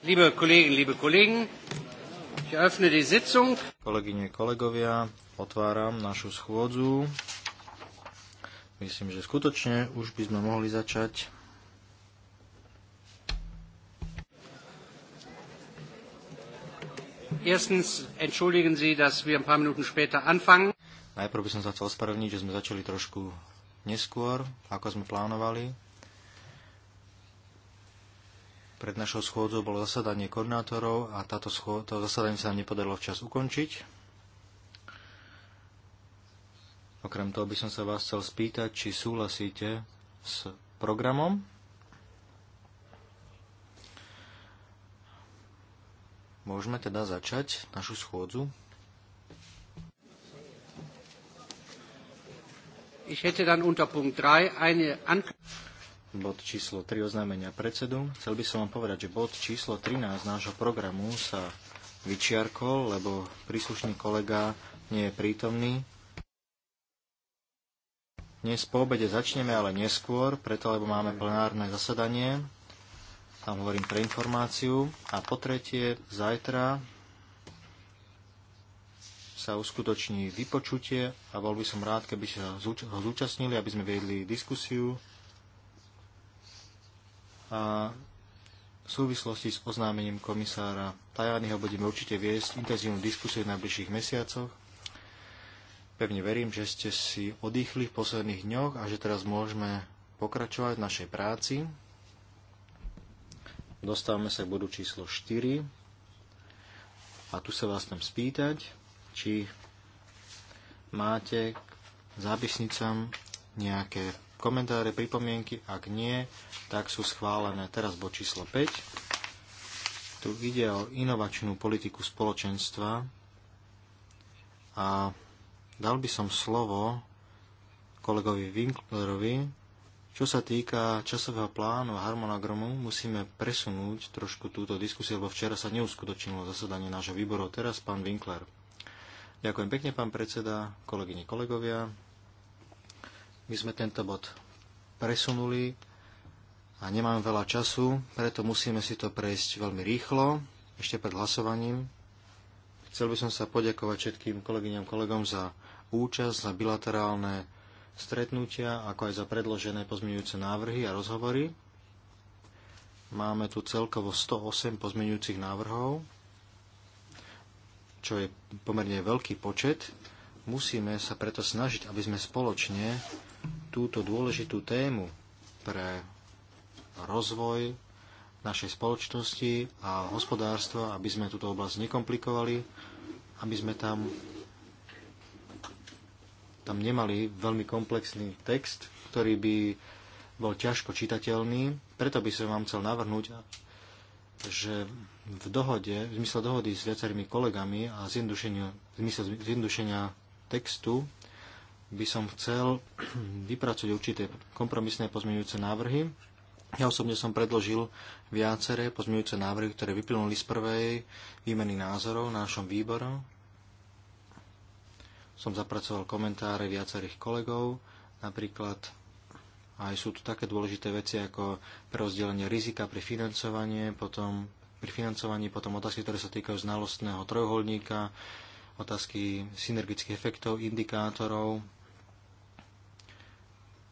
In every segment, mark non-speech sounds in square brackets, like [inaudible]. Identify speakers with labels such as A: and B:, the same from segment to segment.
A: Kolegyne,
B: kolegovia, otváram našu schôdzu. Myslím, že skutočne už by sme mohli začať.
A: Erstens entschuldigen Sie, dass wir ein paar Minuten später anfangen.
B: Najprv by som sa chcel ospravedlniť, že sme začali trošku neskôr, ako sme plánovali. Pred našou schôdzou bolo zasadanie koordinátorov a táto schô... to zasadanie sa nám nepodarilo včas ukončiť. Okrem toho by som sa vás chcel spýtať, či súhlasíte s programom. Môžeme teda začať našu schôdzu.
A: Ich hätte dann unter Punkt 3 eine Anklage
B: bod číslo 3 oznámenia predsedu. Chcel by som vám povedať, že bod číslo 13 nášho programu sa vyčiarkol, lebo príslušný kolega nie je prítomný. Dnes po obede začneme, ale neskôr, preto lebo máme plenárne zasadanie. Tam hovorím pre informáciu. A po tretie, zajtra sa uskutoční vypočutie a bol by som rád, keby sa ho zúčastnili, aby sme vedli diskusiu a v súvislosti s oznámením komisára Tajányho budeme určite viesť intenzívnu diskusiu v najbližších mesiacoch. Pevne verím, že ste si odýchli v posledných dňoch a že teraz môžeme pokračovať v našej práci. Dostávame sa k bodu číslo 4. A tu sa vás chcem spýtať, či máte k zápisnicám nejaké komentáre, pripomienky? Ak nie, tak sú schválené. Teraz bod číslo 5. Tu ide o inovačnú politiku spoločenstva a dal by som slovo kolegovi Winklerovi. Čo sa týka časového plánu a harmonogramu, musíme presunúť trošku túto diskusiu, lebo včera sa neuskutočnilo zasadanie nášho výboru. Teraz pán Winkler. Ďakujem pekne, pán predseda, kolegyne, kolegovia. My sme tento bod presunuli a nemám veľa času, preto musíme si to prejsť veľmi rýchlo, ešte pred hlasovaním. Chcel by som sa poďakovať všetkým kolegyňam kolegom za účasť, za bilaterálne stretnutia, ako aj za predložené pozmeňujúce návrhy a rozhovory. Máme tu celkovo 108 pozmeňujúcich návrhov, čo je pomerne veľký počet. Musíme sa preto snažiť, aby sme spoločne túto dôležitú tému pre rozvoj našej spoločnosti a hospodárstva, aby sme túto oblasť nekomplikovali, aby sme tam, tam nemali veľmi komplexný text, ktorý by bol ťažko čitateľný. Preto by som vám chcel navrhnúť, že v dohode, v zmysle dohody s viacerými kolegami a zjednodušenia, zmysle zjednodušenia textu by som chcel [clears throat] vypracovať určité kompromisné pozmeňujúce návrhy. Ja osobne som predložil viaceré pozmeňujúce návrhy, ktoré vyplynuli z prvej výmeny názorov na našom výboru. Som zapracoval komentáre viacerých kolegov, napríklad aj sú tu také dôležité veci ako prerozdelenie rizika pri financovanie, potom pri financovaní, potom otázky, ktoré sa týkajú znalostného trojuholníka, otázky synergických efektov, indikátorov,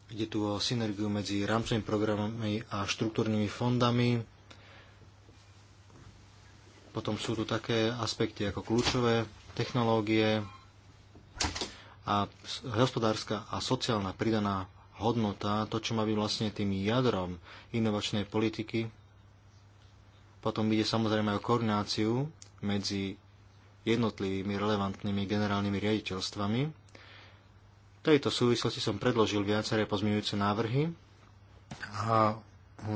B: Ide tu o synergiu medzi rámcovými programami a štruktúrnymi fondami. Potom sú tu také aspekty ako kľúčové technológie a hospodárska a sociálna pridaná hodnota, to, čo má byť vlastne tým jadrom inovačnej politiky. Potom ide samozrejme o koordináciu medzi jednotlivými relevantnými generálnymi riaditeľstvami v tejto súvislosti som predložil viaceré pozmeňujúce návrhy a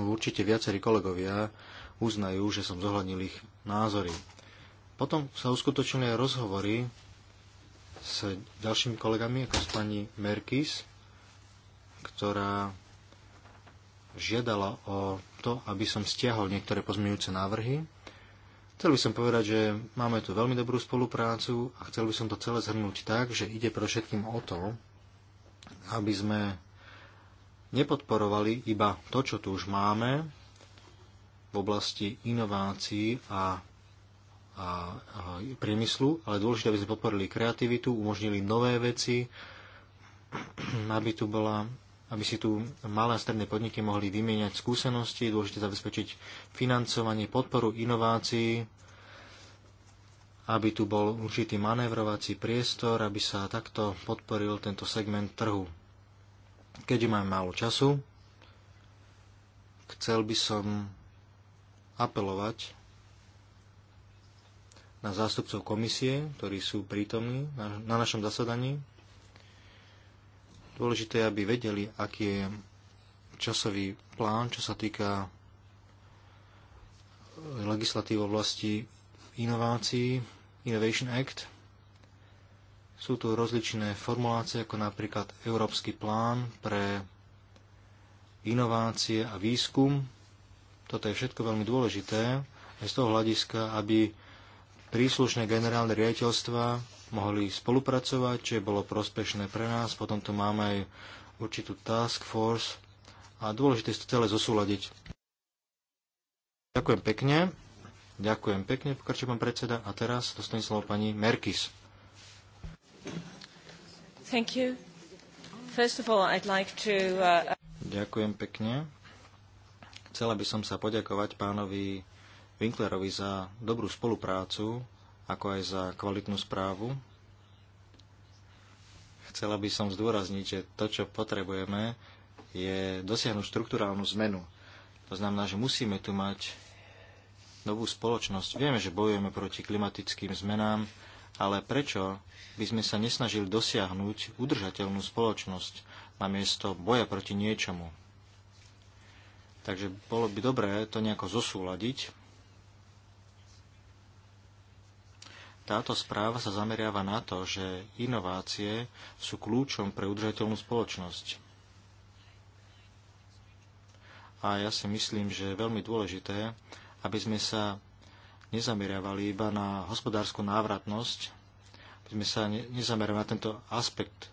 B: určite viacerí kolegovia uznajú, že som zohľadnil ich názory. Potom sa uskutočnili aj rozhovory s ďalšími kolegami, ako s pani Merkis, ktorá žiadala o to, aby som stiahol niektoré pozmeňujúce návrhy. Chcel by som povedať, že máme tu veľmi dobrú spoluprácu a chcel by som to celé zhrnúť tak, že ide pre všetkým o to, aby sme nepodporovali iba to, čo tu už máme v oblasti inovácií a, a, a priemyslu, ale dôležité, aby sme podporili kreativitu, umožnili nové veci, aby tu bola aby si tu malé a stredné podniky mohli vymieňať skúsenosti, dôležité zabezpečiť financovanie, podporu inovácií, aby tu bol určitý manévrovací priestor, aby sa takto podporil tento segment trhu. Keďže mám málo času, chcel by som apelovať na zástupcov komisie, ktorí sú prítomní na, na našom zasadaní. Dôležité je, aby vedeli, aký je časový plán, čo sa týka legislatívy v oblasti inovácií. Innovation Act. Sú tu rozličné formulácie, ako napríklad Európsky plán pre inovácie a výskum. Toto je všetko veľmi dôležité aj z toho hľadiska, aby príslušné generálne riaditeľstva mohli spolupracovať, čo je bolo prospešné pre nás. Potom tu máme aj určitú task force a dôležité je to celé zosúľadiť. Ďakujem pekne. Ďakujem pekne, pokračuje pán predseda. A teraz dostane slovo pani Merkis. Thank you. First of all, I'd like to, uh... Ďakujem pekne. Chcela by som sa poďakovať pánovi Winklerovi za dobrú spoluprácu, ako aj za kvalitnú správu. Chcela by som zdôrazniť, že to, čo potrebujeme, je dosiahnuť štruktúrálnu zmenu. To znamená, že musíme tu mať novú spoločnosť. Vieme, že bojujeme proti klimatickým zmenám, ale prečo by sme sa nesnažili dosiahnuť udržateľnú spoločnosť namiesto boja proti niečomu? Takže bolo by dobré to nejako zosúľadiť. Táto správa sa zameriava na to, že inovácie sú kľúčom pre udržateľnú spoločnosť. A ja si myslím, že je veľmi dôležité, aby sme sa nezameriavali iba na hospodárskú návratnosť, aby sme sa nezameriavali na tento aspekt,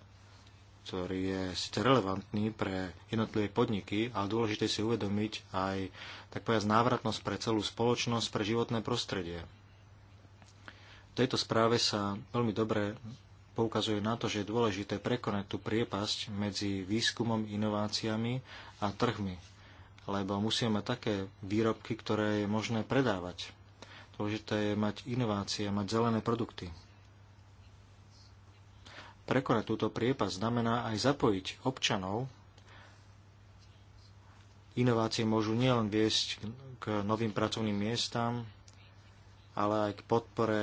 B: ktorý je síce relevantný pre jednotlivé podniky, ale dôležité si uvedomiť aj, tak povedať, návratnosť pre celú spoločnosť, pre životné prostredie. V tejto správe sa veľmi dobre poukazuje na to, že je dôležité prekonať tú priepasť medzi výskumom, inováciami a trhmi lebo musíme mať také výrobky, ktoré je možné predávať. Dôležité je mať inovácie, mať zelené produkty. Prekonať túto priepas znamená aj zapojiť občanov. Inovácie môžu nielen viesť k novým pracovným miestam, ale aj k podpore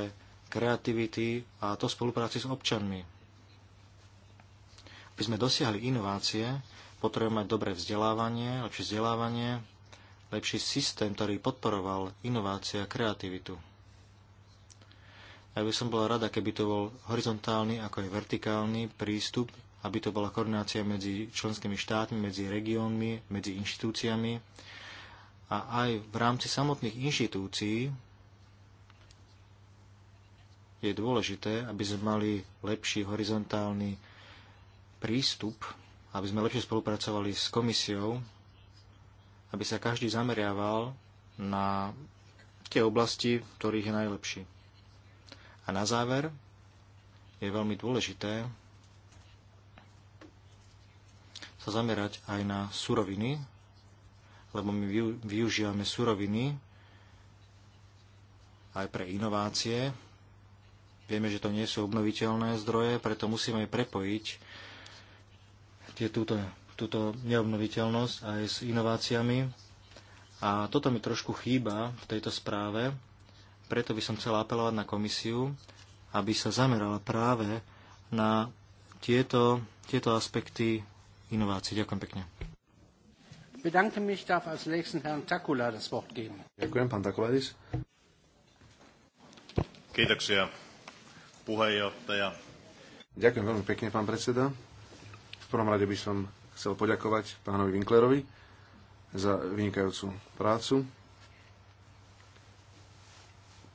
B: kreativity a to v spolupráci s občanmi. Aby sme dosiahli inovácie, Potrebujeme mať dobré vzdelávanie, lepšie vzdelávanie, lepší systém, ktorý podporoval inovácia a kreativitu. Ja by som bola rada, keby to bol horizontálny ako aj vertikálny prístup, aby to bola koordinácia medzi členskými štátmi, medzi regiónmi, medzi inštitúciami a aj v rámci samotných inštitúcií je dôležité, aby sme mali lepší horizontálny prístup aby sme lepšie spolupracovali s komisiou, aby sa každý zameriaval na tie oblasti, v ktorých je najlepší. A na záver je veľmi dôležité sa zamerať aj na suroviny, lebo my využívame suroviny aj pre inovácie. Vieme, že to nie sú obnoviteľné zdroje, preto musíme prepojiť tie, túto, túto neobnoviteľnosť aj s inováciami. A toto mi trošku chýba v tejto správe, preto by som chcel apelovať na komisiu, aby sa zamerala práve na tieto, tieto aspekty inovácií. Ďakujem pekne.
A: Ďakujem,
C: pán Takuladis. Kiitoksia, puheenjohtaja. Ďakujem veľmi pekne, pán predseda. V prvom rade by som chcel poďakovať pánovi Winklerovi za vynikajúcu prácu.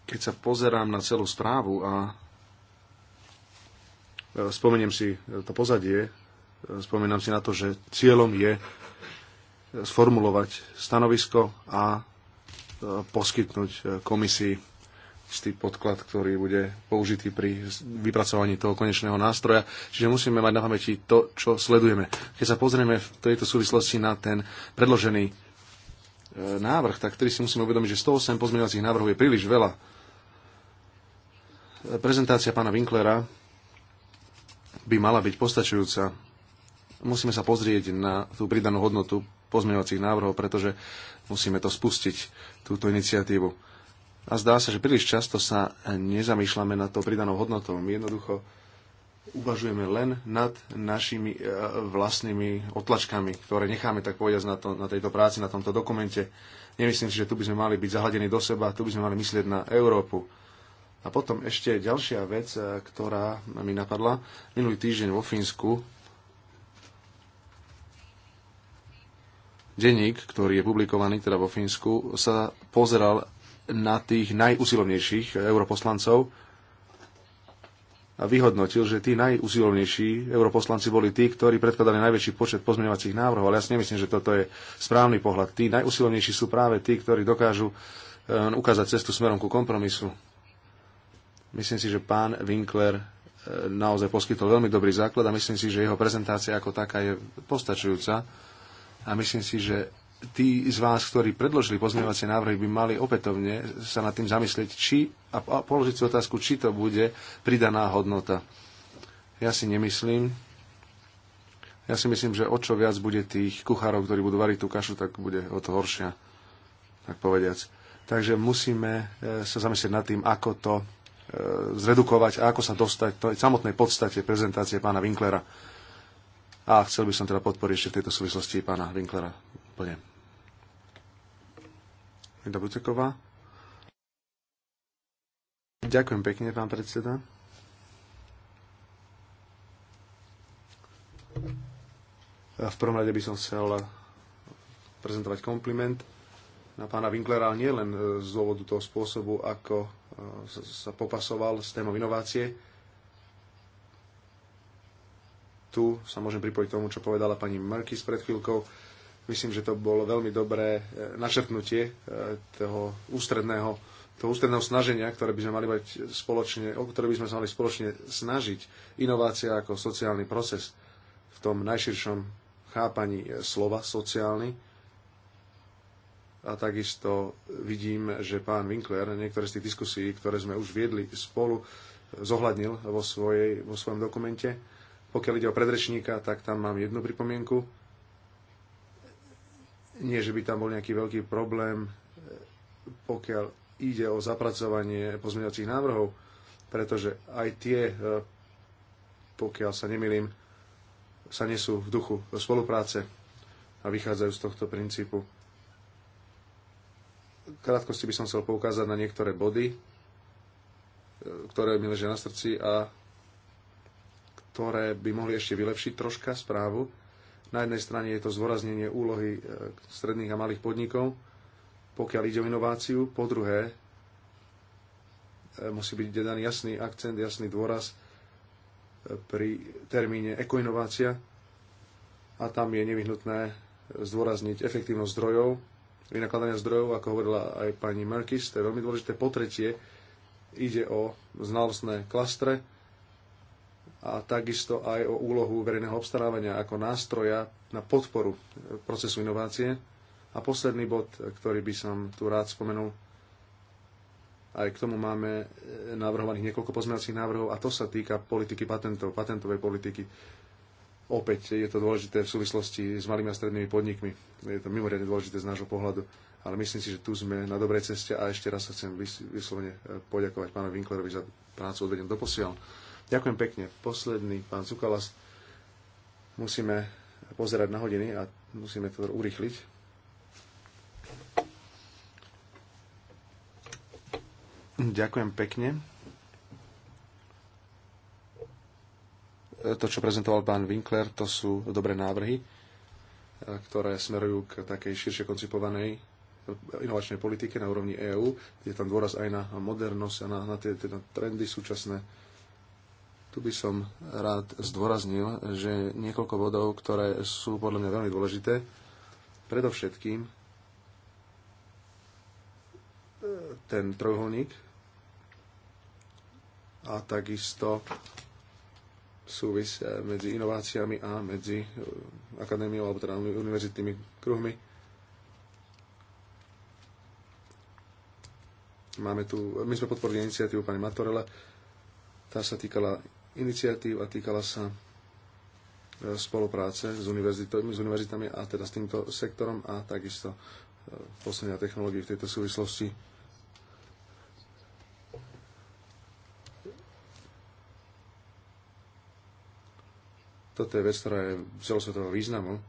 C: Keď sa pozerám na celú správu a e, spomeniem si to pozadie, e, spomínam si na to, že cieľom je e, sformulovať stanovisko a poskytnúť komisii istý podklad, ktorý bude použitý pri vypracovaní toho konečného nástroja. Čiže musíme mať na pamäti to, čo sledujeme. Keď sa pozrieme v tejto súvislosti na ten predložený e, návrh, tak ktorý si musíme uvedomiť, že 108 pozmeňovacích návrhov je príliš veľa. E, prezentácia pána Winklera by mala byť postačujúca. Musíme sa pozrieť na tú pridanú hodnotu pozmeňovacích návrhov, pretože musíme to spustiť, túto iniciatívu a zdá sa, že príliš často sa nezamýšľame nad tou pridanou hodnotou. My jednoducho uvažujeme len nad našimi e, vlastnými otlačkami, ktoré necháme tak povedať na, to, na tejto práci, na tomto dokumente. Nemyslím si, že tu by sme mali byť zahladení do seba, tu by sme mali myslieť na Európu. A potom ešte ďalšia vec, e, ktorá mi napadla. Minulý týždeň vo Fínsku denník, ktorý je publikovaný teda vo Fínsku, sa pozeral na tých najusilovnejších eh, europoslancov a vyhodnotil, že tí najusilovnejší europoslanci boli tí, ktorí predkladali najväčší počet pozmeňovacích návrhov, ale ja si nemyslím, že toto je správny pohľad. Tí najusilovnejší sú práve tí, ktorí dokážu eh, ukázať cestu smerom ku kompromisu. Myslím si, že pán Winkler eh, naozaj poskytol veľmi dobrý základ a myslím si, že jeho prezentácia ako taká je postačujúca a myslím si, že tí z vás, ktorí predložili pozmeňovacie návrhy, by mali opätovne sa nad tým zamyslieť či, a položiť si otázku, či to bude pridaná hodnota. Ja si nemyslím. Ja si myslím, že o čo viac bude tých kuchárov, ktorí budú variť tú kašu, tak bude o to horšia, tak povediac. Takže musíme e, sa zamyslieť nad tým, ako to e, zredukovať a ako sa dostať to samotnej podstate prezentácie pána Winklera. A chcel by som teda podporiť ešte v tejto súvislosti pána Winklera plne. Linda Buceková. Ďakujem pekne, pán predseda. V prvom rade by som chcel prezentovať kompliment na pána Winklera nie len e, z dôvodu toho spôsobu, ako e, sa popasoval s témou inovácie. Tu sa môžem pripojiť tomu, čo povedala pani Merkis pred chvíľkou Myslím, že to bolo veľmi dobré e, načrtnutie e, toho ústredného, toho ústredného snaženia, ktoré by sme mali mať spoločne, o ktoré by sme sa mali spoločne snažiť. Inovácia ako sociálny proces v tom najširšom chápaní e, slova sociálny, a takisto vidím, že pán Winkler niektoré z tých diskusí, ktoré sme už viedli spolu, zohľadnil vo, svojej, vo svojom dokumente. Pokiaľ ide o predrečníka, tak tam mám jednu pripomienku nie, že by tam bol nejaký veľký problém, e, pokiaľ ide o zapracovanie pozmeňovacích návrhov, pretože aj tie, e, pokiaľ sa nemilím, sa nesú v duchu spolupráce a vychádzajú z tohto princípu. Krátkosti by som chcel poukázať na niektoré body, e, ktoré mi ležia na srdci a ktoré by mohli ešte vylepšiť troška správu na jednej strane je to zdôraznenie úlohy e, stredných a malých podnikov, pokiaľ ide o inováciu. Po druhé, e, musí byť daný jasný akcent, jasný dôraz e, pri termíne ekoinovácia a tam je nevyhnutné zdôrazniť efektívnosť zdrojov, vynakladania zdrojov, ako hovorila aj pani Merkis, to je veľmi dôležité. Po tretie, ide o znalostné klastre, a takisto aj o úlohu verejného obstarávania ako nástroja na podporu procesu inovácie. A posledný bod, ktorý by som tu rád spomenul, aj k tomu máme navrhovaných niekoľko pozmeňovacích návrhov a to sa týka politiky patentov, patentovej politiky. Opäť je to dôležité v súvislosti s malými a strednými podnikmi. Je to mimoriadne dôležité z nášho pohľadu, ale myslím si, že tu sme na dobrej ceste a ešte raz sa chcem vyslovene poďakovať pánovi Winklerovi za prácu odvedenú do posiaľ. Ďakujem pekne. Posledný, pán Cukalas. Musíme pozerať na hodiny a musíme to urychliť. Ďakujem pekne. To, čo prezentoval pán Winkler, to sú dobré návrhy, ktoré smerujú k takej širšie koncipovanej inovačnej politike na úrovni EÚ. Je tam dôraz aj na modernosť a na, na tie, tie na trendy súčasné tu by som rád zdôraznil, že niekoľko bodov, ktoré sú podľa mňa veľmi dôležité, predovšetkým e, ten trojuholník a takisto súvis e, medzi inováciami a medzi e, akadémiou alebo teda univerzitnými kruhmi. Máme tu, my sme podporili iniciatívu pani Matorele, tá sa týkala iniciatív a týkala sa e, spolupráce s, s univerzitami a teda s týmto sektorom a takisto e, posledná technológií v tejto súvislosti. Toto je vec, ktorá je celosvetového významu.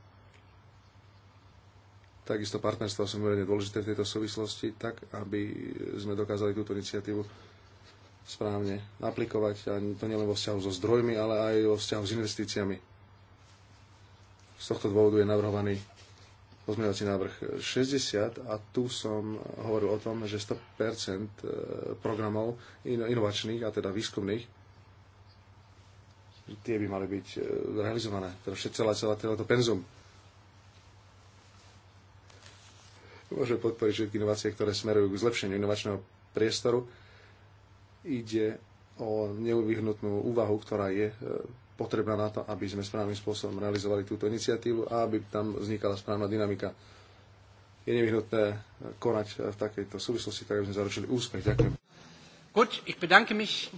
C: Takisto partnerstvo sú veľmi dôležité v tejto súvislosti, tak aby sme dokázali túto iniciatívu správne aplikovať, a to nielen vo vzťahu so zdrojmi, ale aj vo vzťahu s investíciami. Z tohto dôvodu je navrhovaný pozmeňovací návrh 60 a tu som hovoril o tom, že 100% e, programov inovačných a teda výskumných tie by mali byť e, realizované. Teda všetko celé, celé to penzum. Môže podporiť všetky inovácie, ktoré smerujú k zlepšeniu inovačného priestoru ide o neuvyhnutnú úvahu, ktorá je e, potrebná na to, aby sme správnym spôsobom realizovali túto iniciatívu a aby tam vznikala správna dynamika. Je nevyhnutné e, konať e, v takejto súvislosti, tak aby sme zaručili úspech. Ďakujem.
A: Gut, ich bedanke mich.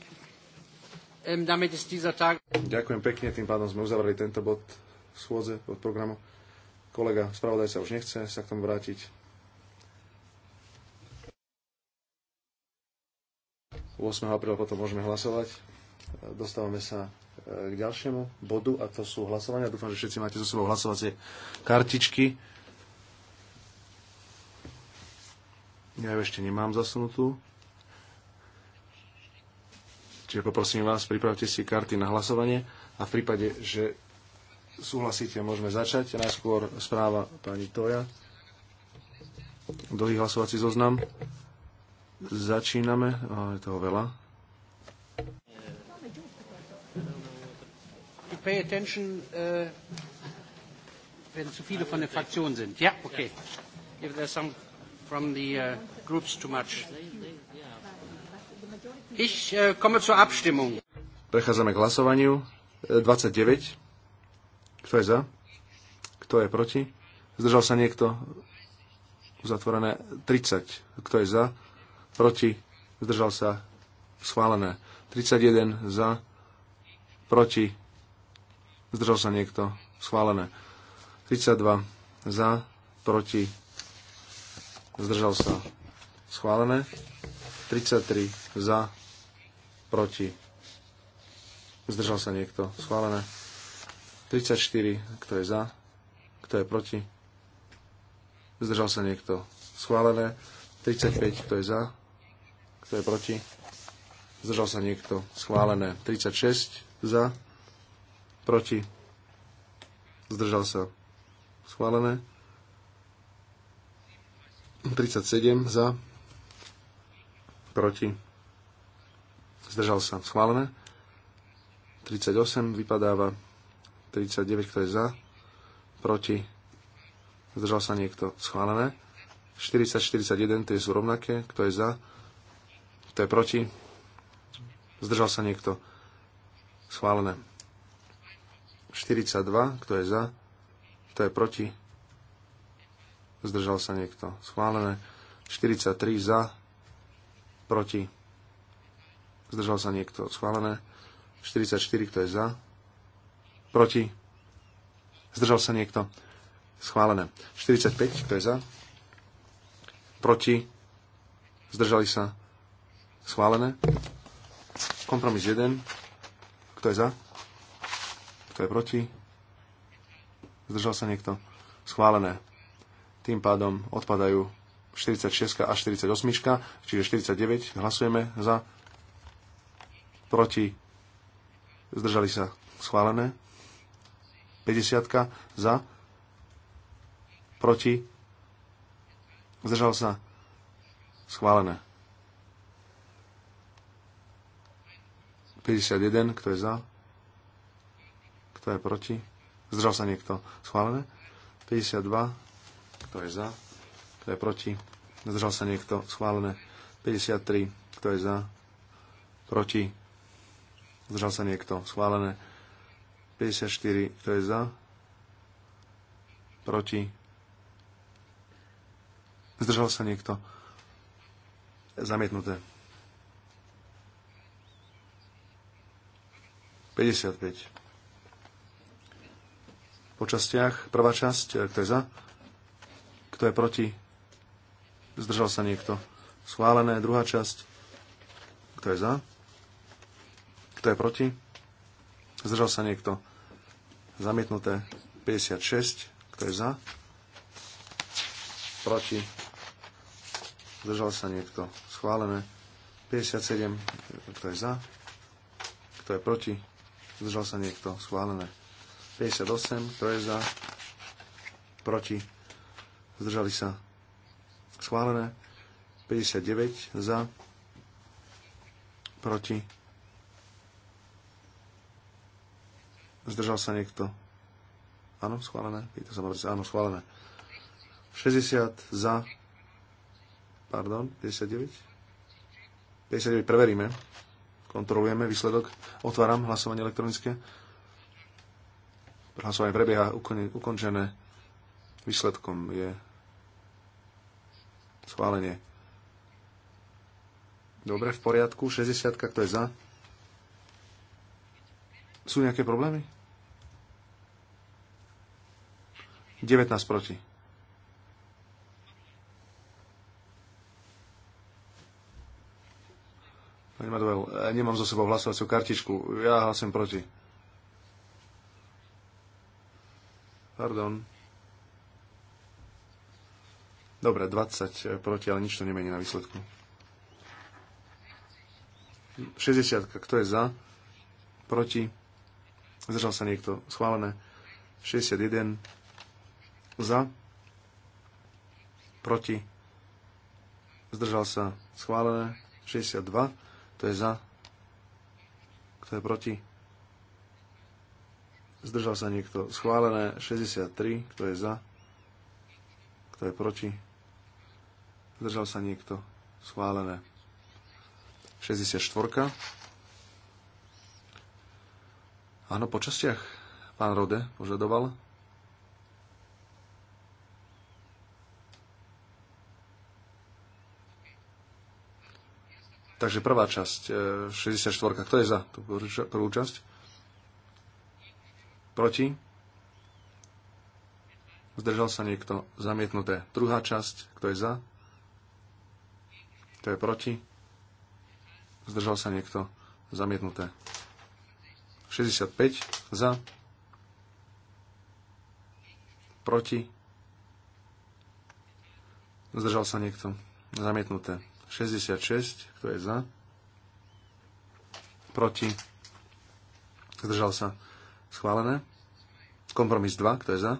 A: Ähm, damit ist dieser Tag...
C: Ďakujem pekne, tým pádom sme uzavreli tento bod schôdze, od programu. Kolega spravodajca už nechce sa k tomu vrátiť. 8. apríla potom môžeme hlasovať. Dostávame sa e, k ďalšiemu bodu a to sú hlasovania. Dúfam, že všetci máte so sebou hlasovacie kartičky. Ja ju ešte nemám zasunutú. Čiže poprosím vás, pripravte si karty na hlasovanie a v prípade, že súhlasíte, môžeme začať. Najskôr správa pani Toja. Dlhý hlasovací zoznam. Začíname, Je toho veľa.
A: Pay attention, uh, viele von sind. yeah, okay. If there's some from the uh, groups too much. Ich uh, komme zur Abstimmung.
C: Prechádzame k hlasovaniu. 29. Äh, Kto je za? Kto je proti? Zdržal sa niekto? Uzatvorené 30. Kto je za? proti, zdržal sa, schválené. 31 za, proti, zdržal sa niekto, schválené. 32 za, proti, zdržal sa, schválené. 33 za, proti, zdržal sa niekto, schválené. 34, kto je za, kto je proti, zdržal sa niekto, schválené. 35, kto je za, kto je proti? Zdržal sa niekto. Schválené. 36 za. Proti. Zdržal sa. Schválené. 37 za. Proti. Zdržal sa. Schválené. 38 vypadáva. 39, kto je za. Proti. Zdržal sa niekto. Schválené. 40, 41, tie sú rovnaké. Kto je za? Kto je proti? Zdržal sa niekto? Schválené. 42. Kto je za? Kto je proti? Zdržal sa niekto? Schválené. 43 za, proti. Zdržal sa niekto? Schválené. 44, kto je za? Proti. Zdržal sa niekto? Schválené. 45, kto je za? Proti. Zdržali sa? Schválené. Kompromis 1. Kto je za? Kto je proti? Zdržal sa niekto? Schválené. Tým pádom odpadajú 46 a 48, čiže 49. Hlasujeme za. Proti. Zdržali sa. Schválené. 50 za. Proti. Zdržal sa. Schválené. 51, kto je za? Kto je proti? Zdržal sa niekto. Schválené. 52, kto je za? Kto je proti? Zdržal sa niekto. Schválené. 53, kto je za? Proti? Zdržal sa niekto. Schválené. 54, kto je za? Proti? Zdržal sa niekto. Zamietnuté. 55. Po častiach. Prvá časť, e, kto je za? Kto je proti? Zdržal sa niekto. Schválené. Druhá časť. Kto je za? Kto je proti? Zdržal sa niekto. Zamietnuté. 56. Kto je za? Proti? Zdržal sa niekto. Schválené. 57. Kto je za? Kto je proti? Zdržal sa niekto? Schválené. 58. Kto je za? Proti? Zdržali sa? Schválené. 59. Za? Proti? Zdržal sa niekto? Áno, schválené. Pýta sa ma Áno, schválené. 60 za. Pardon, 59. 59 preveríme. Kontrolujeme výsledok. Otváram hlasovanie elektronické. Hlasovanie prebieha ukončené. Výsledkom je schválenie. Dobre, v poriadku. 60, kto je za? Sú nejaké problémy? 19 proti. Pani Madovel, nemám za sebou hlasovaciu kartičku. Ja hlasujem proti. Pardon. Dobre, 20 proti, ale nič to nemení na výsledku. 60. Kto je za? Proti? Zdržal sa niekto? Schválené. 61. Za? Proti? Zdržal sa? Schválené. 62. To je za? Kto je proti? Zdržal sa niekto. Schválené 63. Kto je za? Kto je proti? Zdržal sa niekto. Schválené. 64. Áno, po častiach pán Rode požadoval. Takže prvá časť, 64. E, Kto je za tú prvú časť? Proti? Zdržal sa niekto? Zamietnuté. Druhá časť. Kto je za? Kto je proti? Zdržal sa niekto? Zamietnuté. 65 za. Proti. Zdržal sa niekto. Zamietnuté. 66, kto je za? Proti? Zdržal sa. Schválené. Kompromis 2, kto je za?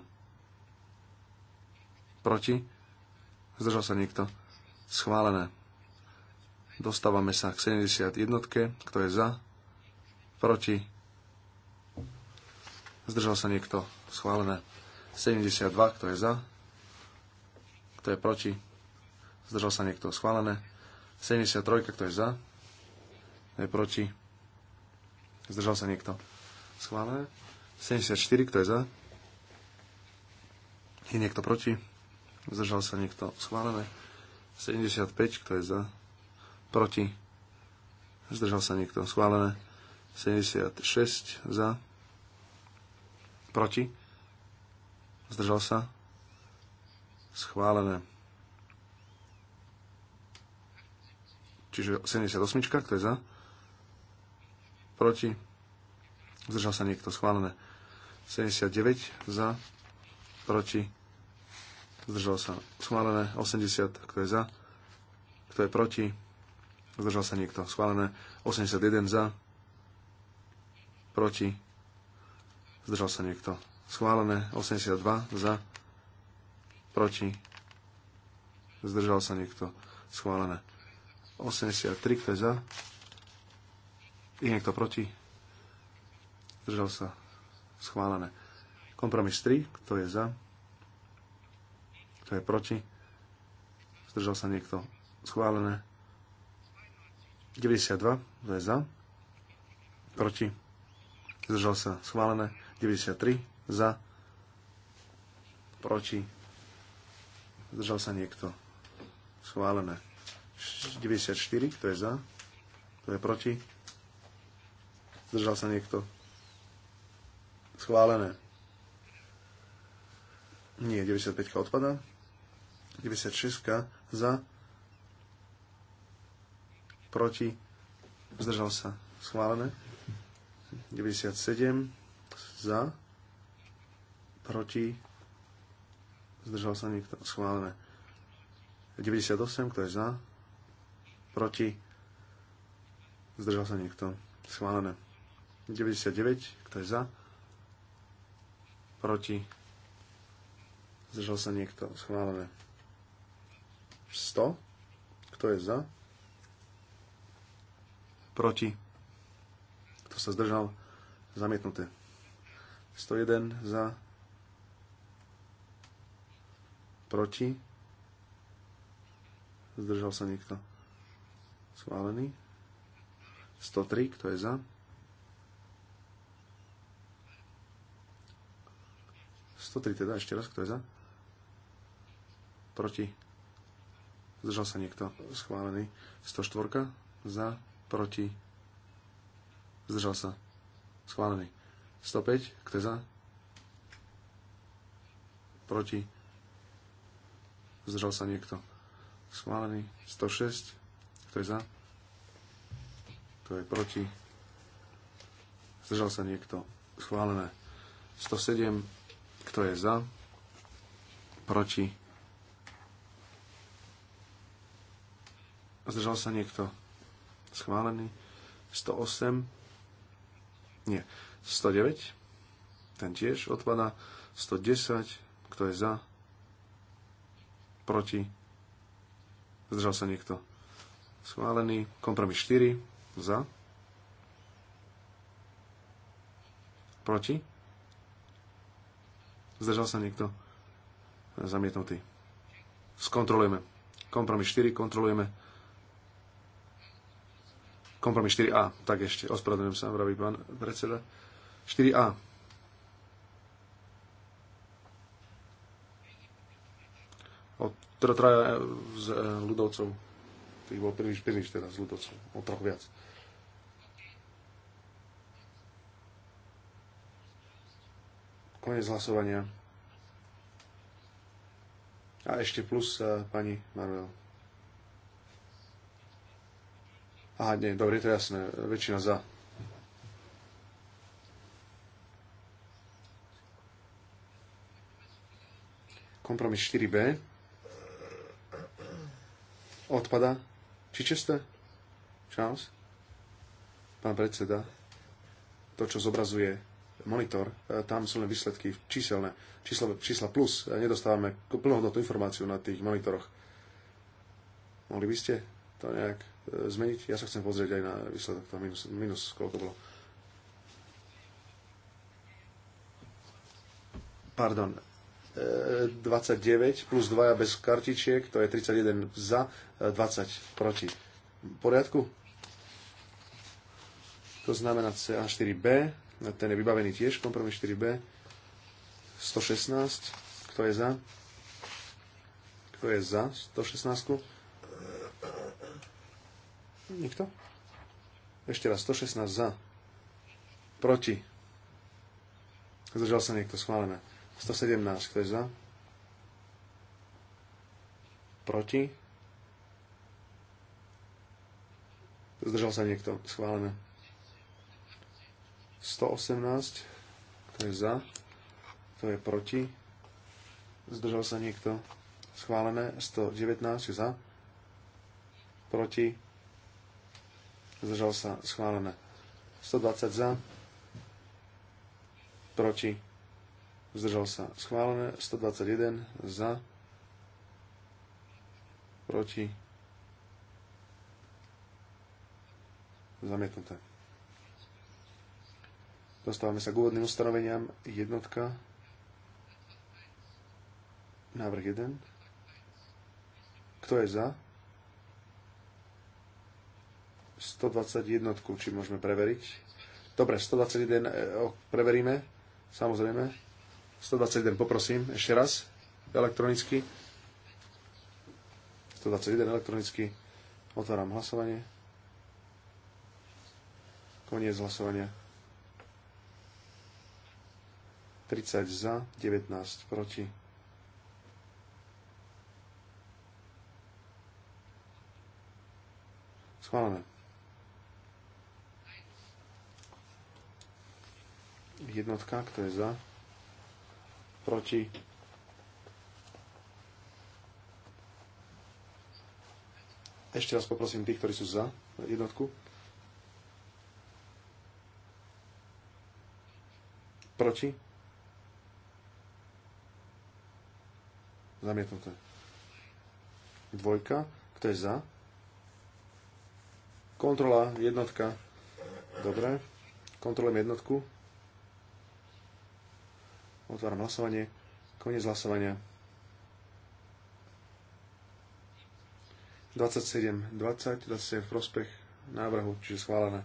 C: Proti? Zdržal sa niekto. Schválené. Dostávame sa k 71. Kto je za? Proti? Zdržal sa niekto. Schválené. 72. Kto je za? Kto je proti? Zdržal sa niekto. Schválené. 73, kto je za? Kto je proti? Zdržal sa niekto. Schválené. 74, kto je za? Je niekto proti? Zdržal sa niekto. Schválené. 75, kto je za? Proti? Zdržal sa niekto. Schválené. 76 za. Proti? Zdržal sa? Schválené. Čiže 78, kto je za? Proti? Zdržal sa niekto, schválené. 79 za, proti, zdržal sa schválené. 80, kto je za, kto je proti, zdržal sa niekto, schválené. 81 za, proti, zdržal sa niekto, schválené. 82 za, proti, zdržal sa niekto, schválené. 83, kto je za? Je niekto proti? Zdržal sa. Schválené. Kompromis 3, kto je za? Kto je proti? Zdržal sa niekto. Schválené. 92, kto je za? Proti? Zdržal sa. Schválené. 93, za? Proti? Zdržal sa niekto. Schválené. 94, kto je za? Kto je proti? Zdržal sa niekto? Schválené. Nie, 95 odpada. 96 za. Proti. Zdržal sa. Schválené. 97 za. Proti. Zdržal sa niekto. Schválené. 98, kto je za? proti, zdržal sa niekto, schválené. 99, kto je za, proti, zdržal sa niekto, schválené. 100, kto je za, proti, kto sa zdržal, zamietnuté. 101 za, proti, zdržal sa niekto. Schválený. 103, kto je za? teda, ešte raz, kto je za? Proti. Zdržal sa niekto. Schválený. 104, za, proti. Zdržal sa. Schválený. 105, kto je za? Proti. Zdržal sa niekto. Schválený. 106, kto je za? Kto je proti? Zdržal sa niekto? Schválené. 107. Kto je za? Proti? Zdržal sa niekto? Schválený. 108. Nie. 109. Ten tiež odpada. 110. Kto je za? Proti? Zdržal sa niekto? Schválený. Kompromis 4. Za. Proti. Zdržal sa niekto? Zamietnutý. Skontrolujeme. Kompromis 4. Kontrolujeme. Kompromis 4A. Tak ešte. Ospravedlňujem sa, vraví pán predseda. 4A. Od teda traja eh, z eh, ľudovcov tých bol príliš, príliš teraz ľudovcov, o troch viac. Konec hlasovania. A ešte plus uh, pani Marvel. Aha, nie, dobre, to je jasné. Väčšina za. Kompromis 4B. Odpada. Chichester? Charles? Pán predseda, to, čo zobrazuje monitor, e, tam sú len výsledky číselné, čísla, čísla plus. E, nedostávame plnohodnotnú informáciu na tých monitoroch. Mohli by ste to nejak e, zmeniť? Ja sa chcem pozrieť aj na výsledok toho minus, minus koľko bolo. Pardon, 29 plus 2 bez kartičiek, to je 31 za, 20 e, proti. V poriadku? To znamená CA4B, ten je vybavený tiež, kompromis 4B. 116, kto je za? Kto je za 116? Nikto? Ešte raz, 116 za. Proti. Zdržal sa niekto, schválené. 117, kto je za? Proti? Zdržal sa niekto. Schválené. 118, kto je za? Kto je proti? Zdržal sa niekto. Schválené. 119 za. Proti. Zdržal sa. Schválené. 120 za. Proti zdržal sa schválené, 121 za, proti, zamietnuté. Dostávame sa k úvodným ustanoveniam. Jednotka. Návrh 1. Kto je za? 121, či môžeme preveriť. Dobre, 121 eh, preveríme, samozrejme. 121 poprosím, ešte raz, elektronicky. 121 elektronicky. Otváram hlasovanie. Koniec hlasovania. 30 za, 19 proti. Schválené. Jednotka, kto je za? proti, ešte raz poprosím tých, ktorí sú za jednotku, proti, zamietnuté. Dvojka, kto je za? Kontrola, jednotka, dobre. Kontrolujem jednotku. Otváram hlasovanie. Koniec hlasovania. 27, 20, 27 v prospech návrhu, čiže schválené.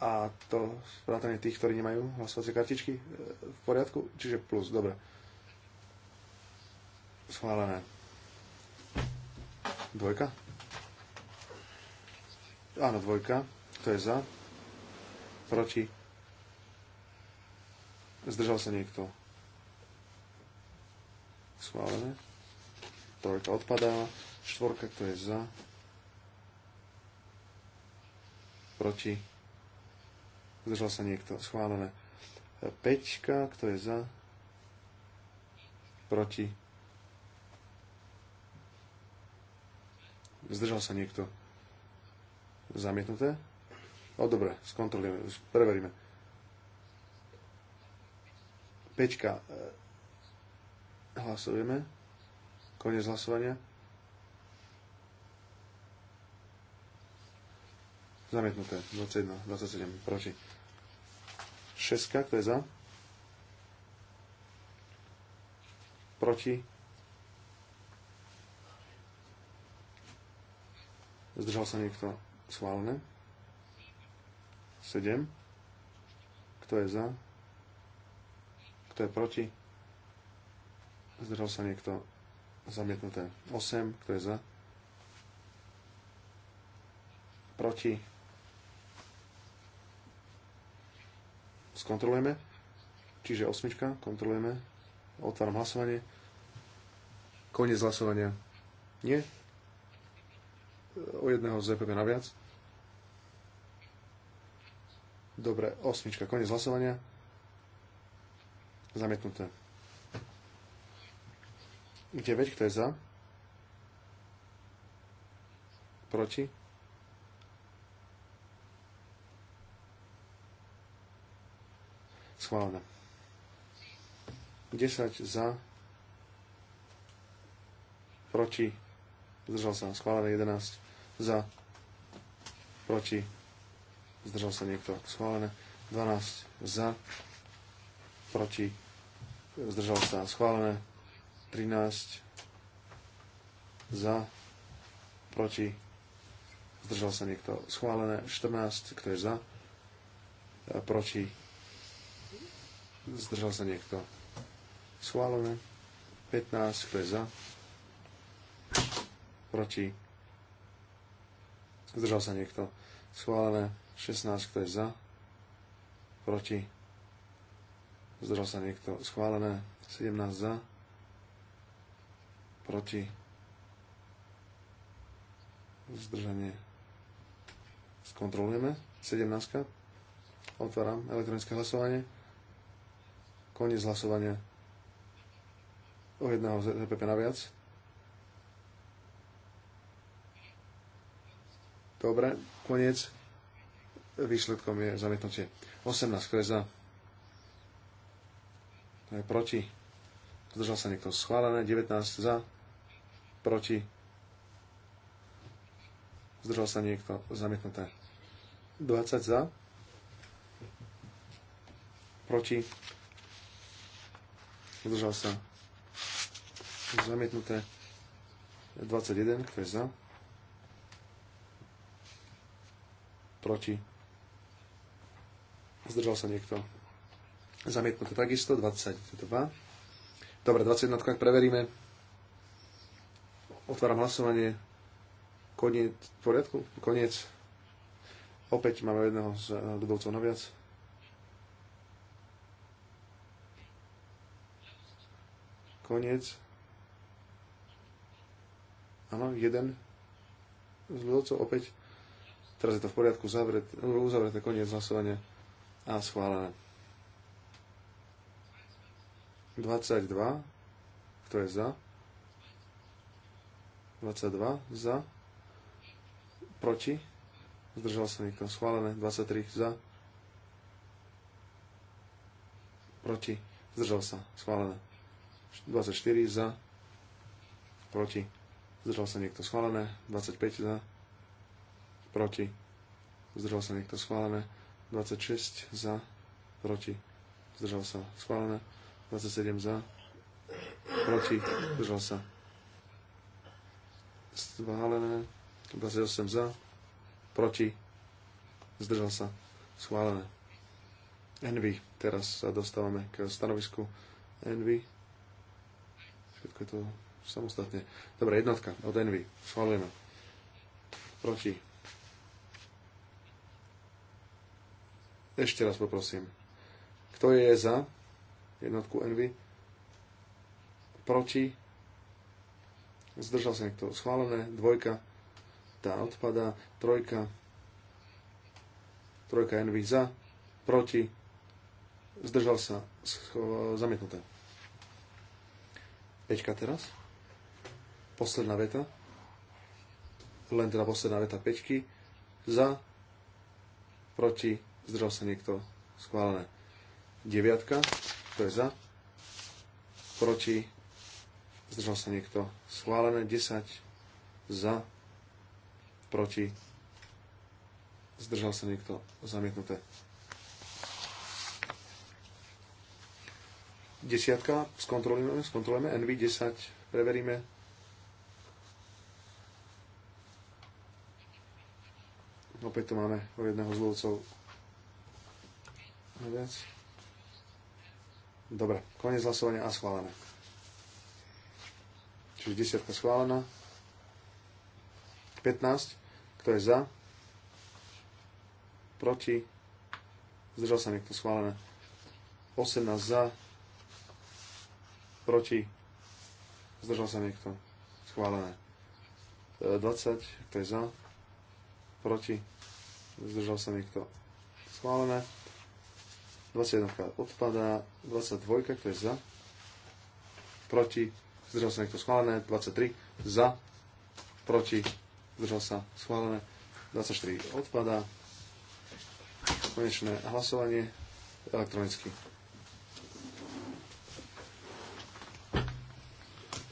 C: A to vrátanie tých, ktorí nemajú hlasovacie kartičky e, v poriadku, čiže plus, dobre. Schválené. Dvojka. Áno, dvojka. Kto je za? Proti? Zdržal sa niekto? Schválené. Trojka odpadá. Štvorka, kto je za? Proti? Zdržal sa niekto? Schválené. Peťka, kto je za? Proti? Zdržal sa niekto? Zamietnuté? O, dobre, skontrolujeme, preveríme. Peťka. E, hlasujeme. Konec hlasovania. Zamietnuté. 21, 27 proti. 6, kto je za? Proti. Zdržal sa niekto? Schválne. 7. Kto je za? Kto je proti? Zdrhol sa niekto? Zamietnuté. 8. Kto je za? Proti? Skontrolujeme. Čiže osmička. Kontrolujeme. Otváram hlasovanie. Koniec hlasovania. Nie? O jedného z EPP naviac. Dobre, osmička, koniec hlasovania. Zamietnuté. 9, kto je za? Proti? Schválené. 10 za. Proti. Zdržal sa. Schválené 11 za. Proti. Zdržal sa niekto. Schválené 12 za. Proti zdržal sa schválené, 13 za, proti, zdržal sa niekto schválené, 14, kto je za, proti, zdržal sa niekto schválené, 15, kto je za, proti, zdržal sa niekto schválené, 16, kto je za, proti, Zdrhol sa niekto. Schválené. 17 za. Proti. Zdržanie. Skontrolujeme. 17. Otváram elektronické hlasovanie. Koniec hlasovania. O jedného ZPP naviac. Dobre, koniec. Výsledkom je zamietnutie 18, ktoré za kto je proti? Zdržal sa niekto schválené. 19 za. Proti. Zdržal sa niekto zamietnuté. 20 za. Proti. Zdržal sa zamietnuté. 21, kto je za? Proti. Zdržal sa niekto. Zamietnuté takisto, 22. Dobre, 21, ak preveríme. Otváram hlasovanie. Koniec, v poriadku? Koniec. Opäť máme jedného z eh, ľudovcov naviac. Koniec. Áno, jeden z ľudovcov opäť. Teraz je to v poriadku, zavret, uzavreté koniec hlasovania a schválené. 22. Kto je za? 22. Za. Proti. Zdržal sa nikto Schválené. 23. Za. Proti. Zdržal sa. Schválené. 24. Za. Proti. Zdržal sa niekto. Schválené. 25. Za. Proti. Zdržal sa niekto. Schválené. 26. Za. Proti. Zdržal sa. Schválené. 27 za, proti, zdržal sa. Schválené, 28 za, proti, zdržal sa. Schválené. Envy, teraz sa dostávame k stanovisku Envy. Všetko je to samostatne. Dobre, jednotka od Envy. Schválujeme. Proti. Ešte raz poprosím. Kto je za? jednotku Envy. Proti. Zdržal sa niekto. Schválené. Dvojka. Tá odpadá. Trojka. Trojka Envy za. Proti. Zdržal sa. Zamietnuté. Peťka teraz. Posledná veta. Len teda posledná veta peťky. Za. Proti. Zdržal sa niekto. Schválené. Deviatka kto je za, proti, zdržal sa niekto, schválené 10, za, proti, zdržal sa niekto, zamietnuté. Desiatka, skontrolujeme, skontrolujeme, NV10, preveríme. Opäť tu máme o jedného z lovcov. Viac. Dobre, koniec hlasovania a schválené. Čiže desiatka schválená. 15. Kto je za? Proti? Zdržal sa niekto schválené. 18 za. Proti? Zdržal sa niekto schválené. 20. E, Kto je za? Proti? Zdržal sa niekto schválené. 21 odpadá, 22, kto je za, proti, zdržal sa niekto schválené, 23 za, proti, zdržal sa schválené, 24 odpadá, konečné hlasovanie elektronicky.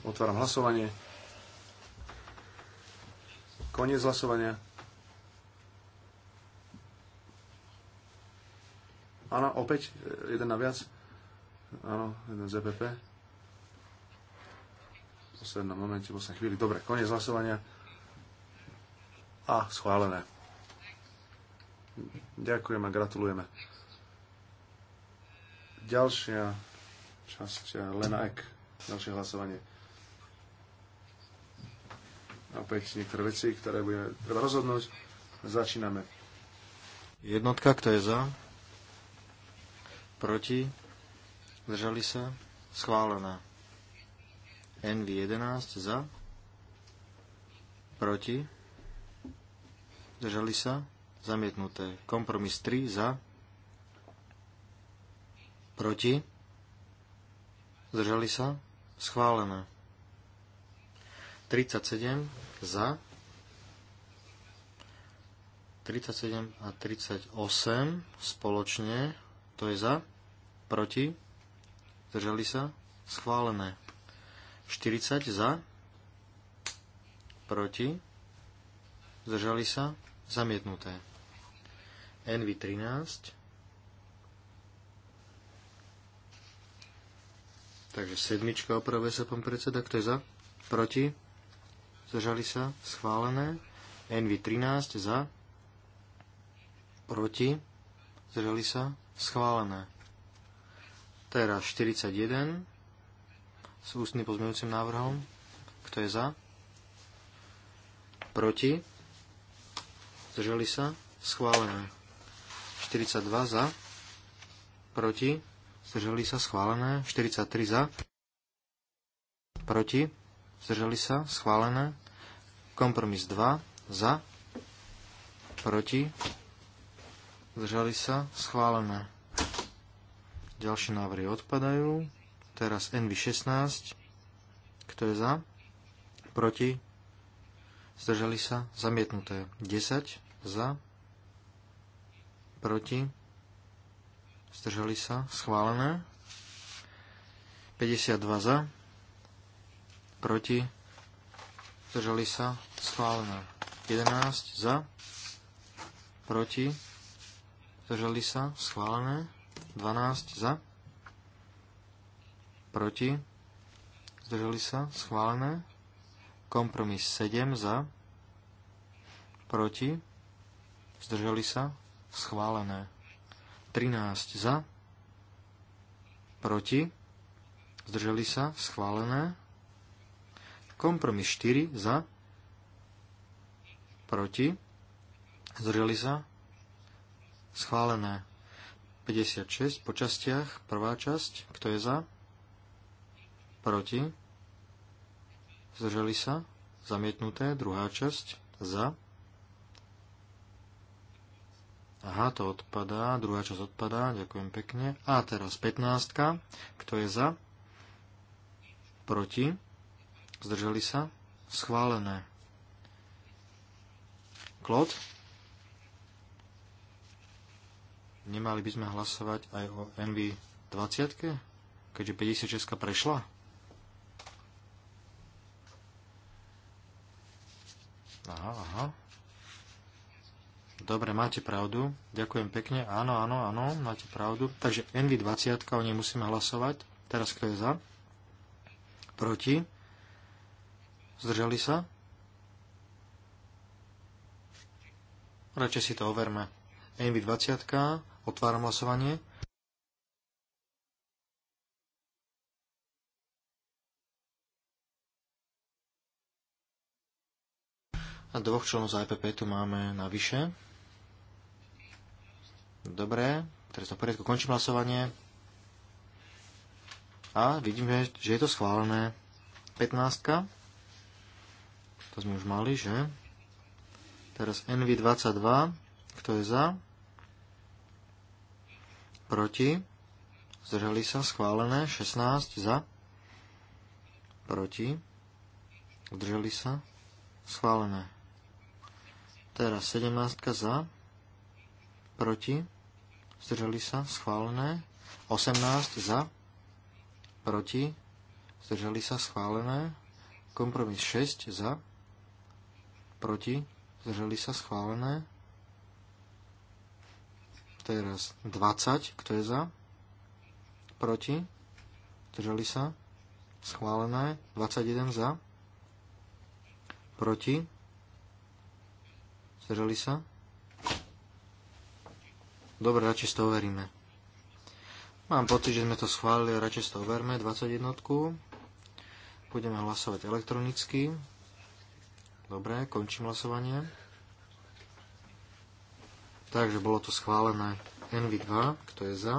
C: Otváram hlasovanie. Koniec hlasovania. Áno, opäť, e, jeden naviac. Áno, jeden z EPP. V poslednom momente, v poslednej chvíli. Dobre, koniec hlasovania. A schválené. Ďakujem a gratulujeme. Ďalšia časť, e, Lena Ek. Ďalšie hlasovanie. Opäť niektoré veci, ktoré budeme treba rozhodnúť. Začíname.
B: Jednotka, kto je za? proti, zdržali sa, schválená. NV11 za, proti, zdržali sa, zamietnuté. Kompromis 3 za, proti, zdržali sa, Schválená. 37 za, 37 a 38 spoločne to je za, proti, zdržali sa, schválené. 40 za, proti, zdržali sa, zamietnuté. NV13, takže sedmička opravuje sa pán predseda, kto je za, proti, zdržali sa, schválené. NV13 za, proti, zdržali sa, Schválené. Teraz 41 s ústnym pozmeňujúcim návrhom. Kto je za? Proti? Zdržali sa? Schválené. 42 za? Proti? Zdržali sa? Schválené. 43 za? Proti? Zdržali sa? Schválené. Kompromis 2 za? Proti? zdržali sa, schválené. Ďalšie návrhy odpadajú. Teraz NV16, kto je za, proti, zdržali sa, zamietnuté. 10, za, proti, zdržali sa, schválené. 52 za, proti, zdržali sa, schválené. 11 za, proti, Zdržali sa? Schválené. 12 za. Proti. Zdržali sa? Schválené. Kompromis 7 za. Proti. Zdržali sa? Schválené. 13 za. Proti. Zdržali sa? Schválené. Kompromis 4 za. Proti. Zdržali sa? Schválené. 56 po častiach. Prvá časť. Kto je za? Proti. Zdržali sa. Zamietnuté. Druhá časť. Za. Aha, to odpadá. Druhá časť odpadá. Ďakujem pekne. A teraz 15. Kto je za? Proti. Zdržali sa. Schválené. Klod. nemali by sme hlasovať aj o NV 20, keďže 56 prešla? Aha, aha. Dobre, máte pravdu. Ďakujem pekne. Áno, áno, áno, máte pravdu. Takže NV 20, o nej musíme hlasovať. Teraz kto je za? Proti? Zdržali sa? Radšej si to overme. NV20 Otváram hlasovanie. A dvoch členov za IPP e tu máme navyše. Dobre, teraz to poriadku, končím hlasovanie. A vidíme, že je to schválené. 15. To sme už mali, že? Teraz NV22. Kto je za? proti, zdrželi sa, schválené, 16 za, proti, zdrželi sa, schválené. Teraz 17 za, proti, zdrželi sa, schválené, 18 za, proti, zdrželi sa, schválené, kompromis 6 za, proti, zdrželi sa, schválené, teraz 20, kto je za, proti, Držali sa, schválené, 21 za, proti, zdržali sa. Dobre, radšej to overíme. Mám pocit, že sme to schválili, radšej to overme, 21. Budeme hlasovať elektronicky. Dobre, končím hlasovanie. Takže bolo to schválené NV2, kto je za,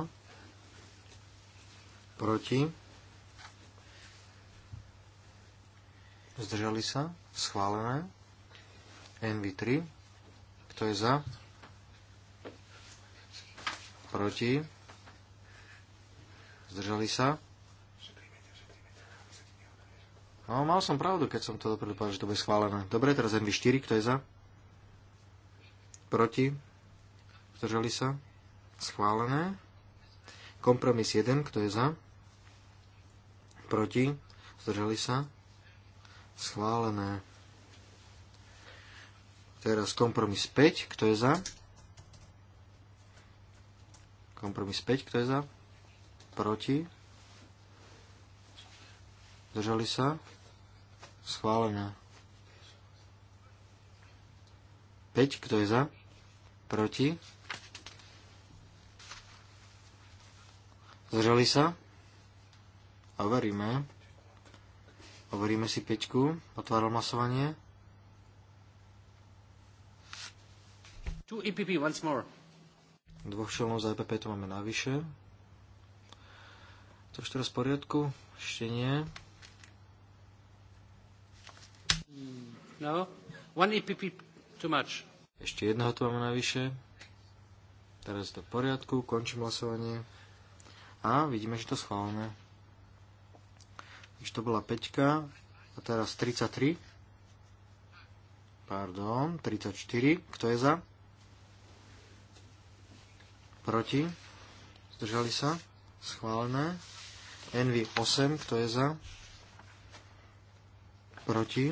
B: proti, zdržali sa, schválené, NV3, kto je za, proti, zdržali sa. No, mal som pravdu, keď som to dopredu povedal, že to bude schválené. Dobre, teraz NV4, kto je za? Proti? zdržali sa, schválené. Kompromis 1, kto je za, proti, zdržali sa, schválené. Teraz kompromis 5, kto je za? Kompromis 5, kto je za? Proti? Zdržali sa? Schválené. 5, kto je za? Proti? Zřeli sa? Overíme. Overíme si peťku. otváral masovanie. EPP, once more. Dvoch členov za EPP to máme navyše.
A: To už teraz v poriadku? Ešte nie. No. One EPP too much. Ešte
B: jedného tu máme navyše. Teraz to v poriadku. Končím hlasovanie a vidíme, že to schválne. Takže to bola 5 a teraz 33. Pardon, 34. Kto je za? Proti? Zdržali sa? Schválené. NV 8. Kto je za? Proti?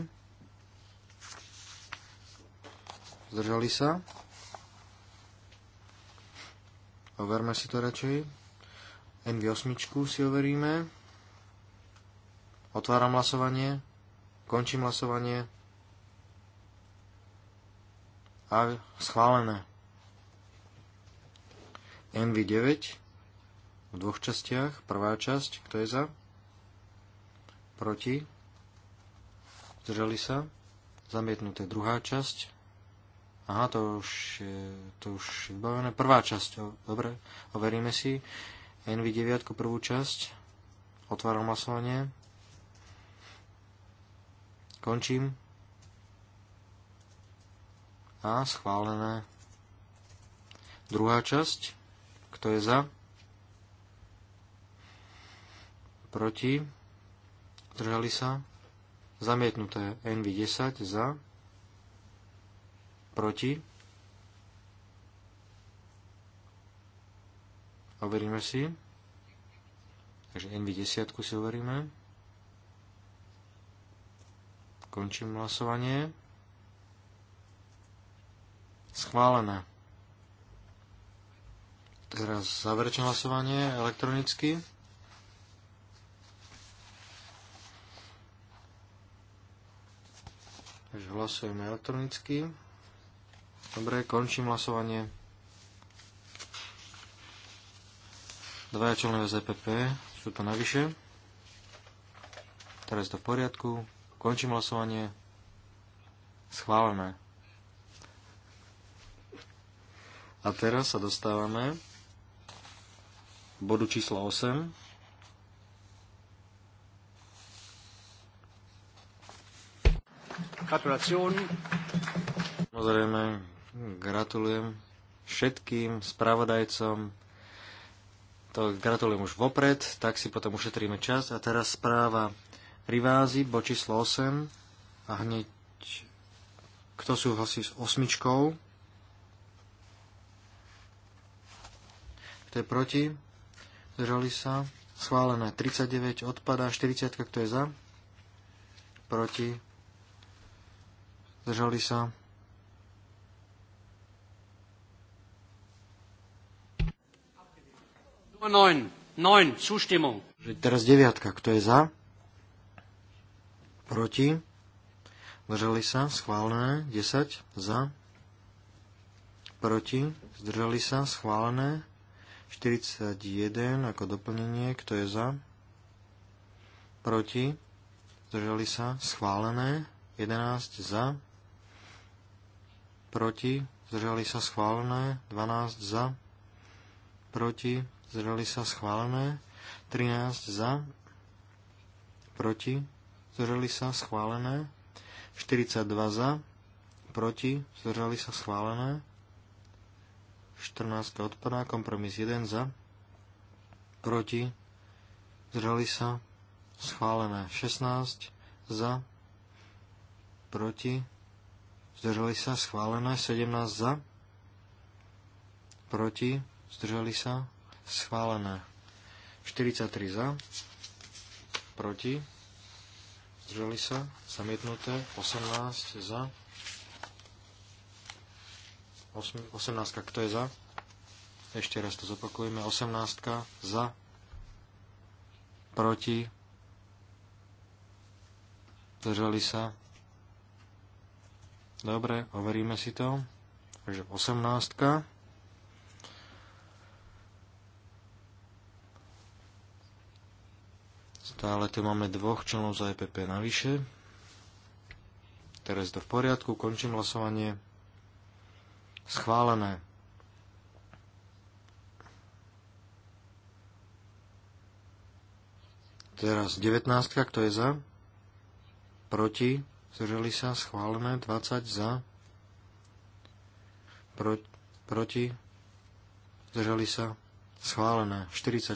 B: Zdržali sa? Overme si to radšej. NV8 si overíme. Otváram hlasovanie. Končím hlasovanie. A schválené. NV9 v dvoch častiach. Prvá časť, kto je za? Proti? Zdržali sa? Zamietnuté druhá časť. Aha, to už je, to už je vybavené. Prvá časť, dobre, overíme si. NV9, prvú časť. Otváram hlasovanie. Končím. A schválené. Druhá časť. Kto je za? Proti? Držali sa? Zamietnuté NV10 za? Proti? Overíme si. Takže NV10 si overíme. Končím hlasovanie. Schválené. Teraz záverečné hlasovanie elektronicky. Takže hlasujeme elektronicky. Dobre, končím hlasovanie. Dvaja členovia z EPP sú to navyše. Teraz je to v poriadku. Končím hlasovanie. Schválené. A teraz sa dostávame k bodu číslo 8.
A: Gratulácion.
B: Samozrejme, gratulujem všetkým spravodajcom, to gratulujem už vopred, tak si potom ušetríme čas. A teraz správa Rivázy, bo číslo 8 a hneď kto sú hosi s osmičkou. Kto je proti? Zdržali sa. Schválené 39 odpadá, 40 kto je za? Proti. Zdržali sa.
A: 9, 9, Zustimmung.
B: Teraz deviatka, kto je za? Proti? Zdržali sa, schválené, 10, za, proti, zdržali sa, schválené, 41 ako doplnenie, kto je za, proti, zdržali sa, schválené, 11 za, proti, zdržali sa, schválené, 12 za, proti, zdržali sa schválené, 13 za, proti, zdržali sa schválené, 42 za, proti, zdržali sa schválené, 14 odpadá, kompromis 1 za, proti, zdržali sa schválené, 16 za, proti, zdržali sa schválené, 17 za, proti, zdržali sa schválené. 43 za, proti, zdržali sa, zamietnuté, 18 za, 18, kto je za? Ešte raz to zopakujeme, 18 za, proti, zdržali sa. Dobre, overíme si to. Takže 18. Stále tu máme dvoch členov za EPP navyše. Teraz to v poriadku, končím hlasovanie. Schválené. Teraz 19, kto je za? Proti? Zdržali sa? Schválené. 20 za? Pro, proti? Zdržali sa? Schválené. 44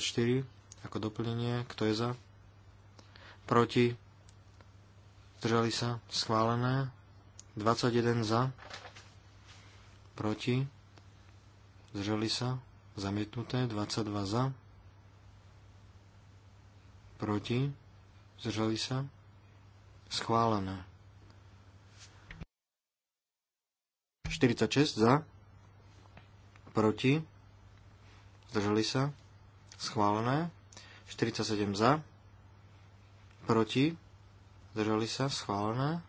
B: ako doplnenie. Kto je za? proti, zdržali sa, schválené, 21 za, proti, zdržali sa, zamietnuté, 22 za, proti, zdržali sa, schválené. 46 za, proti, zdržali sa, schválené. 47 za, proti, zdržali sa, schválené.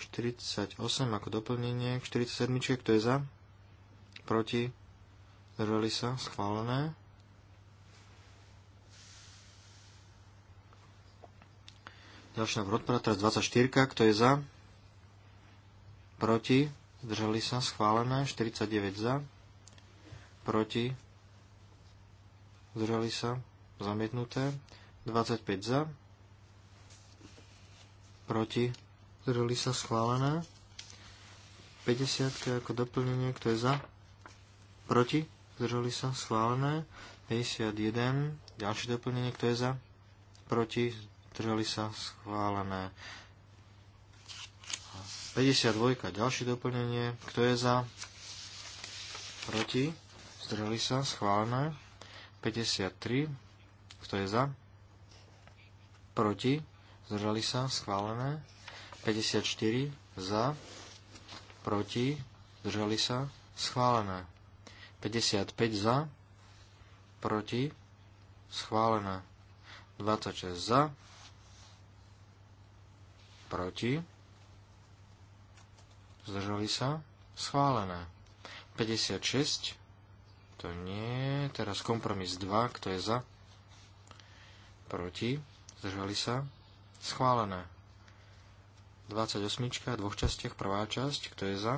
B: 48 ako doplnenie 47, kto je za, proti, zdržali sa, schválené. Ďalšia návrh teraz 24, kto je za, proti, zdržali sa, schválené, 49 za, proti, zdržali sa, zamietnuté, 25 za, proti, zdržali sa schválené. 50 ako doplnenie, kto je za, proti, zdržali sa schválené. 51, ďalšie doplnenie, kto je za, proti, zdržali sa schválené. 52, ďalšie doplnenie, kto je za, proti, zdržali sa schválené. 53, kto je za, proti, zdržali sa, schválené. 54 za, proti, zdržali sa, schválené. 55 za, proti, schválené. 26 za, proti, zdržali sa, schválené. 56, to nie, teraz kompromis 2, kto je za, proti, zdržali sa, Schválené. 28. v dvoch častiach. Prvá časť. Kto je za?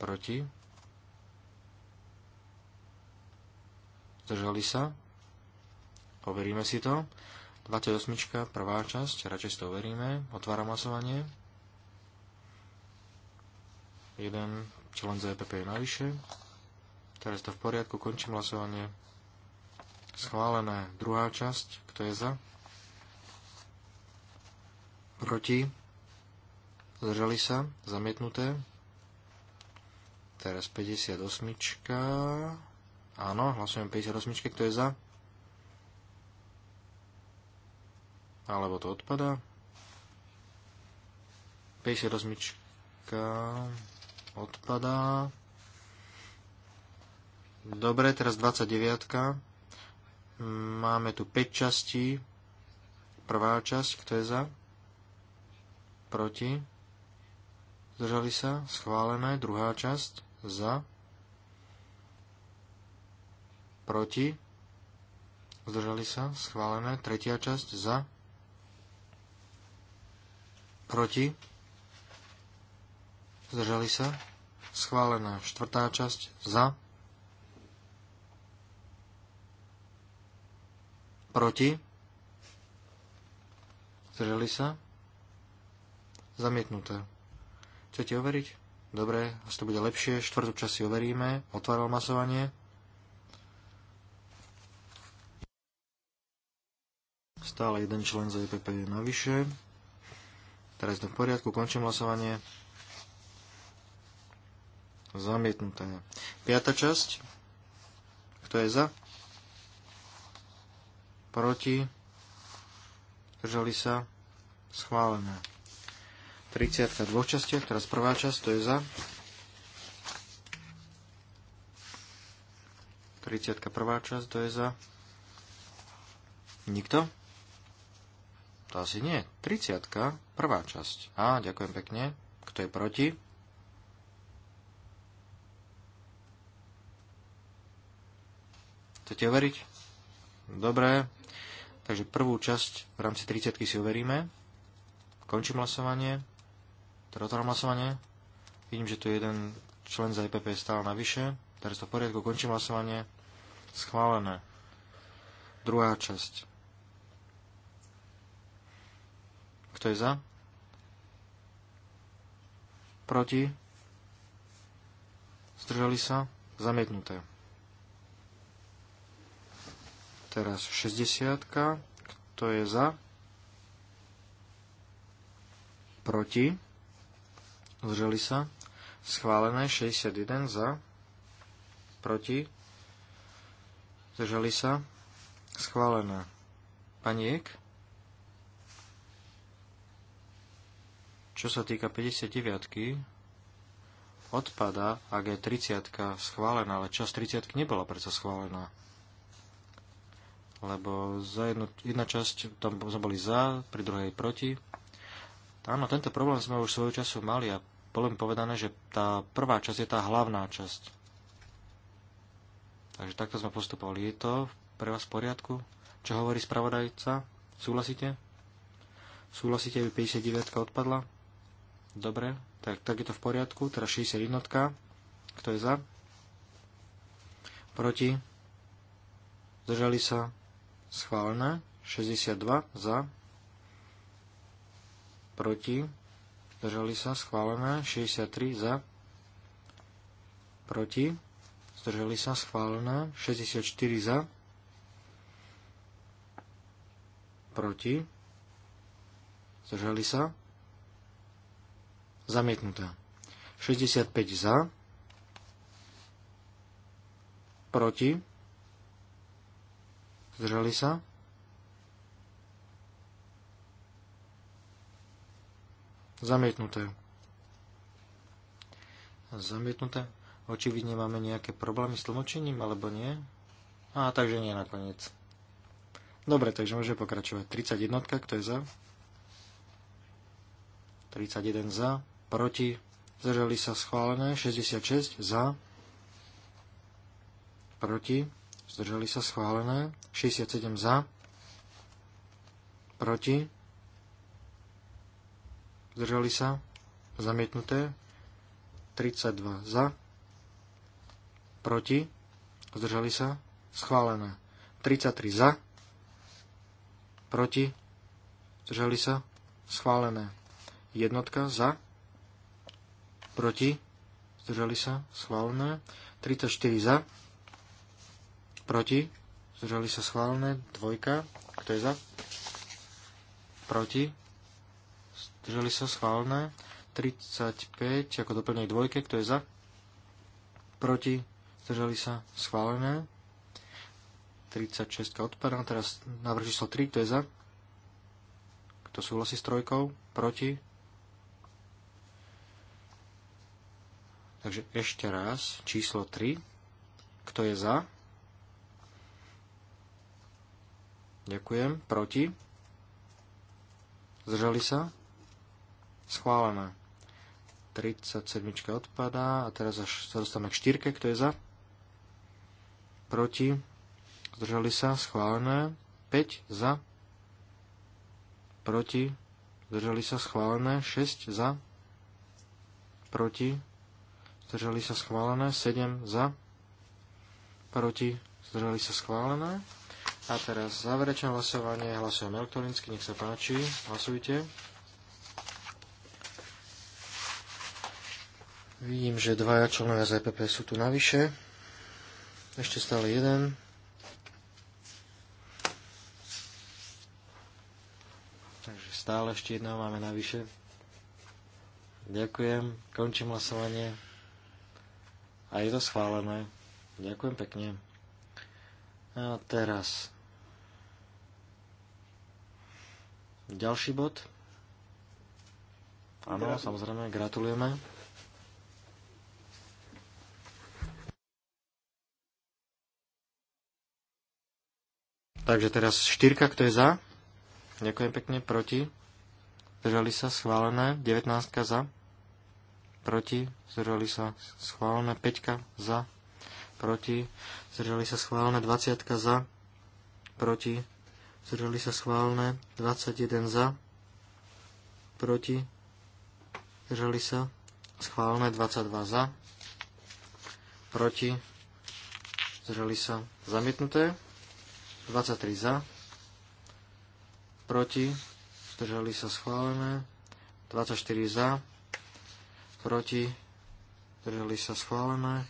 B: Proti? Zdržali sa? Overíme si to. 28. prvá časť, radšej si to overíme. Otváram hlasovanie. Jeden člen za EPP je navyše. Teraz to v poriadku, končím hlasovanie schválené. Druhá časť, kto je za? Proti? Zdržali sa? Zamietnuté? Teraz 58. Áno, hlasujem 58. Kto je za? Alebo to odpada? 58. Odpadá. Dobre, teraz 29. Máme tu 5 častí. Prvá časť, kto je za? Proti. Zdržali sa? Schválené. Druhá časť, za? Proti. Zdržali sa? Schválené. Tretia časť, za? Proti. Zdržali sa? Schválená. Štvrtá časť, za? Proti? Zdržali sa? Zamietnuté. Chcete overiť? Dobre, asi to bude lepšie. Štvrtú časť si overíme. Otváral masovanie. Stále jeden člen za EPP je navyše. Teraz sme v poriadku, končím hlasovanie. Zamietnuté. Piatá časť. Kto je za? proti, zdržali sa, schválené. 30 dvoch častiach, teraz prvá časť, to je za. 30 prvá časť, to je za. Nikto? To asi nie. 30 prvá časť. Á, ďakujem pekne. Kto je proti? Chcete overiť? Dobre, takže prvú časť v rámci 30 si overíme. Končím hlasovanie. Teda hlasovanie. Vidím, že tu jeden člen za IPP e je stále navyše. Teraz to v poriadku. Končím hlasovanie. Schválené. Druhá časť. Kto je za? Proti? Zdržali sa? Zamietnuté. Teraz 60. Kto je za? Proti? Zdrželi sa? Schválené 61 za? Proti? Zdrželi sa? Schválené. Paniek? Čo sa týka 59 odpada, ak je 30 schválená, ale časť 30 nebola predsa schválená lebo za jednu, jedna časť tam sme boli za, pri druhej proti. Áno, tento problém sme už svojho času mali a bolo mi povedané, že tá prvá časť je tá hlavná časť. Takže takto sme postupovali. Je to pre vás v poriadku? Čo hovorí spravodajca? Súhlasíte? Súhlasíte, aby 59 odpadla? Dobre, tak, tak je to v poriadku. Teraz teda 61. Kto je za? Proti? Zdržali sa? Schválené. 62 za. Proti. Zdržali sa. Schválené. 63 za. Proti. Zdržali sa. Schválené. 64 za. Proti. Zdržali sa. Zamietnuté. 65 za. Proti. Zdržali sa? Zamietnuté. Zamietnuté. Očividne máme nejaké problémy s tlmočením, alebo nie? A takže nie nakoniec. Dobre, takže môžeme pokračovať. 31, kto je za? 31 za, proti, zdržali sa schválené, 66 za, proti, zdržali sa schválené, 67 za, proti, zdržali sa, zamietnuté, 32 za, proti, zdržali sa, schválené, 33 za, proti, zdržali sa, schválené, jednotka za, proti, zdržali sa, schválené, 34 za, Proti? Zdržali sa schválené. Dvojka. Kto je za? Proti? Zdržali sa schválené. 35 ako doplnej dvojke. Kto je za? Proti? Zdržali sa schválené. 36 odpadá. Teraz návrh číslo 3. Kto je za? Kto súhlasí s trojkou? Proti? Takže ešte raz. Číslo 3. Kto je za? Ďakujem. Proti? Zdržali sa? Schválené. 37 odpadá a teraz až sa dostávame k 4, kto je za? Proti? Zdržali sa? Schválené. 5 za? Proti? Zdržali sa? Schválené. 6 za? Proti? Zdržali sa? Schválené. 7 za? Proti? Zdržali sa? Schválené. A teraz záverečné hlasovanie. Hlasujem elektronicky, nech sa páči. Hlasujte. Vidím, že dvaja členovia z EPP sú tu navyše. Ešte stále jeden. Takže stále ešte jedna máme navyše. Ďakujem, končím hlasovanie. A je to schválené. Ďakujem pekne. A teraz Ďalší bod. Áno, Gratulujem. samozrejme, gratulujeme. Takže teraz štyrka, kto je za? Ďakujem pekne, proti. Zdržali sa, schválené. 19 za. Proti. Zdržali sa, schválené. 5 za. Proti. Zdržali sa, schválené. 20 za. Proti zdržali sa schválne, 21 za, proti, zdržali sa schválne, 22 za, proti, zdržali sa zamietnuté, 23 za, proti, zdržali sa Schválne. 24 za, proti, zdržali sa Schválne.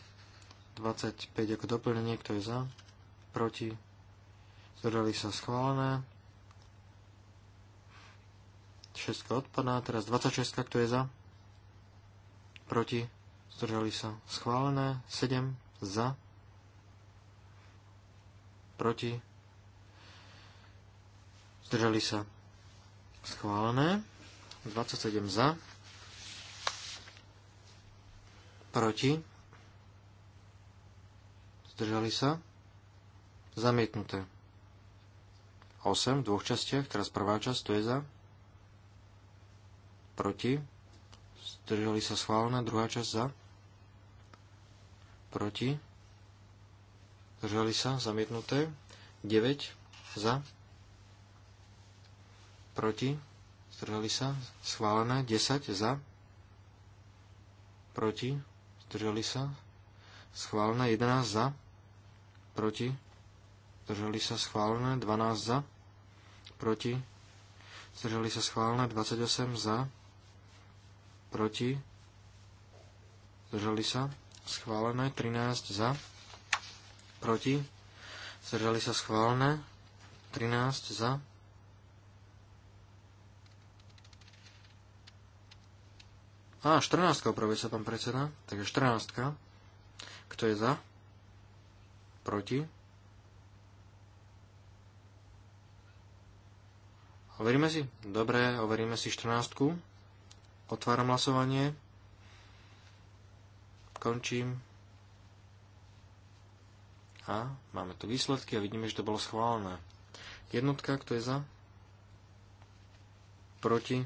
B: 25 ako doplnenie, kto je za, proti, zdržali sa schválené. 6 odpadá, teraz 26, kto je za, proti, zdržali sa schválené, 7 za, proti, zdržali sa schválené, 27 za, proti, zdržali sa, zamietnuté. 8 v dvoch častiach. Teraz prvá časť, to je za. Proti. Zdržali sa schválená. Druhá časť za. Proti. Zdržali sa. Zamietnuté. 9 za. Proti. Zdržali sa. Schválené. 10 za. Proti. Zdržali sa. Schválené. 11 za. Proti zdržali sa schválené, 12 za, proti, zdržali sa schválené, 28 za, proti, zdržali sa schválené, 13 za, proti, zdržali sa schválené, 13 za, A, 14 opravuje sa pán predseda. Takže 14. Kto je za? Proti? Overíme si? Dobre, overíme si 14. Otváram hlasovanie. Končím. A máme tu výsledky a vidíme, že to bolo schválené. Jednotka, kto je za? Proti?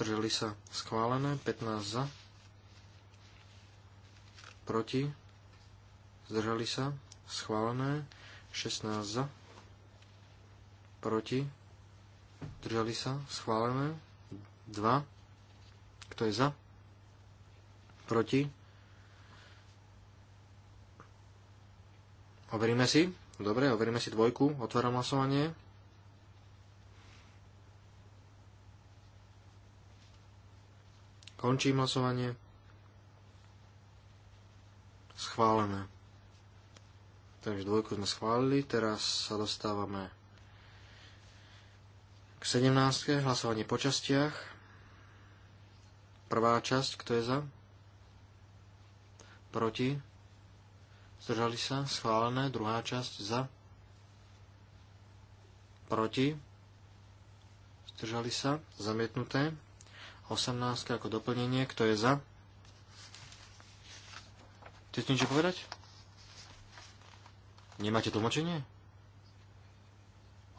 B: zdrželi sa schválené. 15 za. Proti? Zdržali sa schválené. 16 za. Proti? Držali sa? Schválené. Dva. Kto je za? Proti? Overíme si. Dobre, overíme si dvojku. Otváram hlasovanie. Končím hlasovanie. Schválené. Takže dvojku sme schválili. Teraz sa dostávame k 17. hlasovanie po častiach. Prvá časť, kto je za? Proti? Zdržali sa? Schválené. Druhá časť za? Proti? Zdržali sa? Zamietnuté. 18. ako doplnenie, kto je za? Chcete niečo povedať? Nemáte tlmočenie?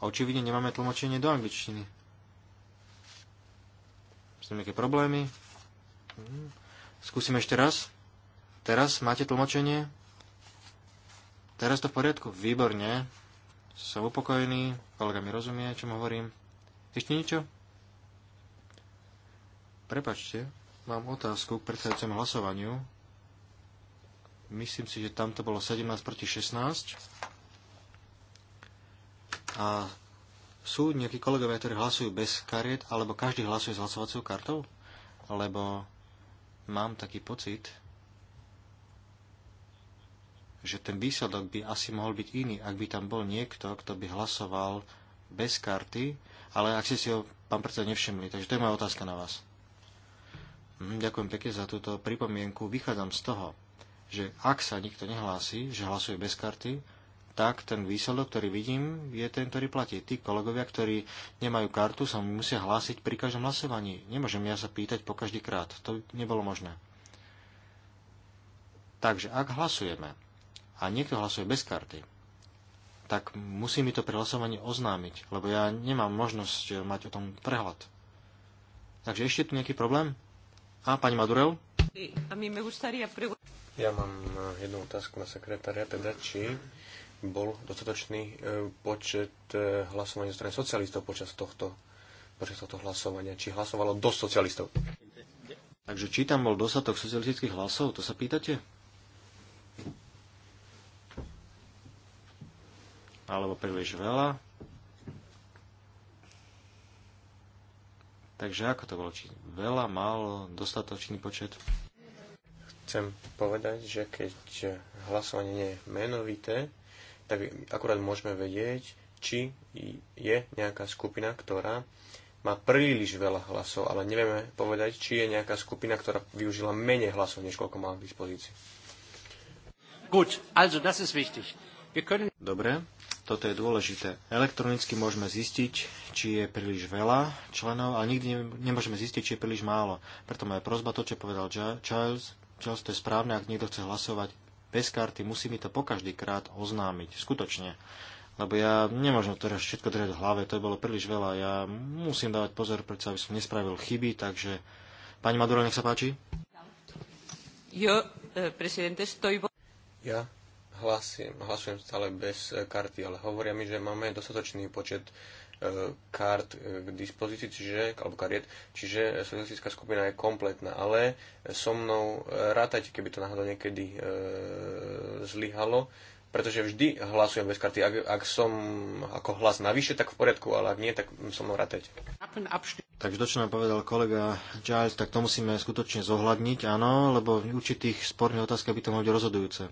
B: A Očividne nemáme tlmočenie do angličtiny. Sú nejaké problémy? Mm. Skúsim ešte raz. Teraz máte tlmočenie? Teraz to v poriadku? Výborne. Som upokojený. Kolega mi rozumie, čo hovorím. Ešte niečo? Prepačte, mám otázku k predchádzajúcemu hlasovaniu. Myslím si, že tam to bolo 17 proti 16. A sú nejakí kolegovia, ktorí hlasujú bez kariet, alebo každý hlasuje s hlasovacou kartou? Lebo mám taký pocit, že ten výsledok by asi mohol byť iný, ak by tam bol niekto, kto by hlasoval bez karty, ale ak ste si ho, pán predseda, nevšimli. Takže to je moja otázka na vás. Hm, ďakujem pekne za túto pripomienku. Vychádzam z toho, že ak sa nikto nehlási, že hlasuje bez karty, tak ten výsledok, ktorý vidím, je ten, ktorý platí. Tí kolegovia, ktorí nemajú kartu, sa musia hlásiť pri každom hlasovaní. Nemôžem ja sa pýtať po každý krát. To nebolo možné. Takže ak hlasujeme a niekto hlasuje bez karty, tak musí mi to pri hlasovaní oznámiť, lebo ja nemám možnosť eh, mať o tom prehľad. Takže ešte tu nejaký problém? A pani Madurel? Ja mám eh, jednu otázku na sekretária teda či
D: bol dostatočný e, počet e, hlasovania zo strany socialistov počas tohto,
B: počas tohto hlasovania? Či hlasovalo dosť socialistov? Takže či tam bol dostatok socialistických hlasov, to sa pýtate? Alebo príliš veľa? Takže ako to bolo? Či veľa, málo, dostatočný počet?
D: Chcem povedať, že keď hlasovanie nie je menovité, tak akurát môžeme vedieť, či je nejaká skupina, ktorá má príliš veľa hlasov, ale nevieme povedať, či je nejaká skupina, ktorá využila menej hlasov, než koľko má k dispozícii.
A: Gut, also das
B: ist wichtig. Wir können... Dobre, toto je dôležité. Elektronicky môžeme zistiť, či je príliš veľa členov, ale nikdy nemôžeme zistiť, či je príliš málo. Preto moja prozba, to, čo povedal Charles, Charles, to je správne, ak niekto chce hlasovať bez karty, musí mi to po každý krát oznámiť. Skutočne. Lebo ja nemôžem teraz všetko držať v hlave, to je bolo príliš veľa. Ja musím dávať pozor, predsa aby som nespravil chyby, takže... Pani Maduro, nech sa páči.
D: Jo, eh, prezidente, stoj... Ja hlasím, hlasujem stále bez karty, ale hovoria mi, že máme dostatočný počet Eh, kart eh, k dispozícii, čiže, alebo kariet, čiže socialistická skupina je kompletná, ale so mnou rátajte, keby to náhodou niekedy e, zlyhalo, pretože vždy hlasujem bez karty. Ak, ak som ako hlas navyše, tak v poriadku, ale ak nie, tak so mnou rátajte.
B: Takže to, čo nám povedal kolega Giles, tak to musíme skutočne zohľadniť, áno, lebo v určitých sporných otázkach by to mohlo byť rozhodujúce.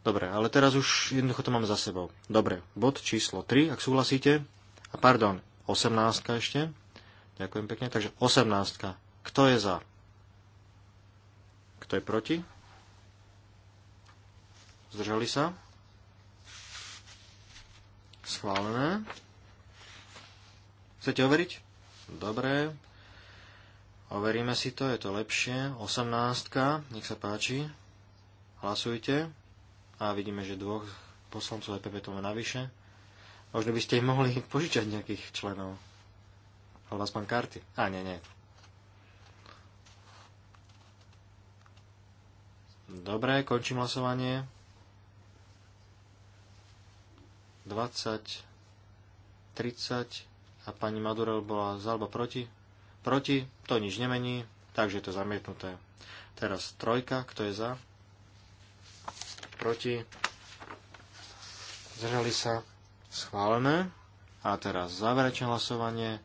B: Dobre, ale teraz už jednoducho to mám za sebou. Dobre, bod číslo 3, ak súhlasíte. A pardon, 18 ešte. Ďakujem pekne. Takže 18. Kto je za? Kto je proti? Zdržali sa? Schválené. Chcete overiť? Dobre. Overíme si to, je to lepšie. 18. Nech sa páči. Hlasujte a vidíme, že dvoch poslancov EPP to má navyše. Možno by ste ich mohli požičať nejakých členov. Ale vás pán karty. A, nie, nie. Dobre, končím hlasovanie. 20, 30 a pani Maduro bola za alebo proti. Proti, to nič nemení, takže je to zamietnuté. Teraz trojka, kto je za? proti, zdržali sa, schválené. A teraz záverečné hlasovanie.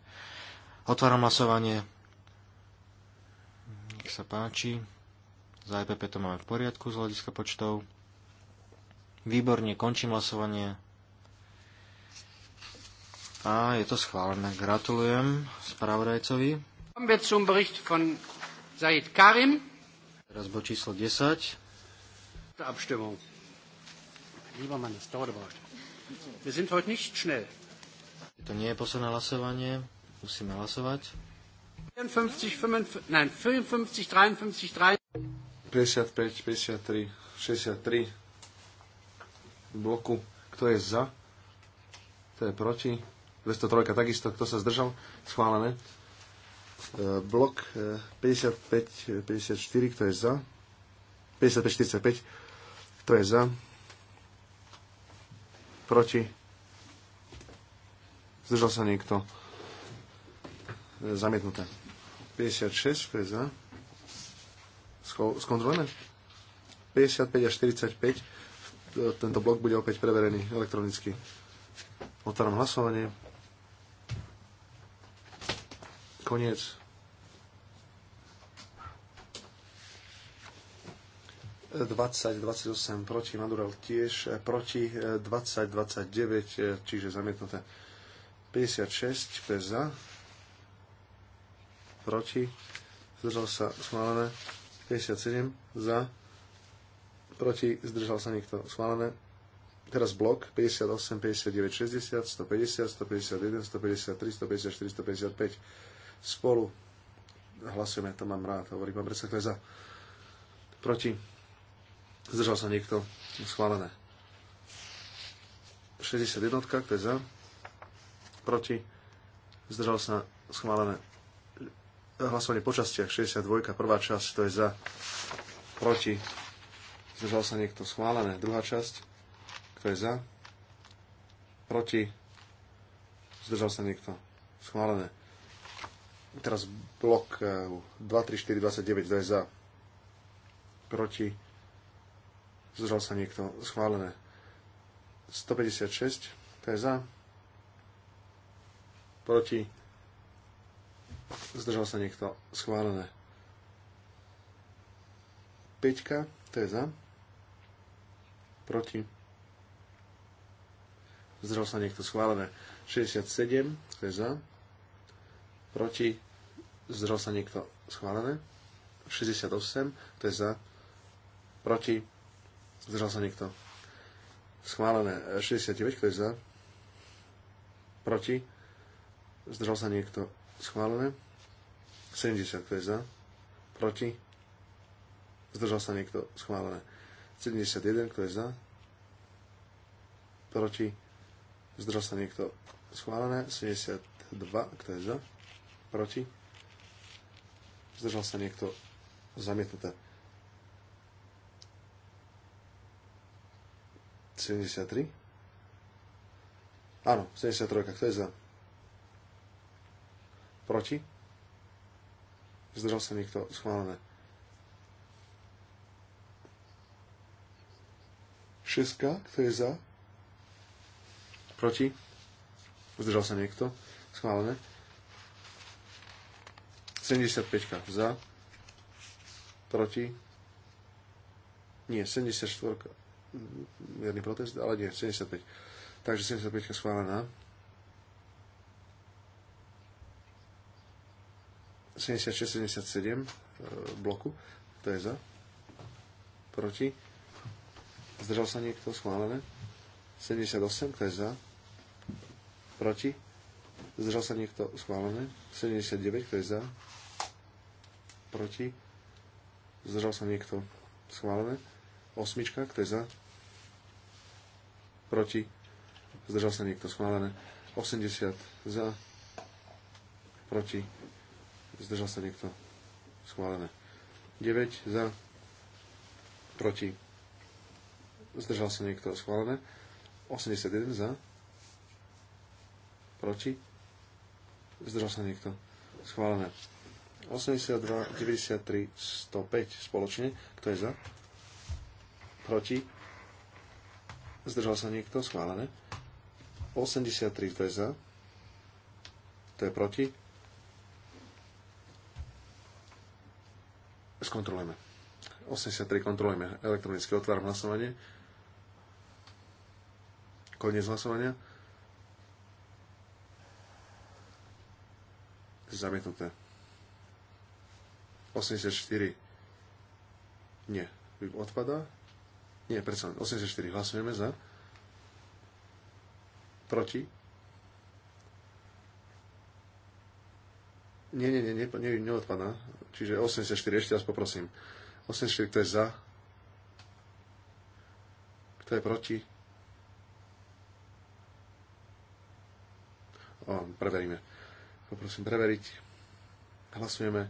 B: Otváram hlasovanie. Nech sa páči. Za EPP to máme v poriadku z hľadiska počtov. Výborne, končím hlasovanie. A je to schválené. Gratulujem spravodajcovi. Teraz bol číslo 10
A: der Abstimmung. Lieber Mann, das dauert aber Wir sind heute nicht schnell.
B: To nie je posledné
A: hlasovanie.
C: Musíme hlasovať.
A: 54, 55, nein, 55, 53, 3.
C: 55, 53, 63 v bloku. Kto je za? Kto je proti? 203 takisto. Kto sa zdržal? Schválené. E, blok 55, e, 54, kto je za? 55, 45 kto je za? Proti? Zdržal sa niekto? E, zamietnuté. 56, kto je za? Skontrolujeme? 55 až 45. Tento blok bude opäť preverený elektronicky. Otváram hlasovanie. Koniec. 20-28 proti, Madurel tiež e, proti, 20-29, e, e, čiže zamietnuté 56, kto je za, proti, zdržal sa schválené, 57 za, proti, zdržal sa niekto schválené. Teraz blok 58, 59, 60, 150, 151, 153, 154, 155. Spolu hlasujeme, to mám rád, hovorí pán predseda, za. Proti Zdržal sa niekto? Schválené. 61, kto je za? Proti? Zdržal sa? Schválené. Hlasovanie po častiach. 62, prvá časť, to je za? Proti? Zdržal sa niekto? Schválené. Druhá časť, kto je za? Proti? Zdržal sa niekto? Schválené teraz blok 2, 3, 4, 29, to je za? Proti? Zdržal sa niekto. Schválené. 156. To je za. Proti. Zdržal sa niekto. Schválené. 5. To je za. Proti. Zdržal sa niekto. Schválené. 67. To je za. Proti. Zdržal sa niekto. Schválené. 68. To je za. Proti Zdržal sa niekto? Schválené 69, kto je za? Proti? Zdržal sa niekto? Schválené 70, kto je za? Proti? Zdržal sa niekto? Schválené 71, kto je za? Proti? Zdržal sa niekto? Schválené 72, kto je za? Proti? Zdržal sa niekto? Zamietnuté 73. Áno, 73, kto je za? Proti? Zdržal sa niekto? Schválené. 6, kto je za? Proti? Zdržal sa niekto? Schválené. 75 za. Proti? Nie, 74 mierny protest, ale nie, 75. Takže 75 schválená. 76, 77 e, bloku. To je za. Proti. Zdržal sa niekto? Schválené. 78, to je za. Proti. Zdržal sa niekto? Schválené. 79, to je za. Proti. Zdržal sa niekto? Schválené. Osmička, kto je za? proti, zdržal sa niekto schválené, 80 za, proti, zdržal sa niekto schválené, 9 za, proti, zdržal sa niekto schválené, 81 za, proti, zdržal sa niekto schválené. 82, 93, 105 spoločne. Kto je za? Proti? Zdržal sa niekto? Schválené. 83, kto je za? To je proti? Skontrolujeme. 83 kontrolujeme. Elektronicky otváram hlasovanie. Koniec hlasovania. Zamietnuté. 84. Nie. Odpada. Nie, predsa 84. Hlasujeme za. Proti. Nie, nie, nie, nie, nie, nie neodpadá. Čiže 84, ešte raz poprosím. 84, kto je za? Kto je proti? O, preveríme. Poprosím preveriť. Hlasujeme.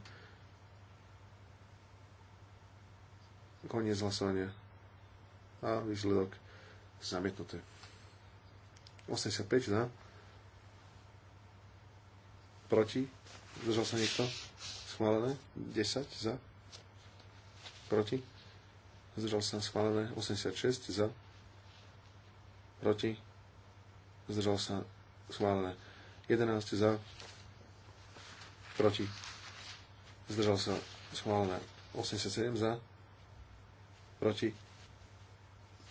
C: Koniec hlasovania a výsledok zamietnuté. 85 za. Proti. Zdržal sa niekto? Schválené. 10 za. Proti. Zdržal sa schválené. 86 za. Proti. Zdržal sa schválené. 11 za. Proti. Zdržal sa schválené. 87 za. Proti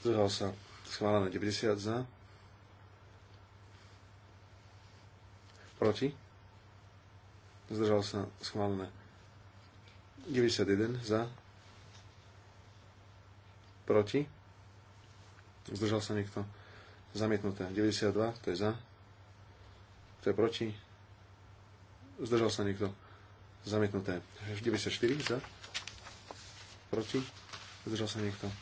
C: Zdržal sa. Schválené 90 za. Proti. Zdržal sa. Schválené 91 za. Proti. Zdržal sa niekto. Zamietnuté. 92, to je za. To je proti. Zdržal sa niekto. Zamietnuté. 94 za. Proti. Zdržal sa niekto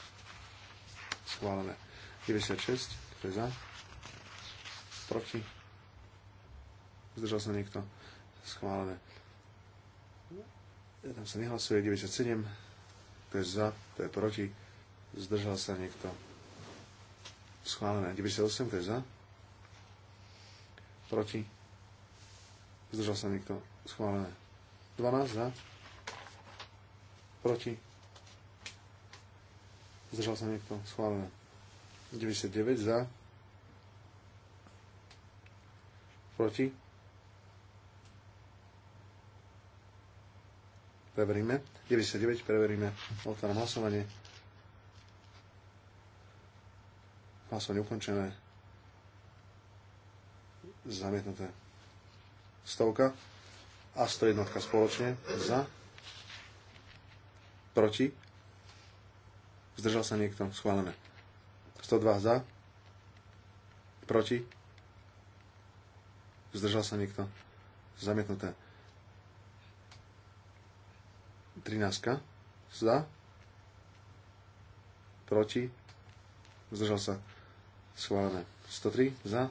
C: schválené. 96, kto je za? Proti? Zdržal sa niekto? Schválené. Ja tam sa nehlasuje 97, kto je za, kto je proti? Zdržal sa niekto? Schválené. 98, kto je za? Proti? Zdržal sa niekto? Schválené. 12 za? Proti? Zdržal sa niekto? Schválne. 99 za. Proti. Preveríme. 99 preveríme. Otváram hlasovanie. Hlasovanie ukončené. Zamietnuté. Stovka a 101 spoločne za. Proti Zdržal sa niekto? Schválené. 102 za. Proti. Zdržal sa niekto? Zamietnuté. 13 za. Proti. Zdržal sa. Schválené. 103 za.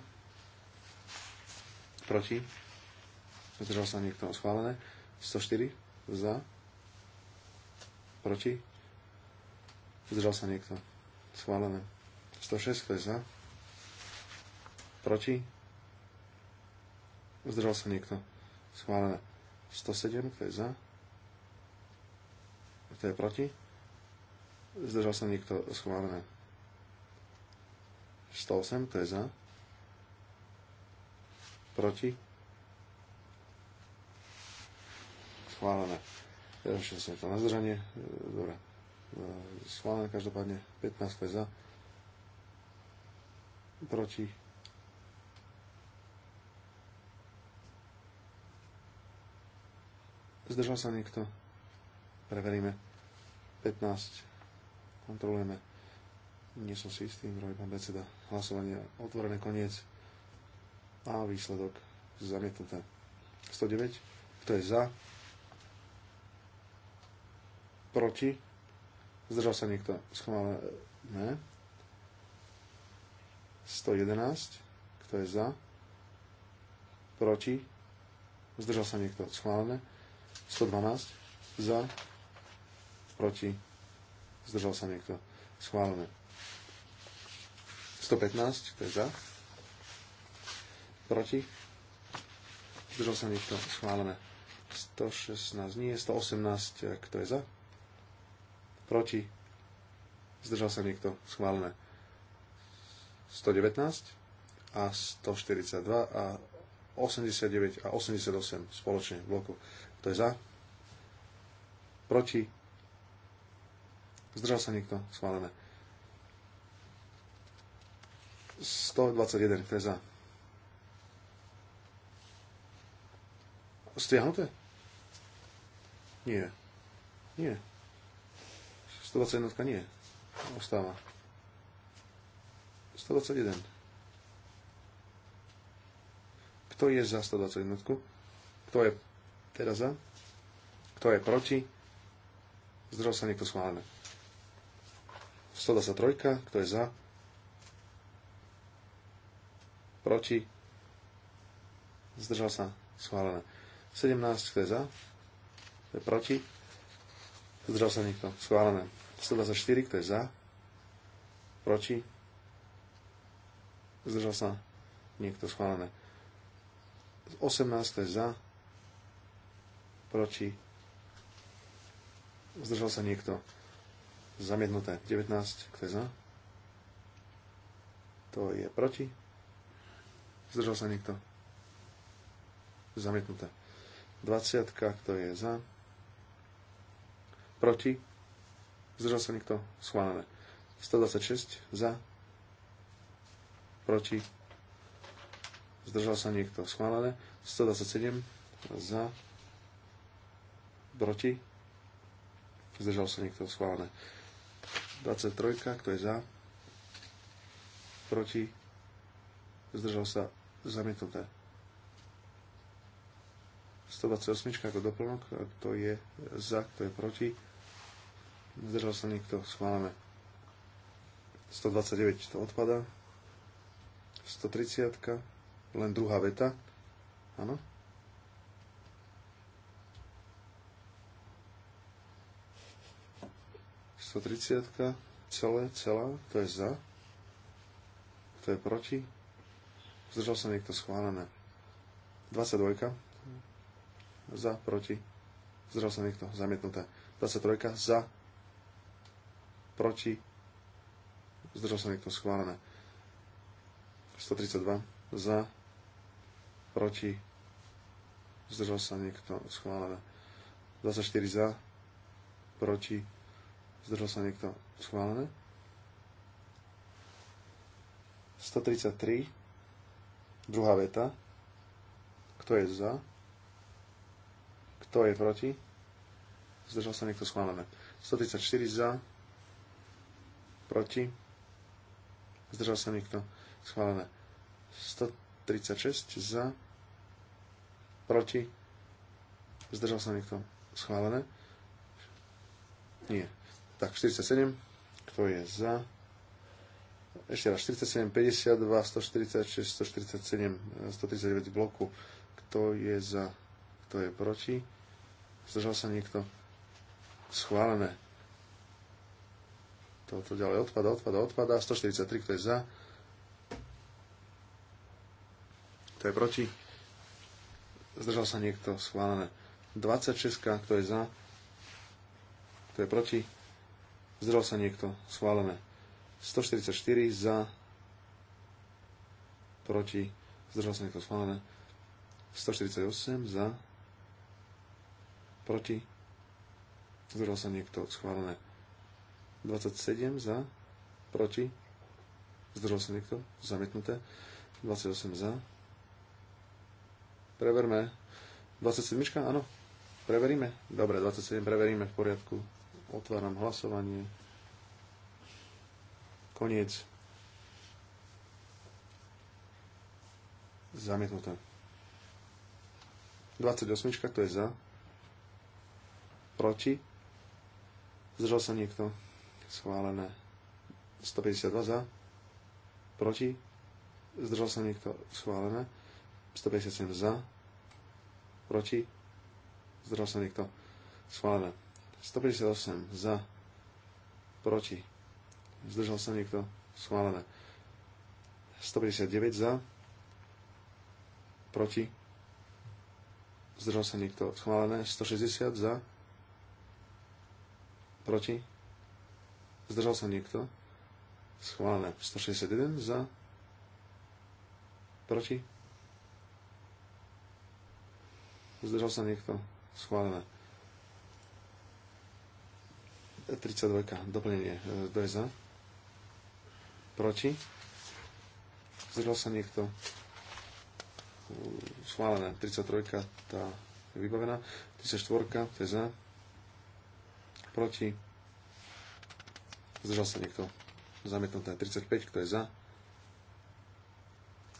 C: Proti. Zdržal sa niekto. Schválené. 104 za. Proti Zdržal sa niekto. Schválené. 106, kto je za? Proti? Zdržal sa niekto. Schválené. 107, kto je za? Kto je proti? Zdržal sa niekto. Schválené. 108, to je za? Proti? Schválené. Ja ešte som to na zdržanie. Dobre schválené, každopádne 15 za, proti, zdržal sa niekto, preveríme, 15, kontrolujeme, nie som si istý, robí pán predseda, hlasovanie otvorené koniec a výsledok zamietnuté. 109, kto je za, proti, Zdržal sa niekto? Schválené. 111. Kto je za? Proti? Zdržal sa niekto? Schválené. 112. Za? Proti? Zdržal sa niekto? Schválené. 115. Kto je za? Proti? Zdržal sa niekto? Schválené. 116. Nie. 118. Kto je za? proti, zdržal sa niekto, schválené. 119 a 142 a 89 a 88 spoločne v bloku. Kto je za? Proti? Zdržal sa niekto? Schválené. 121, kto je za? Stiahnuté? Nie. Nie. 121 nie. Ostáva. 121. Kto je za 121? Kto je teda za? Kto je proti? Zdrav sa niekto schválne. 123. Kto je za? Proti? Zdržal sa. Schválené. 17. Kto je za? Kto je proti? Zdržal sa niekto. Schválené. 124, kto je za? Proti? Zdržal sa? Niekto schválené. 18, kto je za? Proti? Zdržal sa niekto? Zamietnuté. 19, kto je za? To je proti? Zdržal sa niekto? Zamietnuté. 20, kto je za? Proti? Zdržal sa nikto? Schválené. 126 za. Proti. Zdržal sa niekto? Schválené. 127 za. Proti. Zdržal sa niekto? Schválené. 23, kto je za? Proti. Zdržal sa zamietnuté. 128 ako doplnok, kto je za, kto je proti Zdržal sa nikto, schválame. 129 to odpada. 130 len druhá veta. Áno. tridciatka, celé, celá, to je za, to je proti, zdržal sa niekto schválené. 22, za, proti, zdržal sa niekto, zamietnuté. 23, za, proti, zdržal sa niekto schválené. 132 za, proti, zdržal sa niekto schválené. 24 za, proti, zdržal sa niekto schválené. 133, druhá veta, kto je za, kto je proti, zdržal sa niekto schválené. 134 za, proti, zdržal sa niekto, schválené. 136 za, proti, zdržal sa niekto, schválené. Nie. Tak 47, kto je za, ešte raz 47, 52, 146, 147, 139 bloku, kto je za, kto je proti, zdržal sa niekto, schválené. Toto ďalej odpada, odpada, odpada. 143, kto je za? Kto je proti? Zdržal sa niekto? Schválené. 26, kto je za? Kto je proti? Zdržal sa niekto? Schválené. 144 za, proti, zdržal sa niekto schválené. 148 za, proti, zdržal sa niekto schválené. 27 za, proti, zdržal sa niekto, zamietnuté, 28 za. Preverme. 27, áno, preveríme. Dobre, 27 preveríme v poriadku. Otváram hlasovanie. Koniec. Zamietnuté. 28, to je za? Proti? Zdržal sa niekto? schválené. 152 za, proti, zdržal sa niekto, schválené. 157 za, proti, zdržal sa niekto, schválené. 158 za, proti, zdržal sa niekto, schválené. 159 za, proti, zdržal sa niekto, schválené. 160 za, proti, Zdržal sa niekto? Schválené. 161 za. Proti? Zdržal sa niekto? Schválené. 32. Doplnenie. E, kto je za? Proti? Zdržal sa niekto? Schválené. 33. Tá je vybavená. 34. To je za? Proti? Zdržal sa niekto. Zamietnuté 35, kto je za?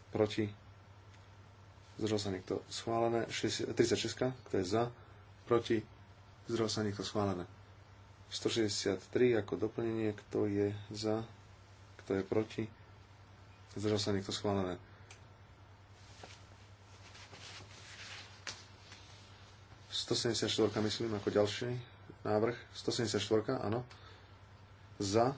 C: Proti? Zdržal sa niekto. Schválené 36, kto je za? Proti? Zdržal sa niekto. Schválené. 163 ako doplnenie, kto je za? Kto je proti? Zdržal sa niekto. Schválené. ...174, myslím, ako ďalší návrh. 174, áno za.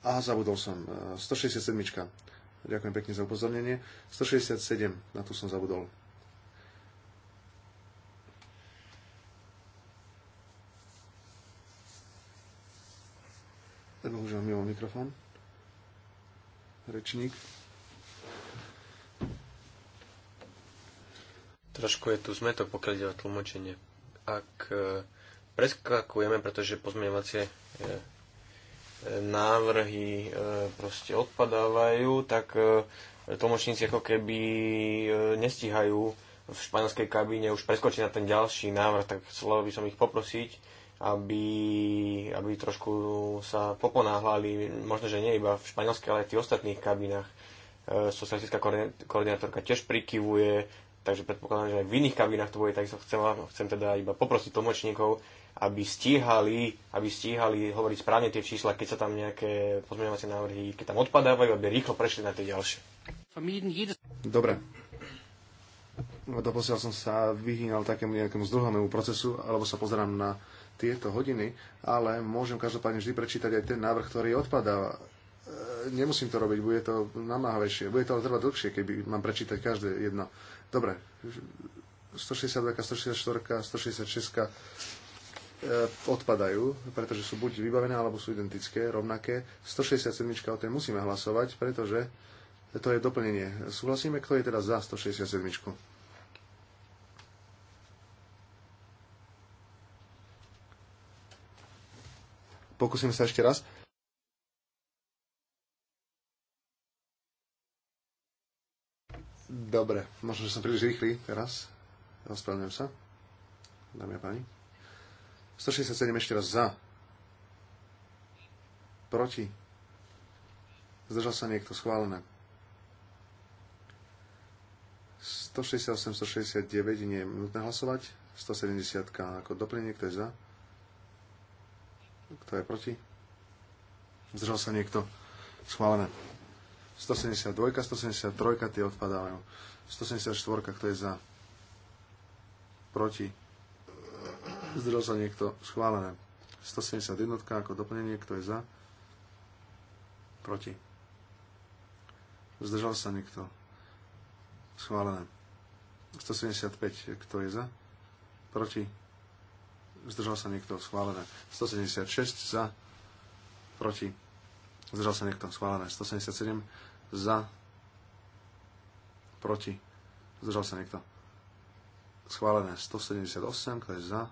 C: A zabudol som. 167. E, Ďakujem pekne za upozornenie. 167, na to som zabudol. Bohužiaľ, mimo mikrofón. Rečník.
D: Trošku je tu zmetok, pokiaľ ide o tlmočenie. Ak e, preskakujeme, pretože pozmeňovacie e, e, návrhy proste odpadávajú, tak tlmočníci ako keby nestíhajú v španielskej kabíne už preskočiť na ten ďalší návrh, tak chcel by som ich poprosiť, aby, aby trošku sa poponáhľali, možno, že nie iba v španielskej, ale aj v tých ostatných kabínach. Socialistická koordinátorka tiež prikyvuje, takže predpokladám, že aj v iných kabinách to bude, takisto chcela, no, chcem teda iba poprosiť tlmočníkov, aby stíhali, aby stíhali hovoriť správne tie čísla, keď sa tam nejaké pozmeňovacie návrhy, keď tam odpadávajú, aby rýchlo prešli na tie ďalšie.
C: Dobre. No, doposiaľ som sa vyhýnal takému nejakému zdlhanému procesu, alebo sa pozerám na tieto hodiny, ale môžem každopádne vždy prečítať aj ten návrh, ktorý odpadáva e, nemusím to robiť, bude to namáhavejšie, bude to ale trvať dlhšie, keby mám prečítať každé jedno. Dobre, 162, 164, 166 odpadajú, pretože sú buď vybavené, alebo sú identické, rovnaké. 167 o tej musíme hlasovať, pretože to je doplnenie. Súhlasíme, kto je teda za 167? Pokúsim sa ešte raz. Dobre, možno, že som príliš rýchly teraz. Ospravedlňujem sa. Dámy a páni. 167 ešte raz za. Proti. Zdržal sa niekto. Schválené. 168, 169 nie je nutné hlasovať. 170 ako doplnenie. Kto je za? Kto je proti? Zdržal sa niekto. Schválené. 172, 173, tie odpadávajú. 174, kto je za? Proti? Zdržal sa niekto? Schválené. 171 ako doplnenie, kto je za? Proti? Zdržal sa niekto? Schválené. 175, kto je za? Proti? Zdržal sa niekto? Schválené. 176 za? Proti? Zdržal sa niekto? Schválené. 177 za, proti, zdržal sa niekto. Schválené 178, kto je za,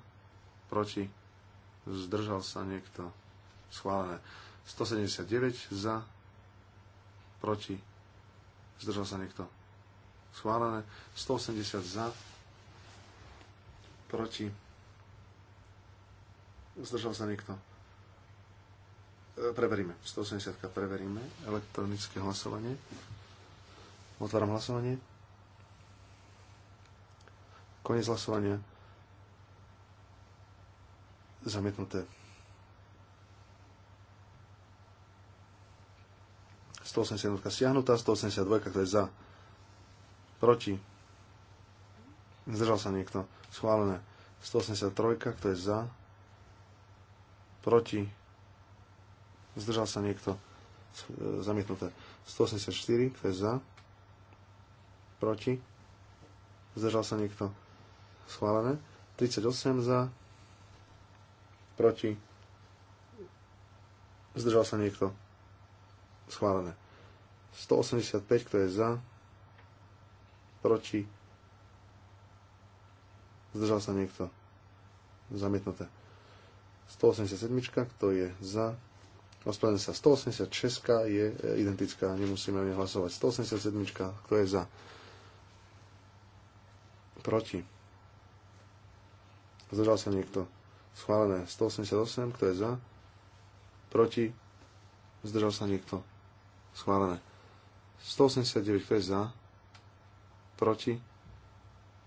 C: proti, zdržal sa niekto. Schválené 179 za, proti, zdržal sa niekto. Schválené 180 za, proti, zdržal sa niekto Preveríme. 180 preveríme. Elektronické hlasovanie. Otváram hlasovanie. Koniec hlasovania. Zamietnuté. 181 stiahnutá, 182, kto je za. Proti. Zdržal sa niekto. Schválené. 183, kto je za. Proti zdržal sa niekto, zamietnuté. 184, kto je za, proti, zdržal sa niekto, schválené. 38 za, proti, zdržal sa niekto, schválené. 185, kto je za, proti, zdržal sa niekto, zamietnuté. 187, kto je za, Ospravedlňujem sa. 186 je e, identická, nemusíme o nej hlasovať. 187, kto je za? Proti. Zdržal sa niekto. Schválené. 188, kto je za? Proti. Zdržal sa niekto. Schválené. 189, kto je za? Proti.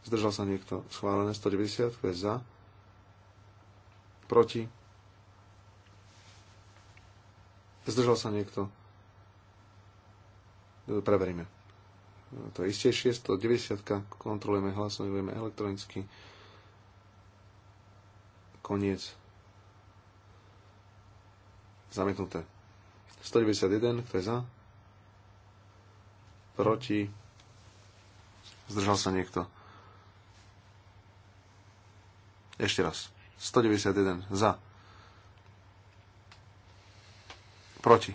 C: Zdržal sa niekto. Schválené. 190, kto je za? Proti Zdržal sa niekto? Preveríme. To je istejšie, 190. Kontrolujeme, hlasujeme elektronicky. Koniec. Zamietnuté. 191, kto je za? Proti? Zdržal sa niekto? Ešte raz. 191, za. Proti.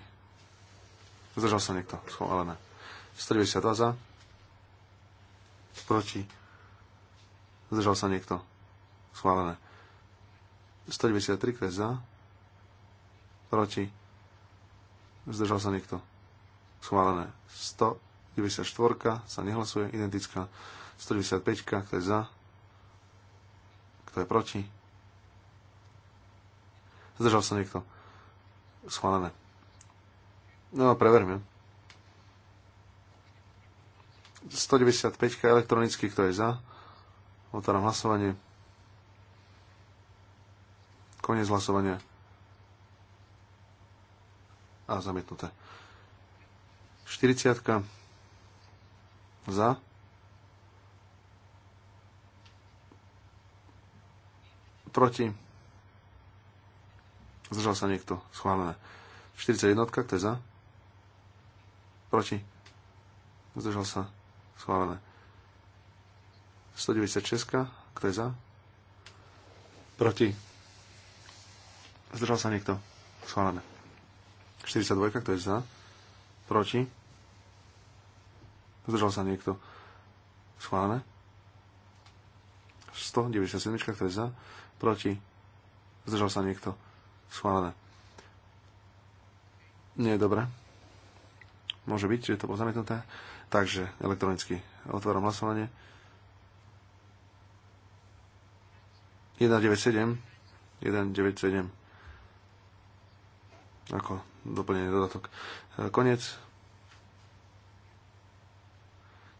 C: Zdržal sa niekto. Schválené. 192 za. Proti. Zdržal sa niekto. Schválené. 193 kres za. Proti. Zdržal sa niekto. Schválené. 194 sa nehlasuje. Identická. 195 kres za. Kto je proti? Zdržal sa niekto. Schválené. No, preverme. 195 elektronicky, kto je za? Otváram hlasovanie. Koniec hlasovania. A zamietnuté. 40 za. Proti. Zdržal sa niekto. Schválené. 41, kto je za? Proti? Zdržal sa. Schválené. 196. Kto je za? Proti? Zdržal sa niekto. Schválené. 42. Kto je za? Proti? Zdržal sa niekto. Schválené. 197. Kto je za? Proti? Zdržal sa niekto. Schválené. Nie je dobré. Môže byť, že to bolo zamietnuté. Takže elektronicky otváram hlasovanie. 197. 197. Ako doplnenie dodatok. E, Konec.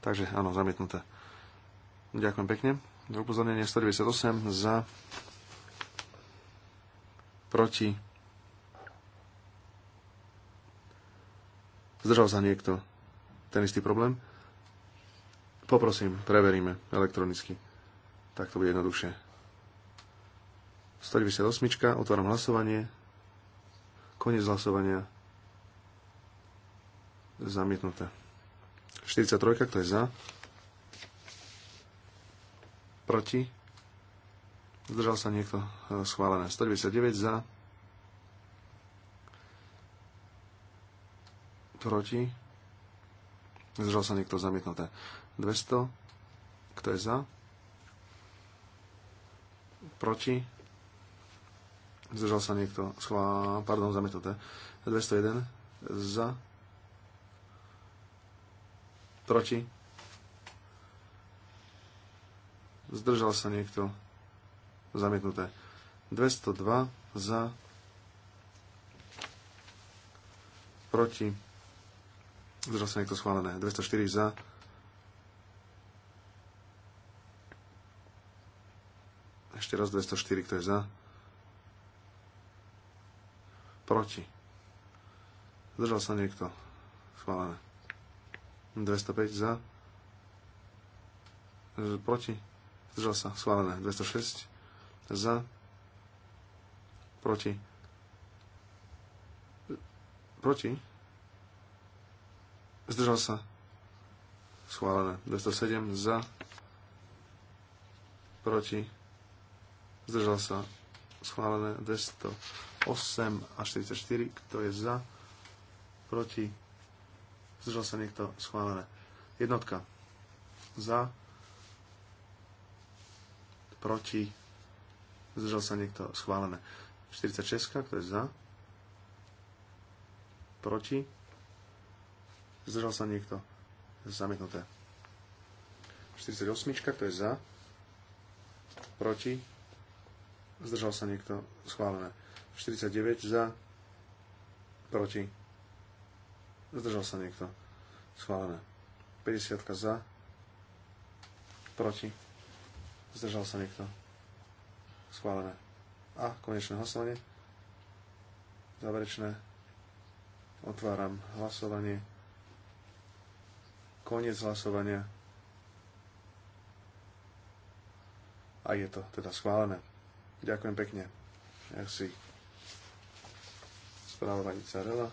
C: Takže áno, zamietnuté. Ďakujem pekne. Za upozornenie 198 za proti Zdržal sa niekto? Ten istý problém? Poprosím, preveríme elektronicky. Tak to bude jednoduchšie. 198. Otváram hlasovanie. Koniec hlasovania. Zamietnuté. 43. Kto je za? Proti? Zdržal sa niekto? Schválené. 199 za proti, zdržal sa niekto zamietnuté. 200, kto je za, proti, zdržal sa niekto, schvá, pardon, zamietnuté. 201, za, proti, zdržal sa niekto, zamietnuté. 202 za, proti, Zdržal sa niekto schválené. 204 za. Ešte raz 204, kto je za. Proti. Zdržal sa niekto. Schválené. 205 za. E, proti. Zdržal sa. Schválené. 206 za. Proti. E, proti. Zdržal sa. Schválené. 207 za. Proti. Zdržal sa. Schválené. 208 a 44. Kto je za? Proti. Zdržal sa niekto. Schválené. Jednotka. Za. Proti. Zdržal sa niekto. Schválené. 46. Kto je za? Proti Zdržal sa niekto? Zamietnuté. 48, to je za? Proti? Zdržal sa niekto? Schválené. 49 za? Proti? Zdržal sa niekto? Schválené. 50 za? Proti? Zdržal sa niekto? Schválené. A konečné hlasovanie. Záverečné. Otváram hlasovanie. Koniec hlasovania. A je to teda schválené. Ďakujem pekne. Merci. Správa pani Carela.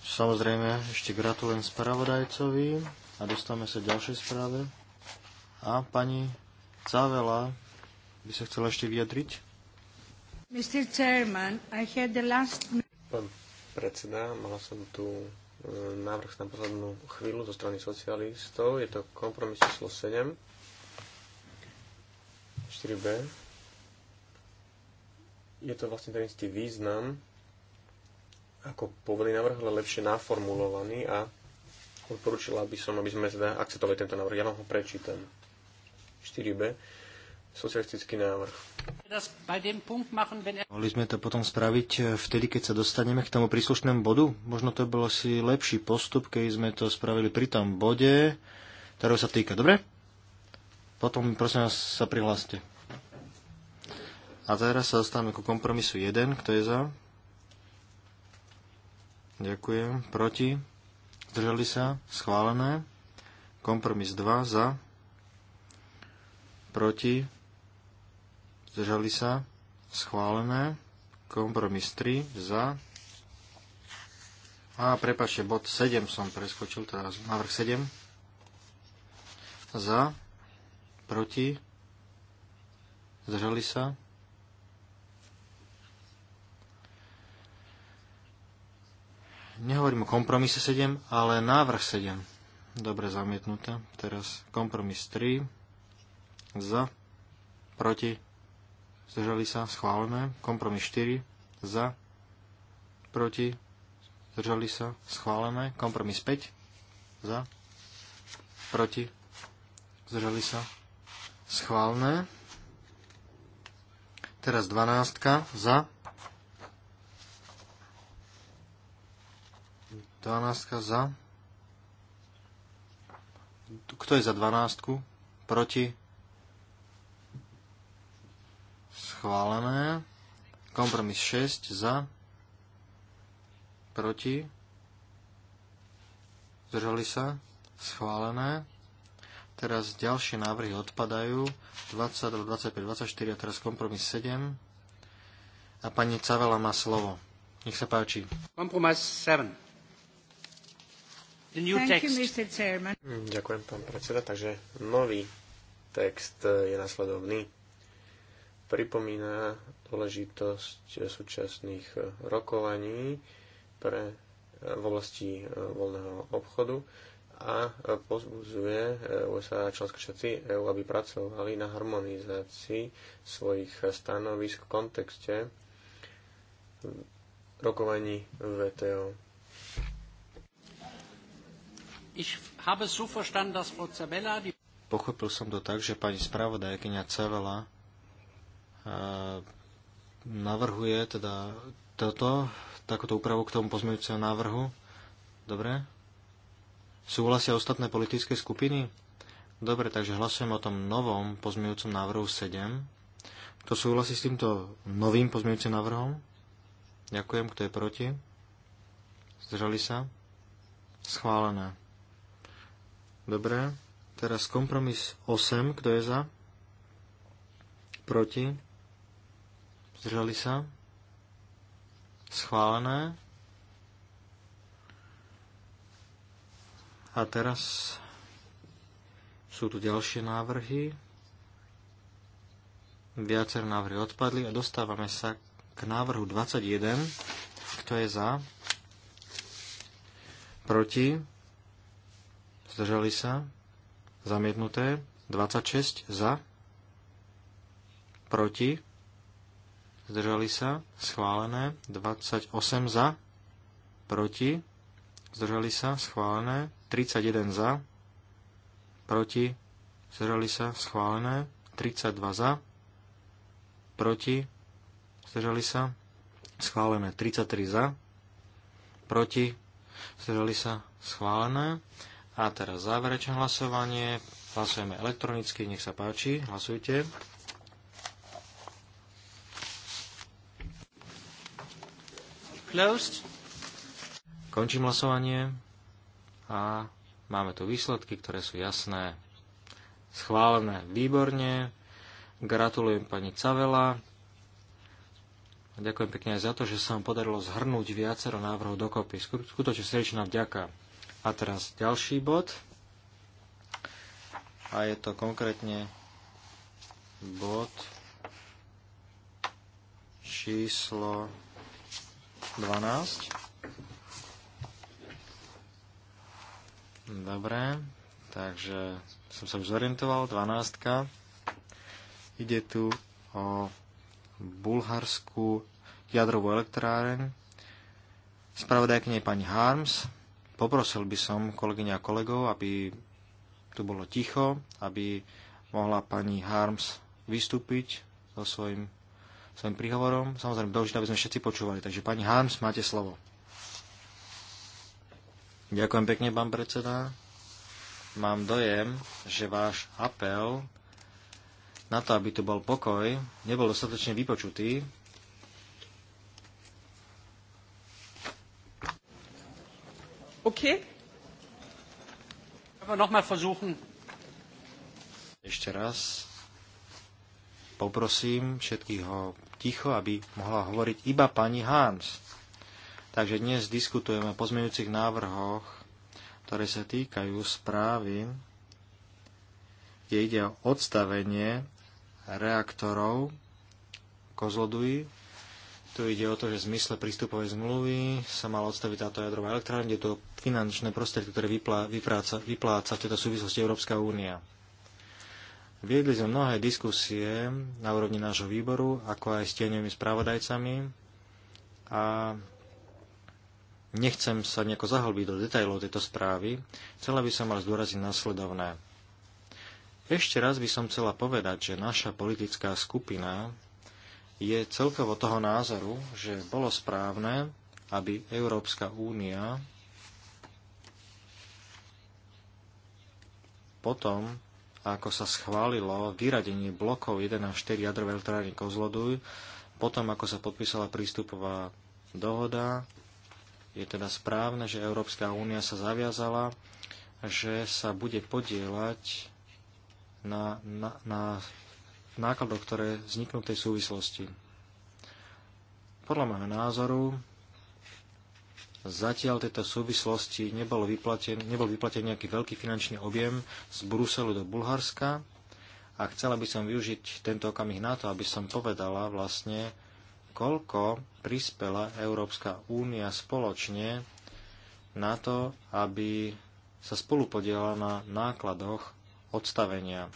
C: Samozrejme, ešte gratulujem
B: spravodajcovi a dostávame sa ďalšej správe. A pani Cavela by sa chcela ešte vyjadriť.
A: Mr. Chairman, I had the last...
B: Pán predseda, mala som tu Ehm, návrh na poslednú
D: chvíľu zo strany socialistov. Je to kompromis číslo 7. 4b. Je to vlastne ten istý význam, ako povedný návrh, ale lepšie naformulovaný a odporúčila by som, aby sme teda akceptovali tento návrh. Ja vám ho prečítam. 4b
A: socialistický návrh. Er- Mohli
B: sme to potom spraviť eh, vtedy, keď sa dostaneme k tomu príslušnému bodu? Možno to bol asi lepší postup, keď sme to spravili pri tom bode, ktorého sa týka. Dobre? Potom prosím vás sa prihláste. A teraz sa dostávame ku kompromisu 1. Kto je za? Ďakujem. Proti? Zdržali sa? Schválené. Kompromis 2. Za? Proti? zdržali sa, schválené, kompromis 3, za, a prepačte, bod 7 som preskočil, teraz návrh 7, za, proti, zdržali sa, nehovorím o kompromise 7, ale návrh 7. Dobre zamietnuté. Teraz kompromis 3. Za. Proti zdržali sa, schválené. Kompromis 4, za, proti, zdržali sa, schválené. Kompromis 5, za, proti, zdržali sa, schválené. Teraz 12, za, 12 za. Kto je za 12? Proti? schválené. Kompromis 6 za, proti, zdržali sa, schválené. Teraz ďalšie návrhy odpadajú, 20, 25, 24 a teraz kompromis 7. A pani Cavela má slovo. Nech sa páči.
A: Kompromis 7. The new Thank text. You,
D: Ďakujem, pán predseda. Takže nový text je nasledovný pripomína dôležitosť súčasných rokovaní pre, v oblasti eh, voľného obchodu a pozbudzuje eh, USA a členské štáty EU, aby pracovali na harmonizácii svojich stanovisk v kontexte rokovaní VTO.
B: Pochopil som to tak, že pani spravodajkynia Cevela navrhuje teda toto, takúto úpravu k tomu pozmeňujúceho návrhu. Dobre? Súhlasia ostatné politické skupiny? Dobre, takže hlasujem o tom novom pozmeňujúcom návrhu 7. Kto súhlasí s týmto novým pozmeňujúcim návrhom? Ďakujem. Kto je proti? Zdržali sa? Schválené. Dobre. Teraz kompromis 8. Kto je za? Proti? Zdržali sa? Schválené. A teraz sú tu ďalšie návrhy. Viacer návrhy odpadli a dostávame sa k návrhu 21. Kto je za? Proti? Zdržali sa? Zamietnuté? 26 za? Proti? zdržali sa, schválené, 28 za, proti, zdržali sa, schválené, 31 za, proti, zdržali sa, schválené, 32 za, proti, zdržali sa, schválené, 33 za, proti, zdržali sa, schválené. A teraz záverečné hlasovanie, hlasujeme elektronicky, nech sa páči, hlasujte. Closed. Končím hlasovanie a máme tu výsledky, ktoré sú jasné. Schválené výborne. Gratulujem pani Cavela. A ďakujem pekne aj za to, že sa vám podarilo zhrnúť viacero návrhov dokopy. Skutočne srdečná vďaka. A teraz ďalší bod. A je to konkrétne bod číslo 12. Dobre, takže som sa už zorientoval, 12. Ide tu o bulharskú jadrovú elektráreň. Spravodajkne pani Harms, poprosil by som kolegyňa a kolegov, aby tu bolo ticho, aby mohla pani Harms vystúpiť so svojím svojim príhovorom. Samozrejme, dôležité, aby sme všetci počúvali. Takže pani Harms, máte slovo. Ďakujem pekne, pán predseda. Mám dojem, že váš apel na to, aby tu bol pokoj, nebol dostatočne vypočutý, Okay. Ešte raz poprosím všetkých ho ticho, aby mohla hovoriť iba pani Hans. Takže dnes diskutujeme o pozmeňujúcich návrhoch, ktoré sa týkajú správy, kde ide o odstavenie reaktorov Kozloduj. Tu ide o to, že v zmysle prístupovej zmluvy sa mala odstaviť táto jadrová elektrárna, kde to finančné prostriedky, ktoré vypláca, vypláca v tejto súvislosti Európska únia. Viedli sme mnohé diskusie na úrovni nášho výboru, ako aj s tieňovými spravodajcami a nechcem sa nejako zahlbiť do detajlov tejto správy, chcela by som ale zdôraziť nasledovné. Ešte raz by som chcela povedať, že naša politická skupina je celkovo toho názoru, že bolo správne, aby Európska únia potom, ako sa schválilo vyradenie blokov 1 až 4 jadrové elektrárne Kozloduj, potom ako sa podpísala prístupová dohoda, je teda správne, že Európska únia sa zaviazala, že sa bude podielať na, na, na nákladoch, ktoré vzniknú v tej súvislosti. Podľa môjho názoru Zatiaľ tejto súvislosti nebol vyplatený, nebol vyplatený nejaký veľký finančný objem z Bruselu do Bulharska a chcela by som využiť tento okamih na to, aby som povedala vlastne, koľko prispela Európska únia spoločne na to, aby sa spolupodielala na nákladoch odstavenia.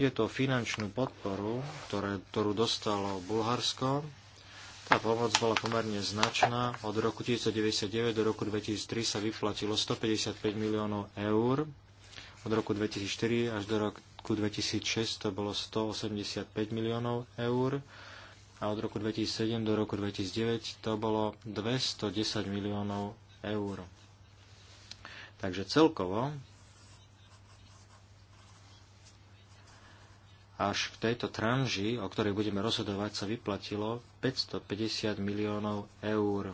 B: Je to finančnú podporu, ktoré, ktorú dostalo Bulharsko tá pomoc bola pomerne značná. Od roku 1999 do roku 2003 sa vyplatilo 155 miliónov eur. Od roku 2004 až do roku 2006 to bolo 185 miliónov eur a od roku 2007 do roku 2009 to bolo 210 miliónov eur. Takže celkovo až v tejto tranži, o ktorej budeme rozhodovať, sa vyplatilo 550 miliónov eur.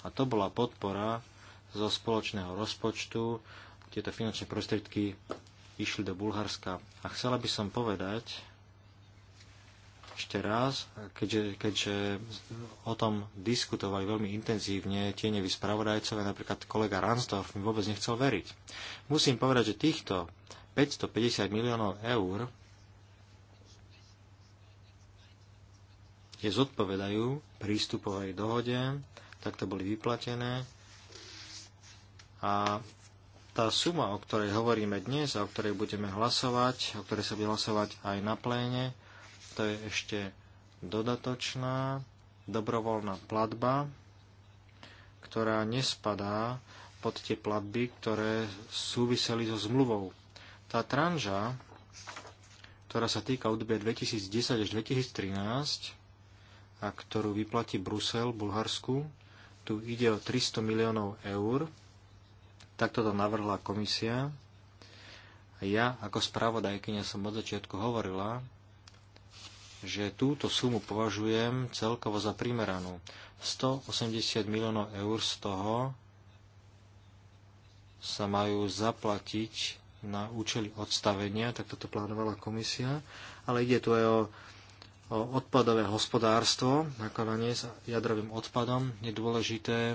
B: A to bola podpora zo spoločného rozpočtu. Tieto finančné prostriedky išli do Bulharska. A chcela by som povedať ešte raz, keďže, keďže o tom diskutovali veľmi intenzívne tieňoví spravodajcovia, napríklad kolega Ransdorf mi vôbec nechcel veriť. Musím povedať, že týchto 550 miliónov eur že zodpovedajú prístupovej dohode, tak to boli vyplatené. A tá suma, o ktorej hovoríme dnes a o ktorej budeme hlasovať, o ktorej sa bude hlasovať aj na pléne, to je ešte dodatočná dobrovoľná platba, ktorá nespadá pod tie platby, ktoré súviseli so zmluvou. Tá tranža, ktorá sa týka odbie 2010 až 2013, a ktorú vyplatí Brusel Bulharsku. Tu ide o 300 miliónov eur. Takto to navrhla komisia. A ja ako spravodajkynia som od začiatku hovorila, že túto sumu považujem celkovo za primeranú. 180 miliónov eur z toho sa majú zaplatiť na účely odstavenia, tak toto plánovala komisia, ale ide tu aj o odpadové hospodárstvo, nakladanie s jadrovým odpadom, je dôležité,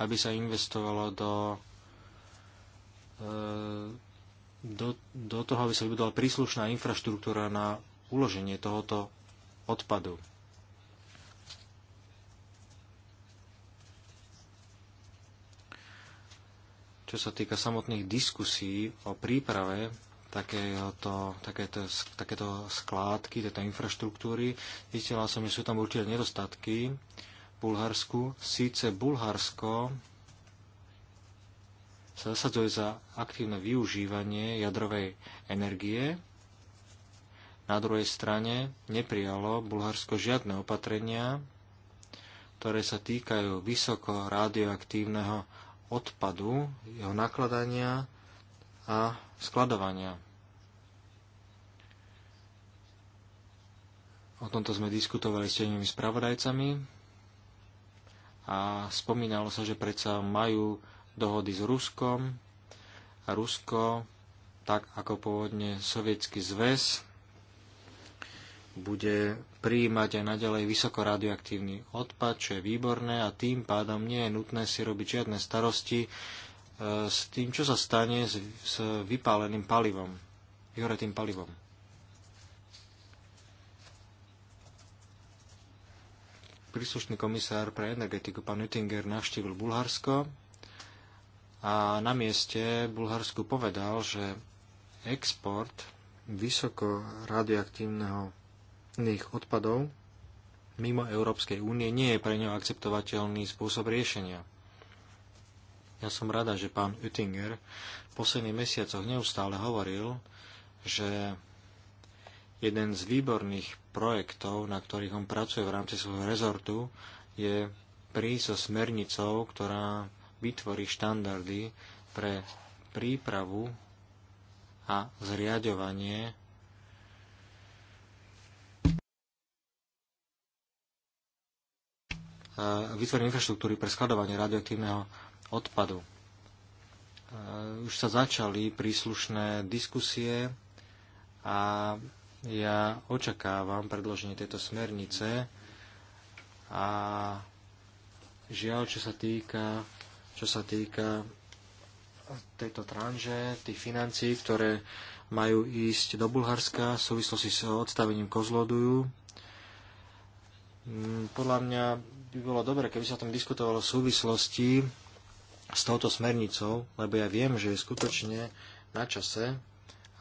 B: aby sa investovalo do, e, do, do toho, aby sa vybudovala príslušná infraštruktúra na uloženie tohoto odpadu. Čo sa týka samotných diskusí o príprave takéto, takéto, takéto skládky, tejto infraštruktúry. Zistila som, že sú tam určite nedostatky v Bulharsku. Síce Bulharsko sa zasadzuje za aktívne využívanie jadrovej energie. Na druhej strane neprijalo Bulharsko žiadne opatrenia, ktoré sa týkajú vysoko radioaktívneho odpadu, jeho nakladania a skladovania. O tomto sme diskutovali s tenými spravodajcami a spomínalo sa, že predsa majú dohody s Ruskom a Rusko, tak ako pôvodne Sovietský zväz, bude prijímať aj naďalej vysoko radioaktívny odpad, čo je výborné a tým pádom nie je nutné si robiť žiadne starosti, E, s tým, čo sa stane s, s vypáleným palivom, vyhoretým palivom. Príslušný komisár pre energetiku, pán Oettinger, navštívil Bulharsko a na mieste Bulharsku povedal, že export vysoko radioaktívnych odpadov mimo Európskej únie nie je pre ňo akceptovateľný spôsob riešenia. Ja som rada, že pán Uttinger v posledných mesiacoch neustále hovoril, že jeden z výborných projektov, na ktorých on pracuje v rámci svojho rezortu, je prísť so smernicou, ktorá vytvorí štandardy pre prípravu a zriadovanie vytvorenie infraštruktúry pre skladovanie radioaktívneho odpadu. E, už sa začali príslušné diskusie a ja očakávam predloženie tejto smernice a žiaľ, čo sa týka, čo sa týka tejto tranže, tých financií, ktoré majú ísť do Bulharska v súvislosti s odstavením Kozloduju. Mm, podľa mňa by bolo dobre, keby sa tam diskutovalo v súvislosti s touto smernicou, lebo ja viem, že je skutočne na čase,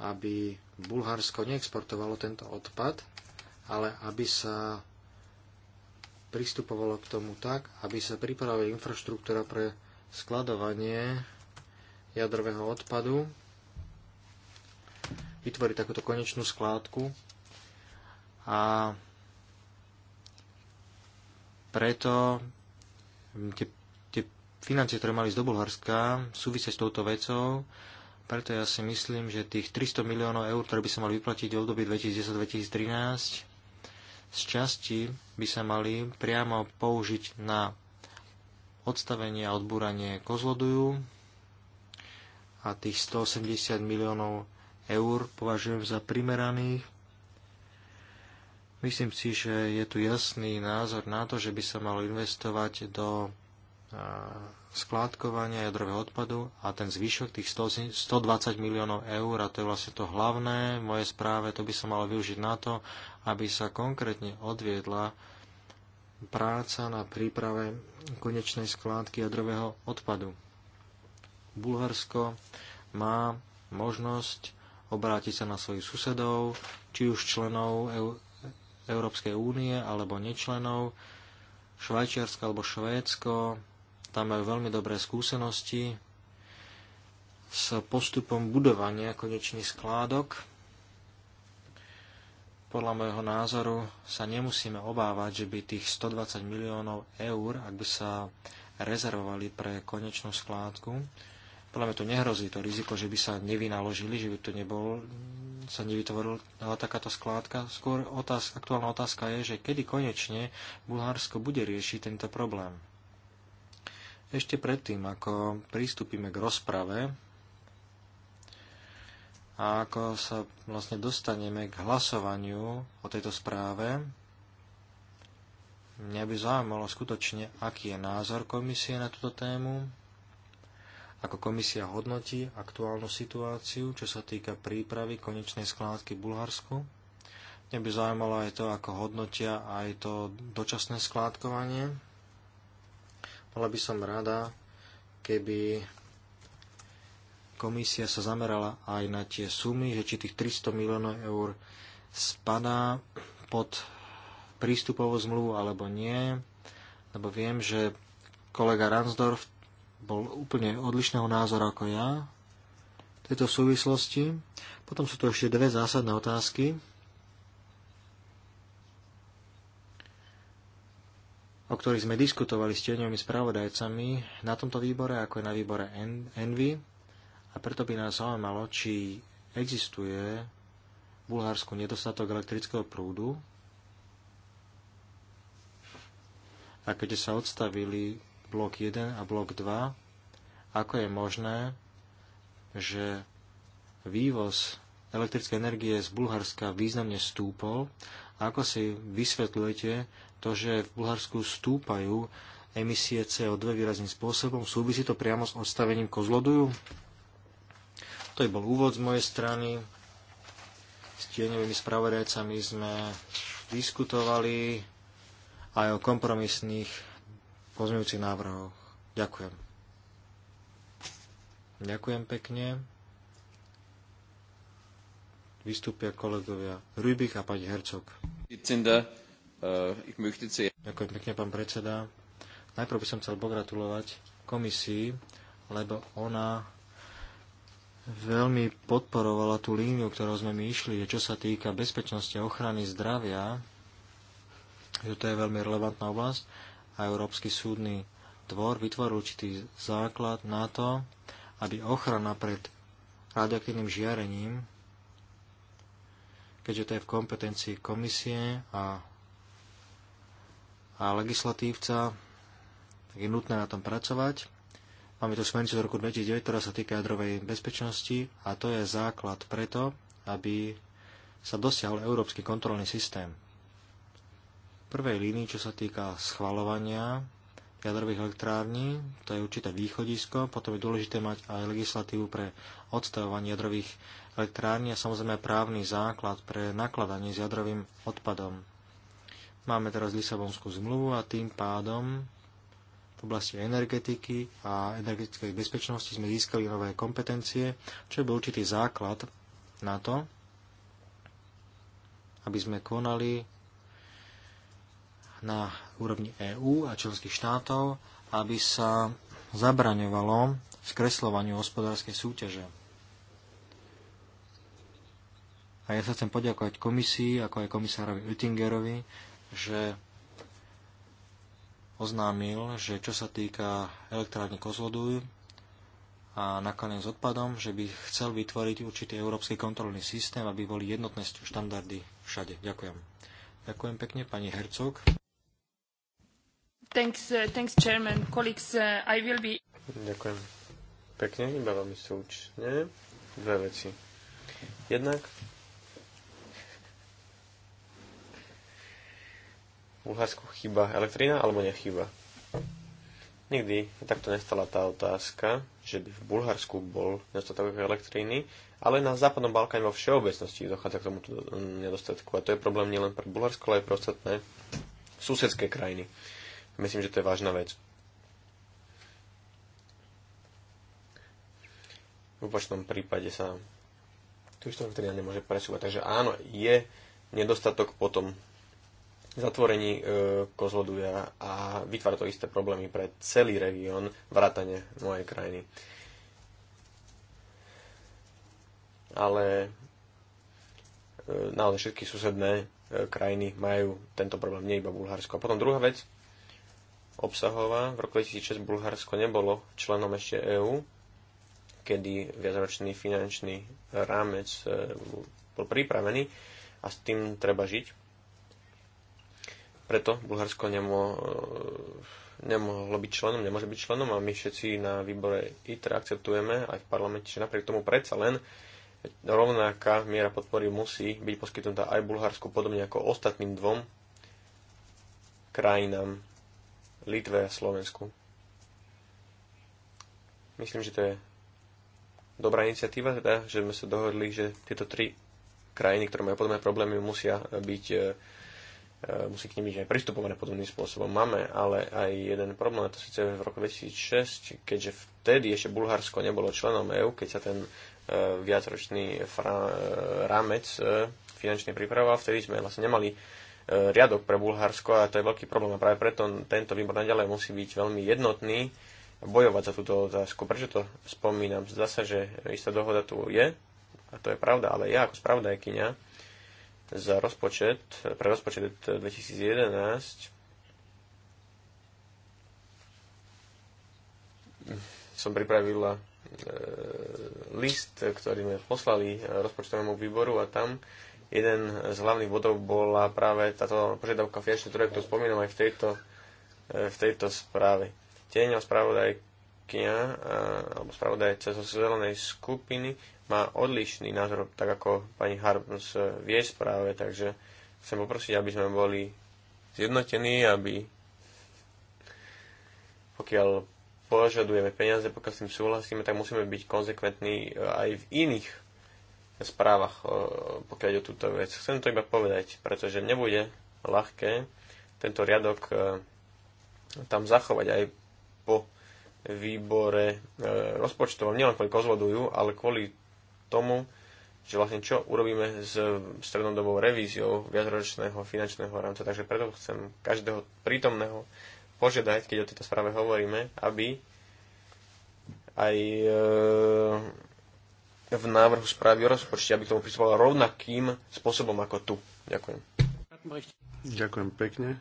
B: aby Bulharsko neexportovalo tento odpad, ale aby sa pristupovalo k tomu tak, aby sa pripravila infraštruktúra pre skladovanie jadrového odpadu, vytvoriť takúto konečnú skládku a preto tie financie, ktoré mali ísť do Bulharska, súvisia s touto vecou. Preto ja si myslím, že tých 300 miliónov eur, ktoré by sa mali vyplatiť v období 2010-2013, z časti by sa mali priamo použiť na odstavenie a odbúranie kozlodujú a tých 180 miliónov eur považujem za primeraných. Myslím si, že je tu jasný názor na to, že by sa malo investovať do skládkovania jadrového odpadu a ten zvyšok tých 120 miliónov eur, a to je vlastne to hlavné v mojej správe, to by som mal využiť na to, aby sa konkrétne odviedla práca na príprave konečnej skládky jadrového odpadu. Bulharsko má možnosť obrátiť sa na svojich susedov, či už členov Európskej únie alebo nečlenov, Švajčiarsko alebo Švédsko, tam majú veľmi dobré skúsenosti s postupom budovania konečných skládok. Podľa môjho názoru sa nemusíme obávať, že by tých 120 miliónov eur, ak by sa rezervovali pre konečnú skládku, podľa mňa to nehrozí to riziko, že by sa nevynaložili, že by to nebol, sa nevytvorila takáto skládka. Skôr otázka, aktuálna otázka je, že kedy konečne Bulharsko bude riešiť tento problém. Ešte predtým, ako pristúpime k rozprave a ako sa vlastne dostaneme k hlasovaniu o tejto správe, mňa by zaujímalo skutočne, aký je názor komisie na túto tému, ako komisia hodnotí aktuálnu situáciu, čo sa týka prípravy konečnej skládky v Bulharsku. Mňa by zaujímalo aj to, ako hodnotia aj to dočasné skládkovanie. Bola by som rada, keby komisia sa zamerala aj na tie sumy, že či tých 300 miliónov eur spadá pod prístupovú zmluvu alebo nie, lebo viem, že kolega Ransdorf bol úplne odlišného názoru ako ja v tejto súvislosti. Potom sú to ešte dve zásadné otázky. o ktorých sme diskutovali s tieňovými spravodajcami na tomto výbore, ako je na výbore Envy. A preto by nás zaujímalo, či existuje v Bulharsku nedostatok elektrického prúdu. A keď sa odstavili blok 1 a blok 2, ako je možné, že vývoz elektrické energie z Bulharska významne stúpol. ako si vysvetľujete to, že v Bulharsku stúpajú emisie CO2 výrazným spôsobom. Súvisí to priamo s odstavením kozloduju? To je bol úvod z mojej strany. S tieňovými spravodajcami sme diskutovali aj o kompromisných pozmeňujúcich návrhoch. Ďakujem. Ďakujem pekne. Vystúpia kolegovia Rubik a pani Hercog. Eh, Ďakujem pekne, pán predseda. Najprv by som chcel pogratulovať komisii, lebo ona veľmi podporovala tú líniu, ktorou sme my išli, že čo sa týka bezpečnosti a ochrany zdravia, že to je veľmi relevantná oblasť a Európsky súdny dvor vytvoril určitý základ na to, aby ochrana pred radioaktívnym žiarením, keďže to je v kompetencii komisie a a legislatívca, tak je nutné na tom pracovať. Máme tu smernicu z roku 2009, ktorá sa týka jadrovej bezpečnosti a to je základ preto, aby sa dosiahol európsky kontrolný systém. V prvej línii, čo sa týka schvalovania jadrových elektrární, to je určité východisko, potom je dôležité mať aj legislatívu pre odstavovanie jadrových elektrární a samozrejme právny základ pre nakladanie s jadrovým odpadom. Máme teraz Lisabonskú zmluvu a tým pádom v oblasti energetiky a energetickej bezpečnosti sme získali nové kompetencie, čo bol určitý základ na to, aby sme konali na úrovni EÚ a členských štátov, aby sa zabraňovalo skresľovaniu hospodárskej súťaže. A ja sa chcem poďakovať komisii, ako aj komisárovi Oettingerovi že oznámil, že čo sa týka elektrárne Kozloduj a nakoniec s odpadom, že by chcel vytvoriť určitý európsky kontrolný systém, aby boli jednotné štandardy všade. Ďakujem. Ďakujem pekne, pani Hercog.
A: Thanks, uh, thanks, chairman. Colleagues, uh, I will be...
B: Ďakujem pekne, iba veľmi súčne.
D: Dve veci. Jednak Bulharsku chýba elektrina alebo nechýba? Nikdy takto nestala tá otázka, že by v Bulharsku bol nedostatok elektriny, ale na západnom Balkáne vo všeobecnosti dochádza k tomuto nedostatku. A to je problém nielen pre Bulharsko, ale aj pre ostatné susedské krajiny. Myslím, že to je vážna vec. V opačnom prípade sa tu už to elektrina nemôže presúvať. Takže áno, je nedostatok potom zatvorení e, kozloduja a vytvára to isté problémy pre celý región vrátane mojej krajiny. Ale e, naozaj všetky susedné e, krajiny majú tento problém, nie iba Bulharsko. A potom druhá vec, obsahová, v roku 2006 Bulharsko nebolo členom ešte EÚ, kedy viacročný finančný rámec e, bol pripravený a s tým treba žiť preto Bulharsko nemo, eh, nemohlo byť členom, nemôže byť členom a my všetci na výbore ITRA akceptujeme aj v parlamente, že napriek tomu predsa len rovnaká miera podpory musí byť poskytnutá aj Bulharsku, podobne ako ostatným dvom krajinám Litve a Slovensku. Myslím, že to je dobrá iniciatíva, teda, že sme sa dohodli, že tieto tri krajiny, ktoré majú podobné problémy, musia byť eh, E, musí k nimi byť aj pristupované podobným spôsobom. Máme ale aj jeden problém, a to síce v roku 2006, keďže vtedy ešte Bulharsko nebolo členom EÚ, keď sa ten e, viacročný e, rámec finančne pripravoval, vtedy sme vlastne nemali riadok pre Bulharsko a to je veľký problém a práve preto tento výbor naďalej musí byť veľmi jednotný a bojovať za túto otázku. Prečo to spomínam? Zdá sa, že istá dohoda tu je a to je pravda, ale ja ako je spravodajkyňa za rozpočet, pre rozpočet 2011 som pripravila e, list, ktorý sme poslali rozpočtovému výboru a tam jeden z hlavných bodov bola práve táto požiadavka finančnej trojek, ktorú spomínam aj v tejto, e, v tejto správe. Tieňa spravodajkňa e, alebo spravodajca zo zelenej skupiny má odlišný názor, tak ako pani Harms vie správe, takže chcem poprosiť, aby sme boli zjednotení, aby pokiaľ požadujeme peniaze, pokiaľ s tým súhlasíme, tak musíme byť konzekventní e, aj v iných správach, e, pokiaľ ide o túto vec. Chcem to iba povedať, pretože nebude ľahké tento riadok e, tam zachovať aj po výbore rozpočtovom, nielen kvôli kozlodujú, ale kvôli tomu, že vlastne čo urobíme s strednodobou revíziou viacročného finančného rámca. Takže preto chcem každého prítomného požiadať, keď o tejto správe hovoríme, aby aj e, v návrhu správy o rozpočte, aby k tomu pristupoval rovnakým spôsobom ako tu. Ďakujem.
C: Ďakujem pekne.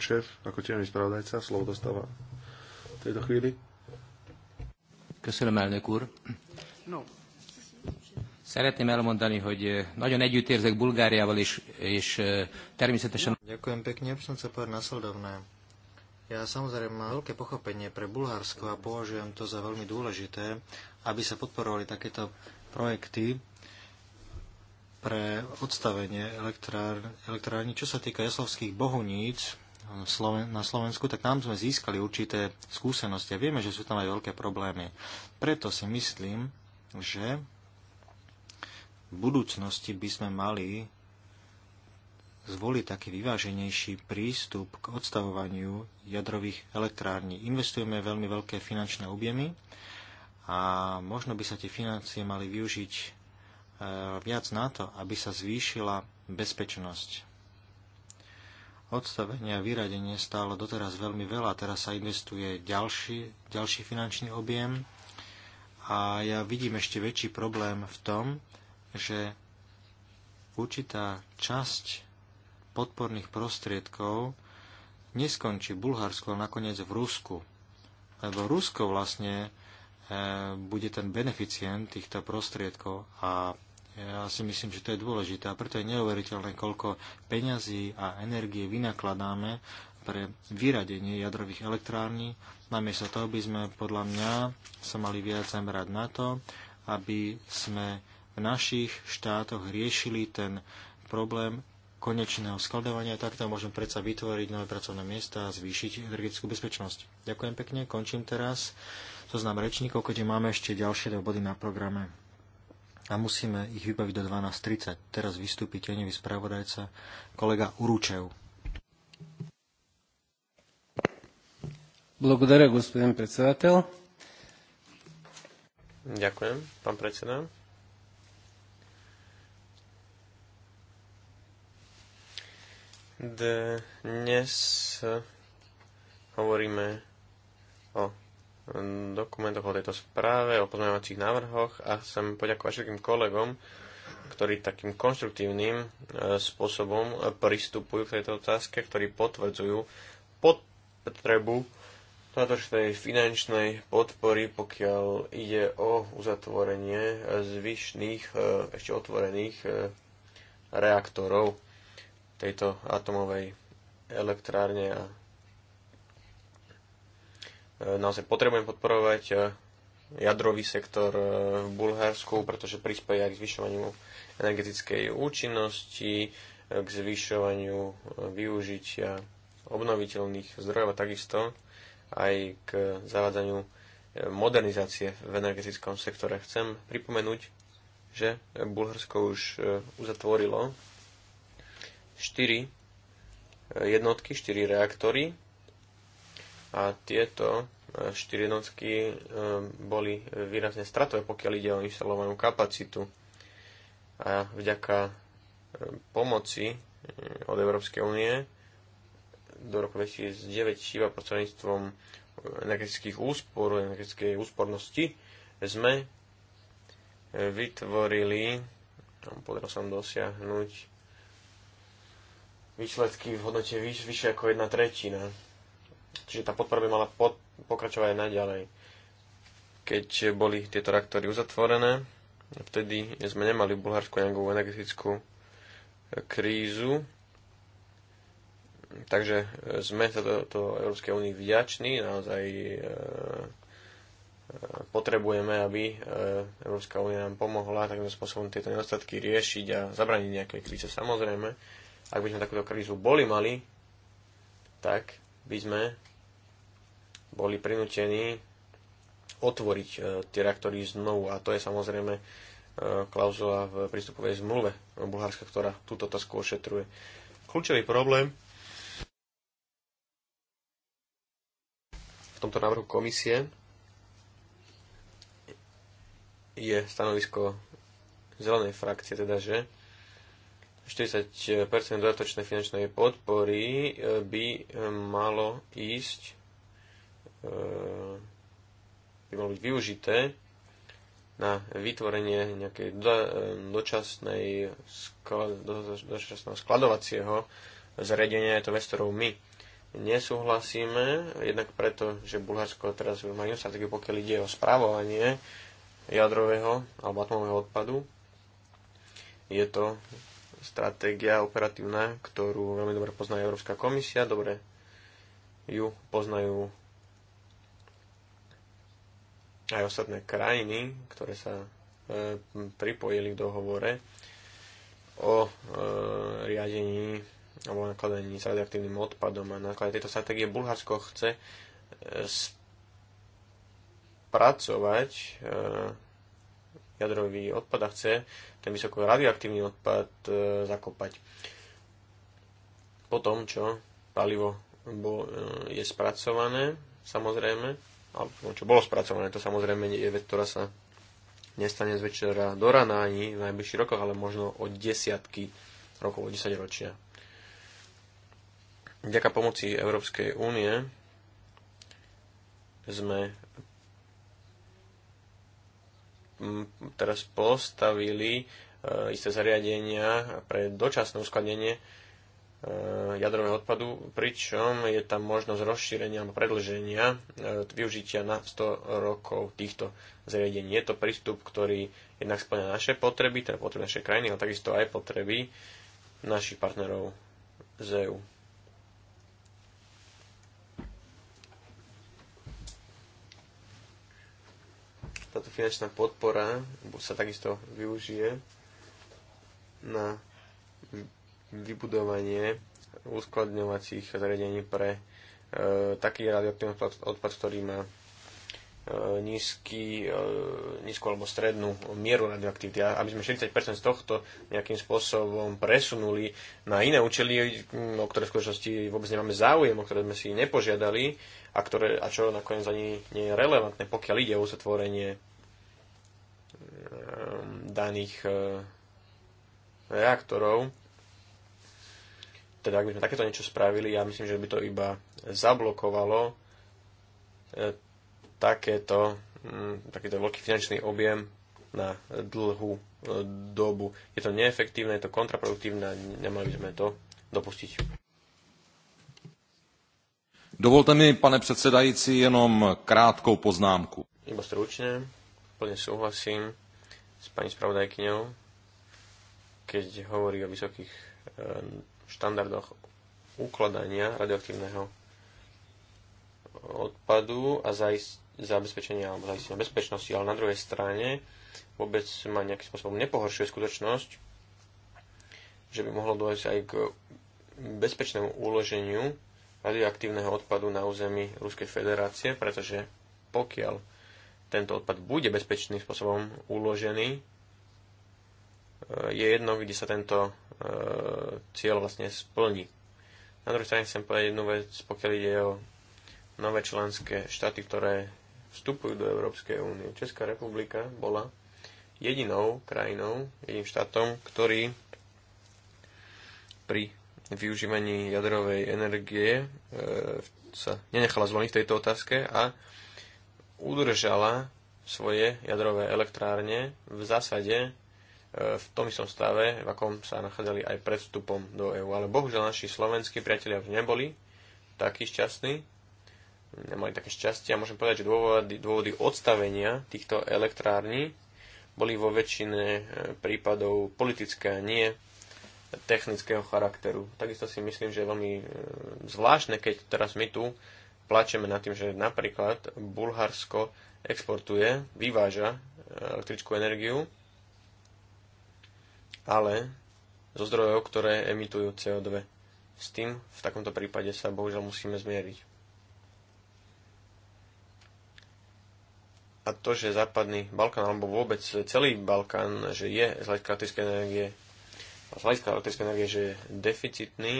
C: Šéf, ako tiež spravodajca, slovo dostáva v tejto chvíli.
B: Ďakujem, elnök úr. No. Szeretném elmondani, hogy eh, nagyon együttérzek Bulgáriával, is, és eh, természetesen... Ďakujem pekne, by som chcel povedať nasledovné. Ja samozrejme mám veľké pochopenie pre Bulharsko a považujem to za veľmi dôležité, aby sa podporovali takéto projekty pre odstavenie elektrární. Čo sa týka jaslovských bohuníc eh, na Slovensku, tak nám sme získali určité skúsenosti a vieme, že sú tam aj veľké problémy. Preto si myslím, že v budúcnosti by sme mali zvoliť taký vyváženejší prístup k odstavovaniu jadrových elektrární. Investujeme veľmi veľké finančné objemy a možno by sa tie financie mali využiť e, viac na to, aby sa zvýšila bezpečnosť. Odstavenie a vyradenie stálo doteraz veľmi veľa, teraz sa investuje ďalší, ďalší finančný objem a ja vidím ešte väčší problém v tom, že určitá časť podporných prostriedkov neskončí v Bulharsku, ale nakoniec v Rusku. Lebo Rusko vlastne e, bude ten beneficient týchto prostriedkov a ja si myslím, že to je dôležité a preto je neuveriteľné, koľko peňazí a energie vynakladáme pre vyradenie jadrových elektrární. Namiesto toho by sme podľa mňa sa mali viac zamerať na to, aby sme našich štátoch riešili ten problém konečného skladovania, takto môžeme predsa vytvoriť nové pracovné miesta a zvýšiť energetickú bezpečnosť. Ďakujem pekne, končím teraz zoznam rečníkov, keďže máme ešte ďalšie dva body na programe a musíme ich vybaviť do 12.30. Teraz vystúpi tenevý spravodajca kolega Uručev. Благодаря,
A: господин председател.
D: Ďakujem, pán predseda. Dnes hovoríme o dokumentoch o tejto správe, o pozmeňovacích návrhoch a chcem poďakovať všetkým kolegom, ktorí takým konštruktívnym e, spôsobom pristupujú k tejto otázke, ktorí potvrdzujú potrebu dodatočnej finančnej podpory, pokiaľ ide o uzatvorenie e, zvyšných, e, ešte otvorených reaktorov tejto atomovej elektrárne a e, naozaj potrebujem podporovať e, jadrový sektor e, v Bulharsku, pretože prispieje aj k zvyšovaniu energetickej účinnosti, k zvyšovaniu využitia obnoviteľných zdrojov a takisto aj k zavádzaniu modernizácie v energetickom sektore. Chcem pripomenúť, že Bulharsko už uzatvorilo 4 e, jednotky, 4 reaktory a tieto 4 e, jednotky e, boli výrazne stratové, pokiaľ ide o inštalovanú kapacitu. A vďaka pomoci od Európskej únie do roku 2009 iba prostredníctvom energetických úspor, energetickej úspornosti sme vytvorili, no, podarilo sa nám dosiahnuť výsledky v hodnote vyš, vyššie ako jedna tretina. Čiže tá podpora by mala pod, pokračovať aj naďalej. Keď boli tieto reaktory uzatvorené, vtedy sme nemali v Bulharsku nejakú energetickú krízu, takže e, sme sa do, do Európskej únii vďační, naozaj e, e potrebujeme, aby e, Európska únia nám pomohla takým spôsobom tieto nedostatky riešiť a zabraniť nejakej kríze samozrejme ak by sme takúto krízu boli mali, tak by sme boli prinútení otvoriť e, tie reaktory znovu. A to je samozrejme e, klauzula v prístupovej zmluve Bulharska, ktorá túto otázku ošetruje. Kľúčový problém v tomto návrhu komisie je stanovisko zelenej frakcie, teda že 40 dodatočnej finančnej podpory e, by e, malo ísť, e, by malo byť využité na vytvorenie nejakej dočasnej, dočasného skladovacieho zariadenia, je to vec, ktorou my nesúhlasíme, jednak preto, že Bulharsko teraz má inú stratégiu, pokiaľ ide o správovanie jadrového alebo atomového odpadu. Je to stratégia operatívna, ktorú veľmi dobre pozná Európska komisia, dobre ju poznajú aj ostatné krajiny, ktoré sa e, pripojili k dohovore o e, riadení alebo nakladaní s radioaktívnym odpadom a na základe tejto stratégie Bulharsko chce e, spracovať e, jadrový odpad a chce ten vysoko radioaktívny odpad e, zakopať. Po tom, čo palivo bo, e, je spracované, samozrejme, alebo čo bolo spracované, to samozrejme je vec, ktorá sa nestane z večera do rana ani v najbližších rokoch, ale možno o desiatky rokov, o desaťročia. Vďaka pomoci Európskej únie sme teraz postavili e, isté zariadenia pre dočasné uskladnenie e, jadrového odpadu, pričom je tam možnosť rozšírenia alebo predlženia e, využitia na 100 rokov týchto zariadení. Je to prístup, ktorý jednak splňa naše potreby, teda potreby našej krajiny, ale takisto aj potreby našich partnerov z EU. táto finančná podpora sa takisto využije na vybudovanie uskladňovacích zariadení pre e, taký radioaktívny odpad, ktorý má e, nízky, e, nízku alebo strednú mieru radioaktivity. A aby sme 40% z tohto nejakým spôsobom presunuli na iné účely, o ktoré v skutočnosti vôbec nemáme záujem, o ktoré sme si nepožiadali a, ktoré, a čo nakoniec ani nie je relevantné, pokiaľ ide o uzatvorenie Eh, daných eh, reaktorov. Teda ak by sme takéto niečo spravili, ja myslím, že by to iba zablokovalo eh, takéto, hm, takýto veľký finančný objem na dlhú dobu. Je to neefektívne, je to kontraproduktívne a nemali by sme to dopustiť.
B: Dovolte mi, pane předsedající, jenom krátkou poznámku.
D: Iba stručne, plne súhlasím s pani spravodajkyňou, keď hovorí o vysokých e, štandardoch ukladania radioaktívneho odpadu a zabezpečenia alebo zaistenia bezpečnosti, ale na druhej strane vôbec ma nejakým spôsobom nepohoršuje skutočnosť, že by mohlo dôjsť aj k bezpečnému uloženiu radioaktívneho odpadu na území Ruskej federácie, pretože pokiaľ tento odpad bude bezpečným spôsobom uložený. E, je jedno, kde sa tento e, cieľ vlastne splní. Na druhej strane chcem povedať jednu vec, pokiaľ ide o nové členské štáty, ktoré vstupujú do Európskej únie. Česká republika bola jedinou krajinou, jediným štátom, ktorý pri využívaní jadrovej energie e, sa nenechala zvoliť v tejto otázke a e, udržala svoje jadrové elektrárne v zásade e, v tom istom stave, v akom sa nachádzali aj pred vstupom do EÚ. Ale bohužiaľ naši slovenskí priatelia už neboli takí šťastní, nemali také šťastie a môžem povedať, že dôvody, dôvody odstavenia týchto elektrární boli vo väčšine e, prípadov politické a nie technického charakteru. Takisto si myslím, že je veľmi e, zvláštne, keď teraz my tu plačeme nad tým, že napríklad Bulharsko exportuje, vyváža e, elektrickú energiu, ale zo zdrojov, ktoré emitujú CO2. S tým v takomto prípade sa bohužiaľ musíme zmieriť. A to, že západný Balkán, alebo vôbec celý Balkán, že je z hľadiska elektrickej energie, z hľadiska elektrickej energie, že je deficitný,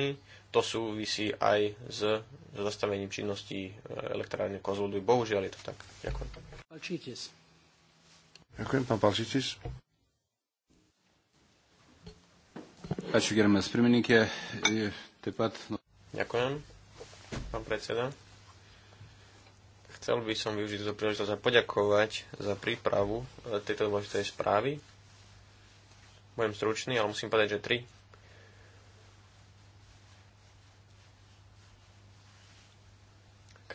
D: to súvisí aj s zastavením činnosti e, elektrárne Kozluduj. Bohužiaľ
C: je to tak. Ďakujem. Palčítis. Ďakujem, pán Palčítis. Ačiū, gerbiamas pirmininkė. No. Taip
D: Ďakujem, pán predseda. Chcel by som využiť túto príležitosť a poďakovať za prípravu e, tejto dôležitej správy. Budem stručný, ale musím povedať, že tri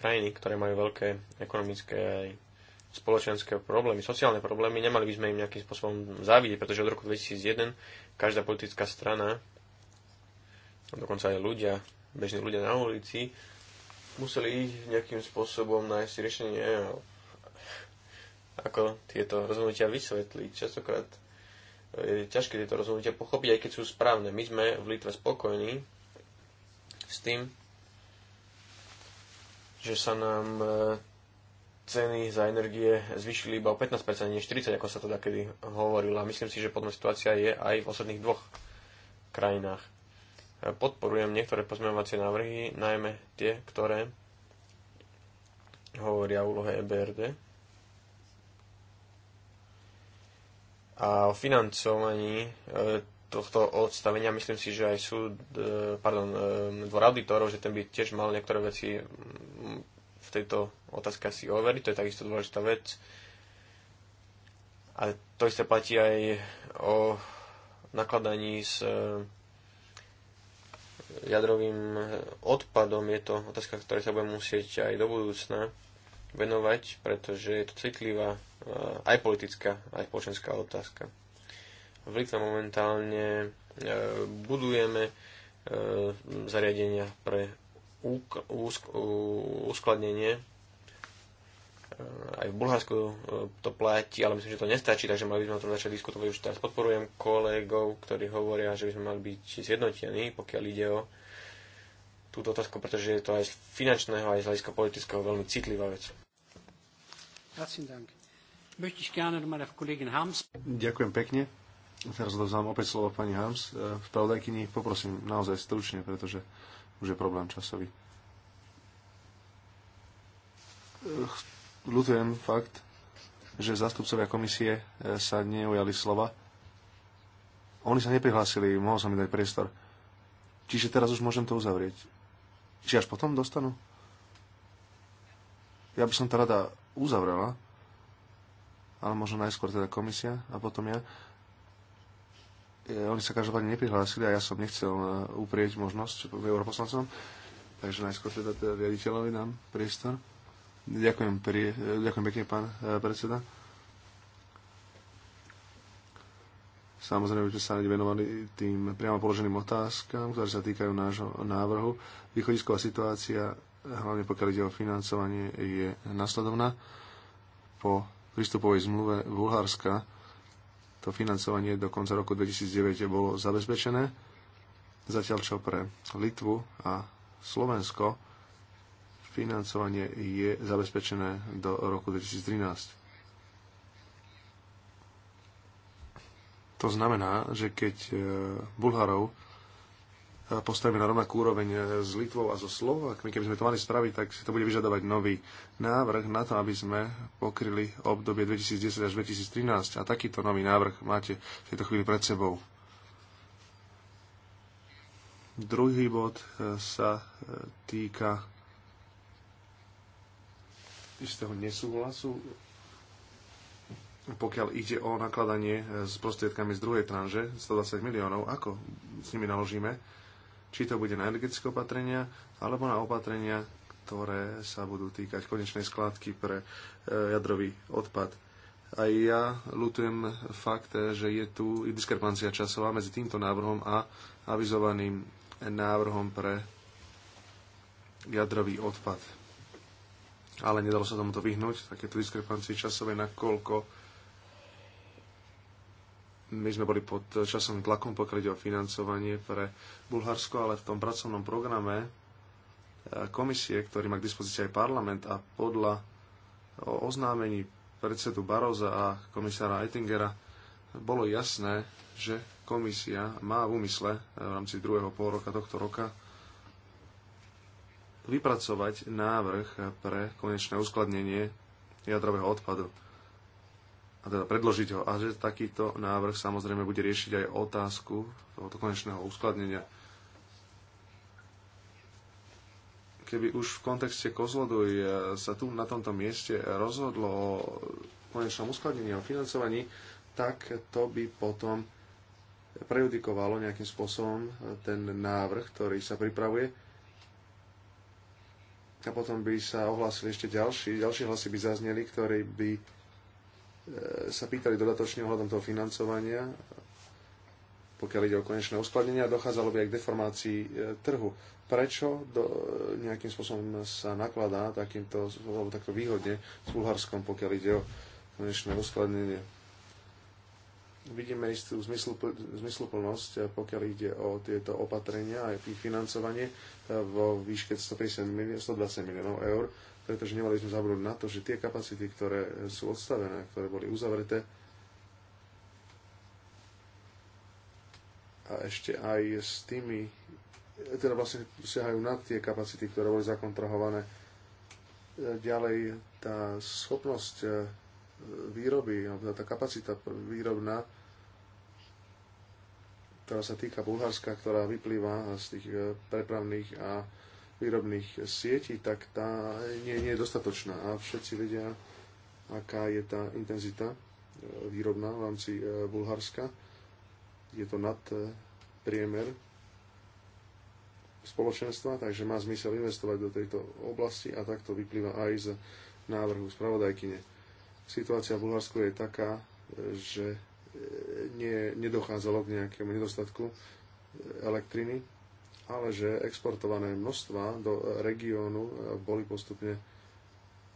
D: krajiny, ktoré majú veľké ekonomické aj spoločenské problémy, sociálne problémy, nemali by sme im nejakým spôsobom závidieť, pretože od roku 2001 každá politická strana, dokonca aj ľudia, bežní ľudia na ulici, museli nejakým spôsobom nájsť riešenie, e, ako tieto rozhodnutia vysvetliť. Častokrát e, je ťažké tieto rozhodnutia pochopiť, aj keď sú správne. My sme v Litve spokojní s tým, že sa nám e, ceny za energie zvýšili iba o 15%, nie 40%, ako sa teda kedy hovorilo. A myslím si, že podobná situácia je aj v ostatných dvoch krajinách. E, podporujem niektoré pozmeňovacie návrhy, najmä tie, ktoré hovoria o úlohe EBRD a o financovaní e, tohto odstavenia. Myslím si, že aj súd, e, pardon, e, dvor auditorov, že ten by tiež mal niektoré veci v tejto otázke si overiť. To je takisto dôležitá vec. A to isté platí aj o nakladaní s e, jadrovým odpadom. Je to otázka, ktorej sa budeme musieť aj do budúcna venovať, pretože je to citlivá aj politická, aj spoločenská otázka. V Litve momentálne e, budujeme e, zariadenia pre uskladnenie. E, aj v Bulharsku to platí, ale myslím, že to nestačí, takže mali by sme o tom začať diskutovať. Už teraz podporujem kolegov, ktorí hovoria, že by sme mali byť zjednotení, pokiaľ ide o túto otázku, pretože je to aj z finančného, aj z hľadiska politického veľmi citlivá vec.
C: Ďakujem pekne. Teraz dozvám opäť slovo pani Harms. Eh, pravdajkyni poprosím naozaj stručne, pretože už je problém časový. Eh, ľutujem fakt, že zastupcovia komisie eh, sa neujali slova. Oni sa neprihlásili, mohol som mi dať priestor. Čiže teraz už môžem to uzavrieť. Či až potom dostanú? Ja by som to rada uzavrela, ale možno najskôr teda komisia a potom ja E, oni sa každopádne neprihlásili a ja som nechcel e, uprieť možnosť europoslancom, takže najskôr teda, teda riaditeľovi nám priestor. Ďakujem, pri, e, ďakujem pekne, pán predseda. Samozrejme, že sa venovali tým priamo položeným otázkam, ktoré sa týkajú nášho návrhu. Východisková situácia, hlavne pokiaľ ide o financovanie, je nasledovná. Po prístupovej zmluve Bulharska to financovanie do konca roku 2009 bolo zabezpečené, zatiaľ čo pre Litvu a Slovensko financovanie je zabezpečené do roku 2013. To znamená, že keď e, Bulharov postavíme na rovnakú úroveň eh, s Litvou a so Slovakmi. Keby sme to mali spraviť, tak si to bude vyžadovať nový návrh na to, aby sme pokryli obdobie 2010 až 2013. A takýto nový návrh máte v tejto chvíli pred sebou. Druhý bod eh, sa eh, týka istého nesúhlasu, pokiaľ ide o nakladanie s prostriedkami z druhej tranže, 120 miliónov, ako s nimi naložíme či to bude na energetické opatrenia alebo na opatrenia, ktoré sa budú týkať konečnej skládky pre e, jadrový odpad. Aj ja lutujem fakt, že je tu diskrepancia časová medzi týmto návrhom a avizovaným návrhom pre jadrový odpad. Ale nedalo sa tomuto vyhnúť, takéto diskrepancie časové, nakoľko my sme boli pod časom tlakom, pokiaľ ide o financovanie pre Bulharsko, ale v tom pracovnom programe e, komisie, ktorý má k dispozícii aj parlament a podľa oznámení predsedu Baroza a komisára Eitingera bolo jasné, že komisia má v úmysle e, v rámci druhého pol roka tohto roka vypracovať návrh pre konečné uskladnenie jadrového odpadu a teda predložiť ho. A že takýto návrh samozrejme bude riešiť aj otázku tohoto konečného uskladnenia. Keby už v kontexte Kozloduj sa tu na tomto mieste rozhodlo o konečnom uskladnení, o financovaní, tak to by potom prejudikovalo nejakým spôsobom ten návrh, ktorý sa pripravuje. A potom by sa ohlasili ešte ďalší, ďalšie hlasy by zazneli, ktorí by E, sa pýtali dodatočne ohľadom toho financovania, pokiaľ ide o konečné uskladnenia, dochádzalo by aj k deformácii e, trhu. Prečo do, e, nejakým spôsobom sa nakladá takýmto, alebo takto výhodne s Bulharskom, pokiaľ ide o konečné uskladnenie? Vidíme istú zmysluplnosť, pokiaľ ide o tieto opatrenia a ich financovanie vo výške 150 miliónov, 120 miliónov eur pretože nemali sme zabudnúť na to, že tie kapacity, ktoré sú odstavené, ktoré boli uzavreté, a ešte aj s tými, teda vlastne siahajú nad tie kapacity, ktoré boli zakontrahované. Ďalej tá schopnosť e, výroby, alebo teda tá kapacita výrobná, ktorá sa týka Bulharska, ktorá vyplýva z tých e, prepravných a výrobných sietí, tak tá nie, nie je dostatočná a všetci vedia, aká je tá intenzita e, výrobná v rámci e, Bulharska. Je to nad e, priemer spoločenstva, takže má zmysel investovať do tejto oblasti a takto vyplýva aj z návrhu spravodajkyne. Situácia v Bulharsku je taká, že nie, nedochádzalo k nejakému nedostatku elektriny ale že exportované množstva do regiónu e, boli postupne e,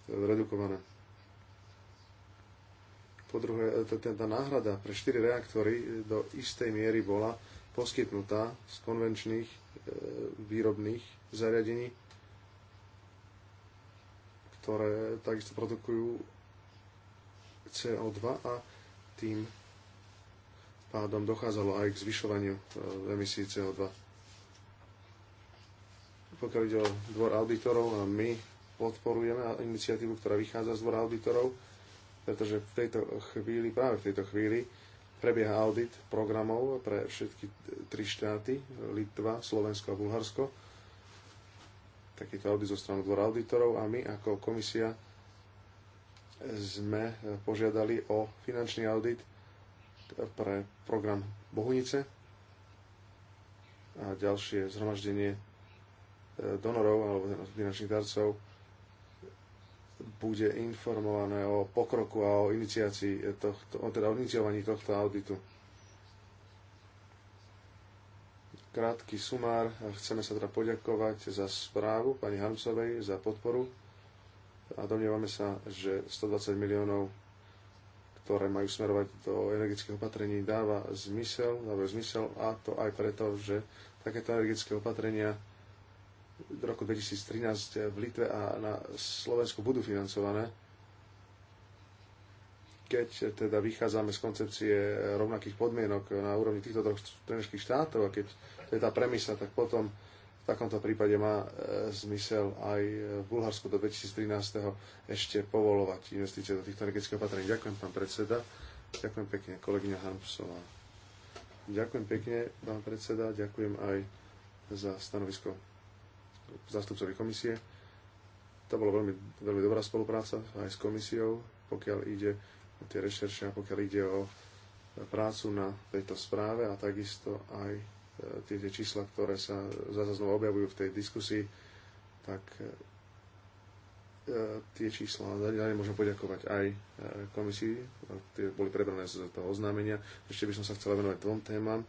C: redukované. Po druhé, e, tá náhrada pre štyri reaktory do istej miery bola poskytnutá z konvenčných výrobných zariadení, ktoré takisto produkujú CO2 a tým pádom dochádzalo aj k zvyšovaniu emisí CO2 pokiaľ ide o dvor auditorov a my podporujeme iniciatívu, ktorá vychádza z dvora auditorov, pretože v tejto chvíli, práve v tejto chvíli, prebieha audit programov pre všetky tri štáty, Litva, Slovensko a Bulharsko. Takýto audit zo strany dvora auditorov a my ako komisia sme požiadali o finančný audit pre program Bohunice a ďalšie zhromaždenie donorov alebo finančných darcov bude informované o pokroku a o iniciácii tohto, teda o iniciovaní tohto auditu. Krátky sumár. Chceme sa teda poďakovať za správu pani Harmsovej, za podporu a domnievame sa, že 120 miliónov, ktoré majú smerovať do energetických opatrení, dáva zmysel, dáva zmysel a to aj preto, že takéto energetické opatrenia v roku 2013 v Litve a na Slovensku budú financované, keď teda vychádzame z koncepcie rovnakých podmienok na úrovni týchto troch členských štátov a keď to je tá premisa, tak potom v takomto prípade má e, zmysel aj v Bulharsku do 2013. ešte povolovať investície do týchto energetických opatrení. Ďakujem, pán predseda. Ďakujem pekne, kolegyňa Harmsová. Ďakujem pekne, pán predseda. Ďakujem aj za stanovisko zastupcovi komisie. To bola veľmi, veľmi dobrá spolupráca aj s komisiou, pokiaľ ide o tie rešerše a pokiaľ ide o prácu na tejto správe a takisto aj e, tie, tie čísla, ktoré sa zase znova objavujú v tej diskusii, tak e, e, tie čísla, za ne môžem poďakovať aj komisii, tie boli prebrané z toho oznámenia. Ešte by som sa chcela venovať dvom témam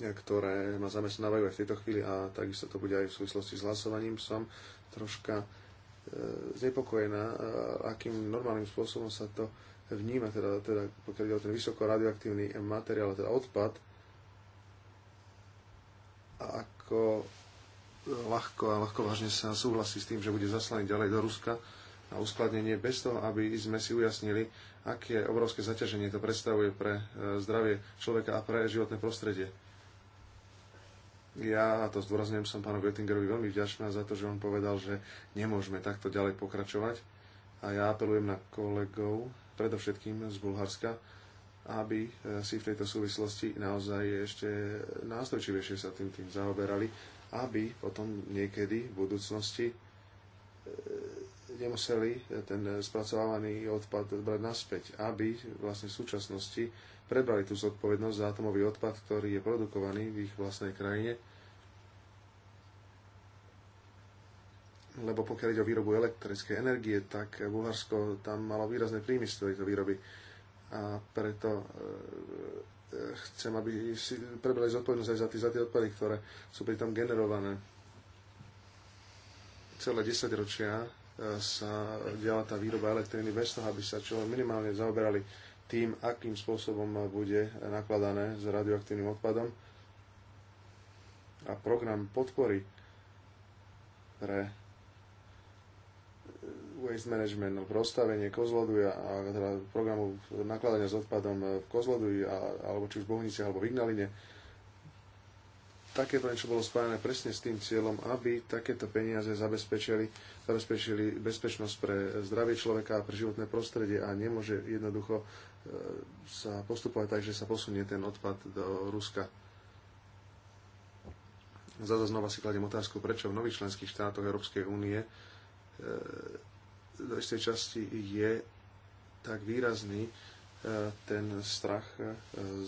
C: ktoré ma zamestnávajú aj v tejto chvíli a takisto to bude aj v súvislosti s hlasovaním. Som troška e, znepokojená, e, akým normálnym spôsobom sa to vníma, teda, teda pokiaľ ide o ten vysoko radioaktívny materiál, teda odpad, a ako ľahko a ľahko vážne sa súhlasí s tým, že bude zaslaný ďalej do Ruska na uskladnenie bez toho, aby sme si ujasnili, aké obrovské zaťaženie to predstavuje pre e, zdravie človeka a pre životné prostredie. Ja, a to zdôrazňujem, som pánu Göttingerovi veľmi vďačná za to, že on povedal, že nemôžeme takto ďalej pokračovať. A ja apelujem na kolegov, predovšetkým z Bulharska, aby e, si v tejto súvislosti naozaj ešte nástrojčivejšie sa tým, tým zaoberali, aby potom niekedy v budúcnosti e, nemuseli ten spracovávaný odpad brať naspäť, aby vlastne v súčasnosti prebrali tú zodpovednosť za atomový odpad, ktorý je produkovaný v ich vlastnej krajine lebo pokiaľ ide o výrobu elektrickej energie, tak Bulharsko tam malo výrazné príjmy z tejto výroby. A preto e, e, chcem, aby si prebrali zodpovednosť aj za tie, za tie odpady, ktoré sú pritom generované. Celé 10 ročia e, sa diala tá výroba elektriny bez toho, aby sa čo minimálne zaoberali tým, akým spôsobom bude nakladané s radioaktívnym odpadom a program podpory pre waste management, no, rozstavenie Kozloduja, a teda programu nakladania s odpadom e, v Kozloduji, a, alebo či už v Bohunici, alebo v Ignaline. Takéto niečo bolo spájane presne s tým cieľom, aby takéto peniaze zabezpečili, zabezpečili bezpečnosť pre zdravie človeka a pre životné prostredie a nemôže jednoducho e, sa postupovať tak, že sa posunie ten odpad do Ruska. Zase znova si kladiem otázku, prečo v nových členských štátoch Európskej únie e, do teda istej časti je tak výrazný e, ten strach e,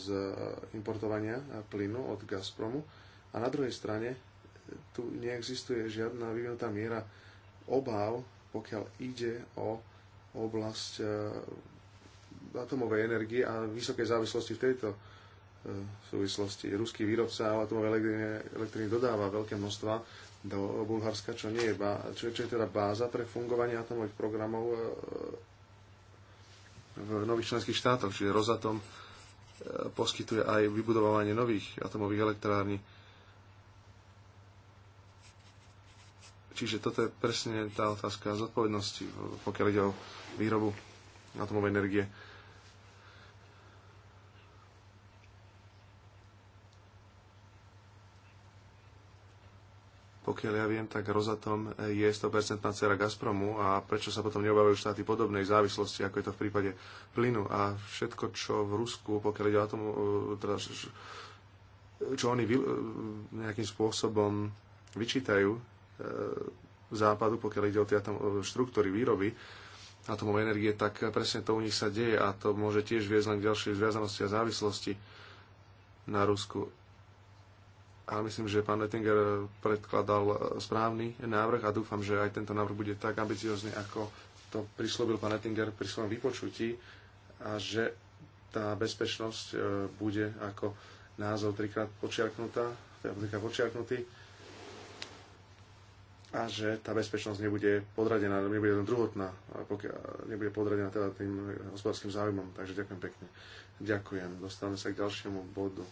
C: z importovania plynu od Gazpromu. A na druhej strane e, tu neexistuje žiadna vyvinutá miera obáv, pokiaľ ide o oblasť atomovej energie a vysokej závislosti v tejto v súvislosti. Ruský výrobca atomovej elektriny, elektriny dodáva veľké množstva do Bulharska, čo, nie je, čo, čo je teda báza pre fungovanie atomových programov e, e, v nových členských štátoch. Čiže Rozatom e, poskytuje aj vybudovanie nových atomových elektrární. Čiže toto je presne tá otázka zodpovednosti, pokiaľ ide o výrobu atomovej energie. Pokiaľ ja viem, tak Rozatom je 100% cera Gazpromu a prečo sa potom neobávajú štáty podobnej závislosti, ako je to v prípade plynu a všetko, čo v Rusku, pokiaľ ide o tom, e, teda, čo oni e, nejakým spôsobom vyčítajú e, západu, pokiaľ ide o tie atom štruktúry výroby, atomovej energie, tak presne to u nich sa deje a to môže tiež viesť len k ďalšej zviazanosti a závislosti na Rusku a myslím, že pán Lettinger predkladal správny návrh a dúfam, že aj tento návrh bude tak ambiciózny, ako to prislobil pán Lettinger pri svojom vypočutí a že tá bezpečnosť e, bude ako názov trikrát počiarknutá, teda trikrát počiarknutý a že tá bezpečnosť nebude podradená, nebude len druhotná, pokiaľ nebude podradená teda tým hospodárským záujmom. Takže ďakujem pekne. Ďakujem. Dostávame sa k ďalšiemu bodu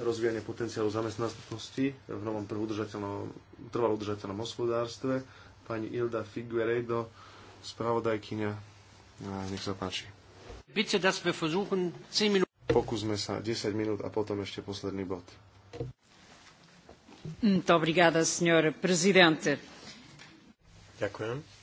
C: rozvíjanie potenciálu zamestnanosti v novom trvalo udržateľnom hospodárstve. Pani Ilda Figueredo, spravodajkynia. No, nech sa páči. Pokúsme sa 10 minút a potom ešte posledný bod.
A: Muito obrigada, senhor presidente.
D: Ďakujem.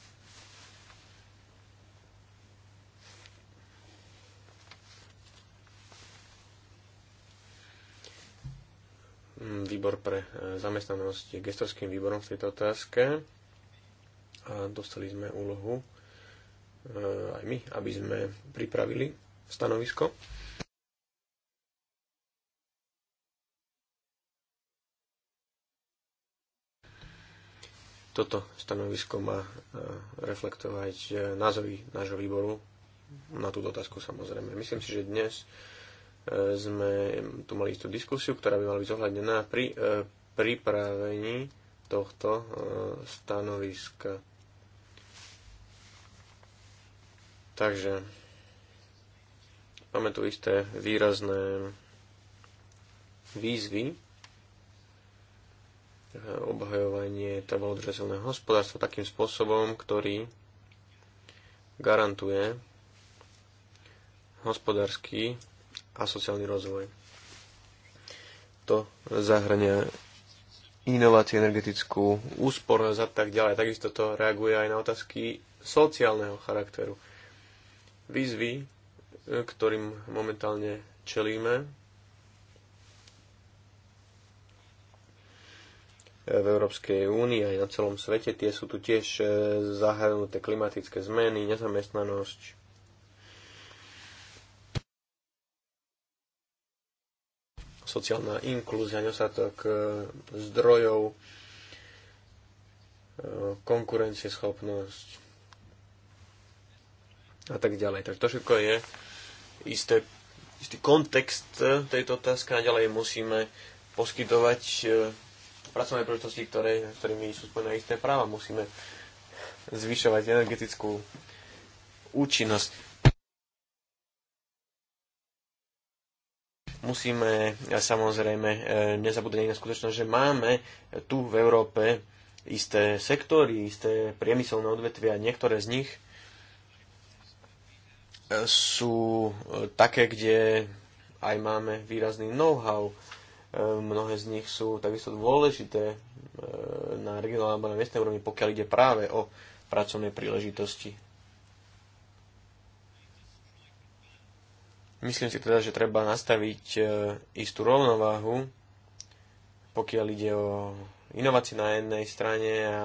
D: Mm, výbor pre e, zamestnanosť je gestorským výborom v tejto otázke a dostali sme úlohu e, aj my, aby sme pripravili
B: stanovisko.
D: Toto stanovisko má e, reflektovať názory nášho výboru na túto otázku samozrejme. Myslím si, že dnes sme tu mali istú diskusiu, ktorá by mala byť zohľadnená pri e, pripravení tohto e, stanoviska. Takže máme tu isté výrazné výzvy, e, obhajovanie trvalodržateľného hospodárstva takým spôsobom, ktorý garantuje hospodársky a sociálny rozvoj. To zahrania inovácie, energetickú úspornosť a tak ďalej. Takisto to reaguje aj na otázky sociálneho charakteru. Výzvy, e, ktorým momentálne čelíme e, v Európskej únii aj na celom svete, tie sú tu tiež e, zahrnuté klimatické zmeny, nezamestnanosť, sociálna inklúzia, nedostatok e, zdrojov, e, konkurencieschopnosť a tak ďalej. Takže to všetko je isté, istý kontext e, tejto otázky a ďalej musíme poskytovať pracovné príležitosti, ktoré, ktorými sú spojené isté práva. Musíme zvyšovať energetickú účinnosť Musíme samozrejme e, nezabúdať na skutočnosť, že máme tu v Európe isté sektory, isté priemyselné odvetvia, a niektoré z nich e, sú e, také, kde aj máme výrazný know-how. Mnohé z nich sú takisto dôležité na regionálnej alebo na miestnej úrovni, pokiaľ ide práve o pracovné príležitosti. Myslím si teda, že treba nastaviť e, istú rovnováhu, pokiaľ ide o inovácie na jednej strane a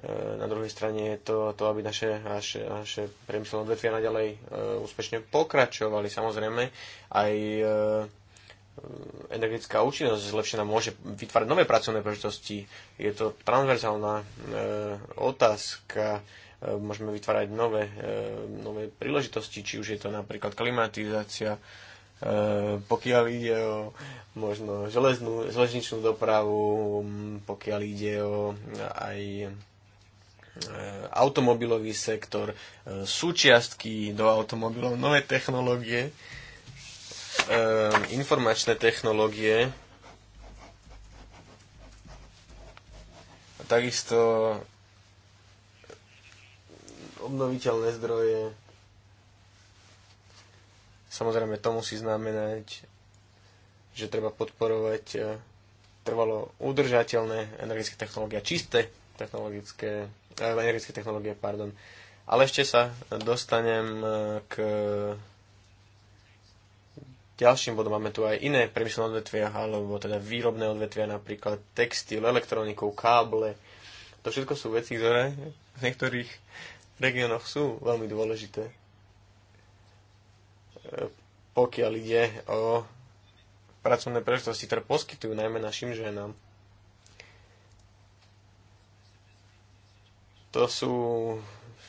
D: e, na druhej strane je to, to aby naše, naše, naše priemyselné odvetvia naďalej e, úspešne pokračovali. Samozrejme, aj energetická účinnosť zlepšená môže vytvárať nové pracovné príležitosti. Je to transverzálna otázka. E, môžeme vytvárať nové, e, nové príležitosti, či už je to napríklad klimatizácia, e, pokiaľ ide o možno železnú, železničnú dopravu, pokiaľ ide o aj automobilový sektor, súčiastky do automobilov, nové technológie, informačné technológie, takisto obnoviteľné zdroje. Samozrejme, to musí znamenať, že treba podporovať e, trvalo udržateľné energetické technológie, čisté technologické, e, energetické technológie, pardon. Ale ešte sa dostanem e, k ďalším bodom. Máme tu aj iné priemyselné odvetvia, alebo teda výrobné odvetvia, napríklad textil, elektronikou, káble. To všetko sú veci, ktoré v niektorých regiónoch sú veľmi dôležité, e, pokiaľ ide o pracovné príležitosti, ktoré poskytujú najmä našim ženám. To sú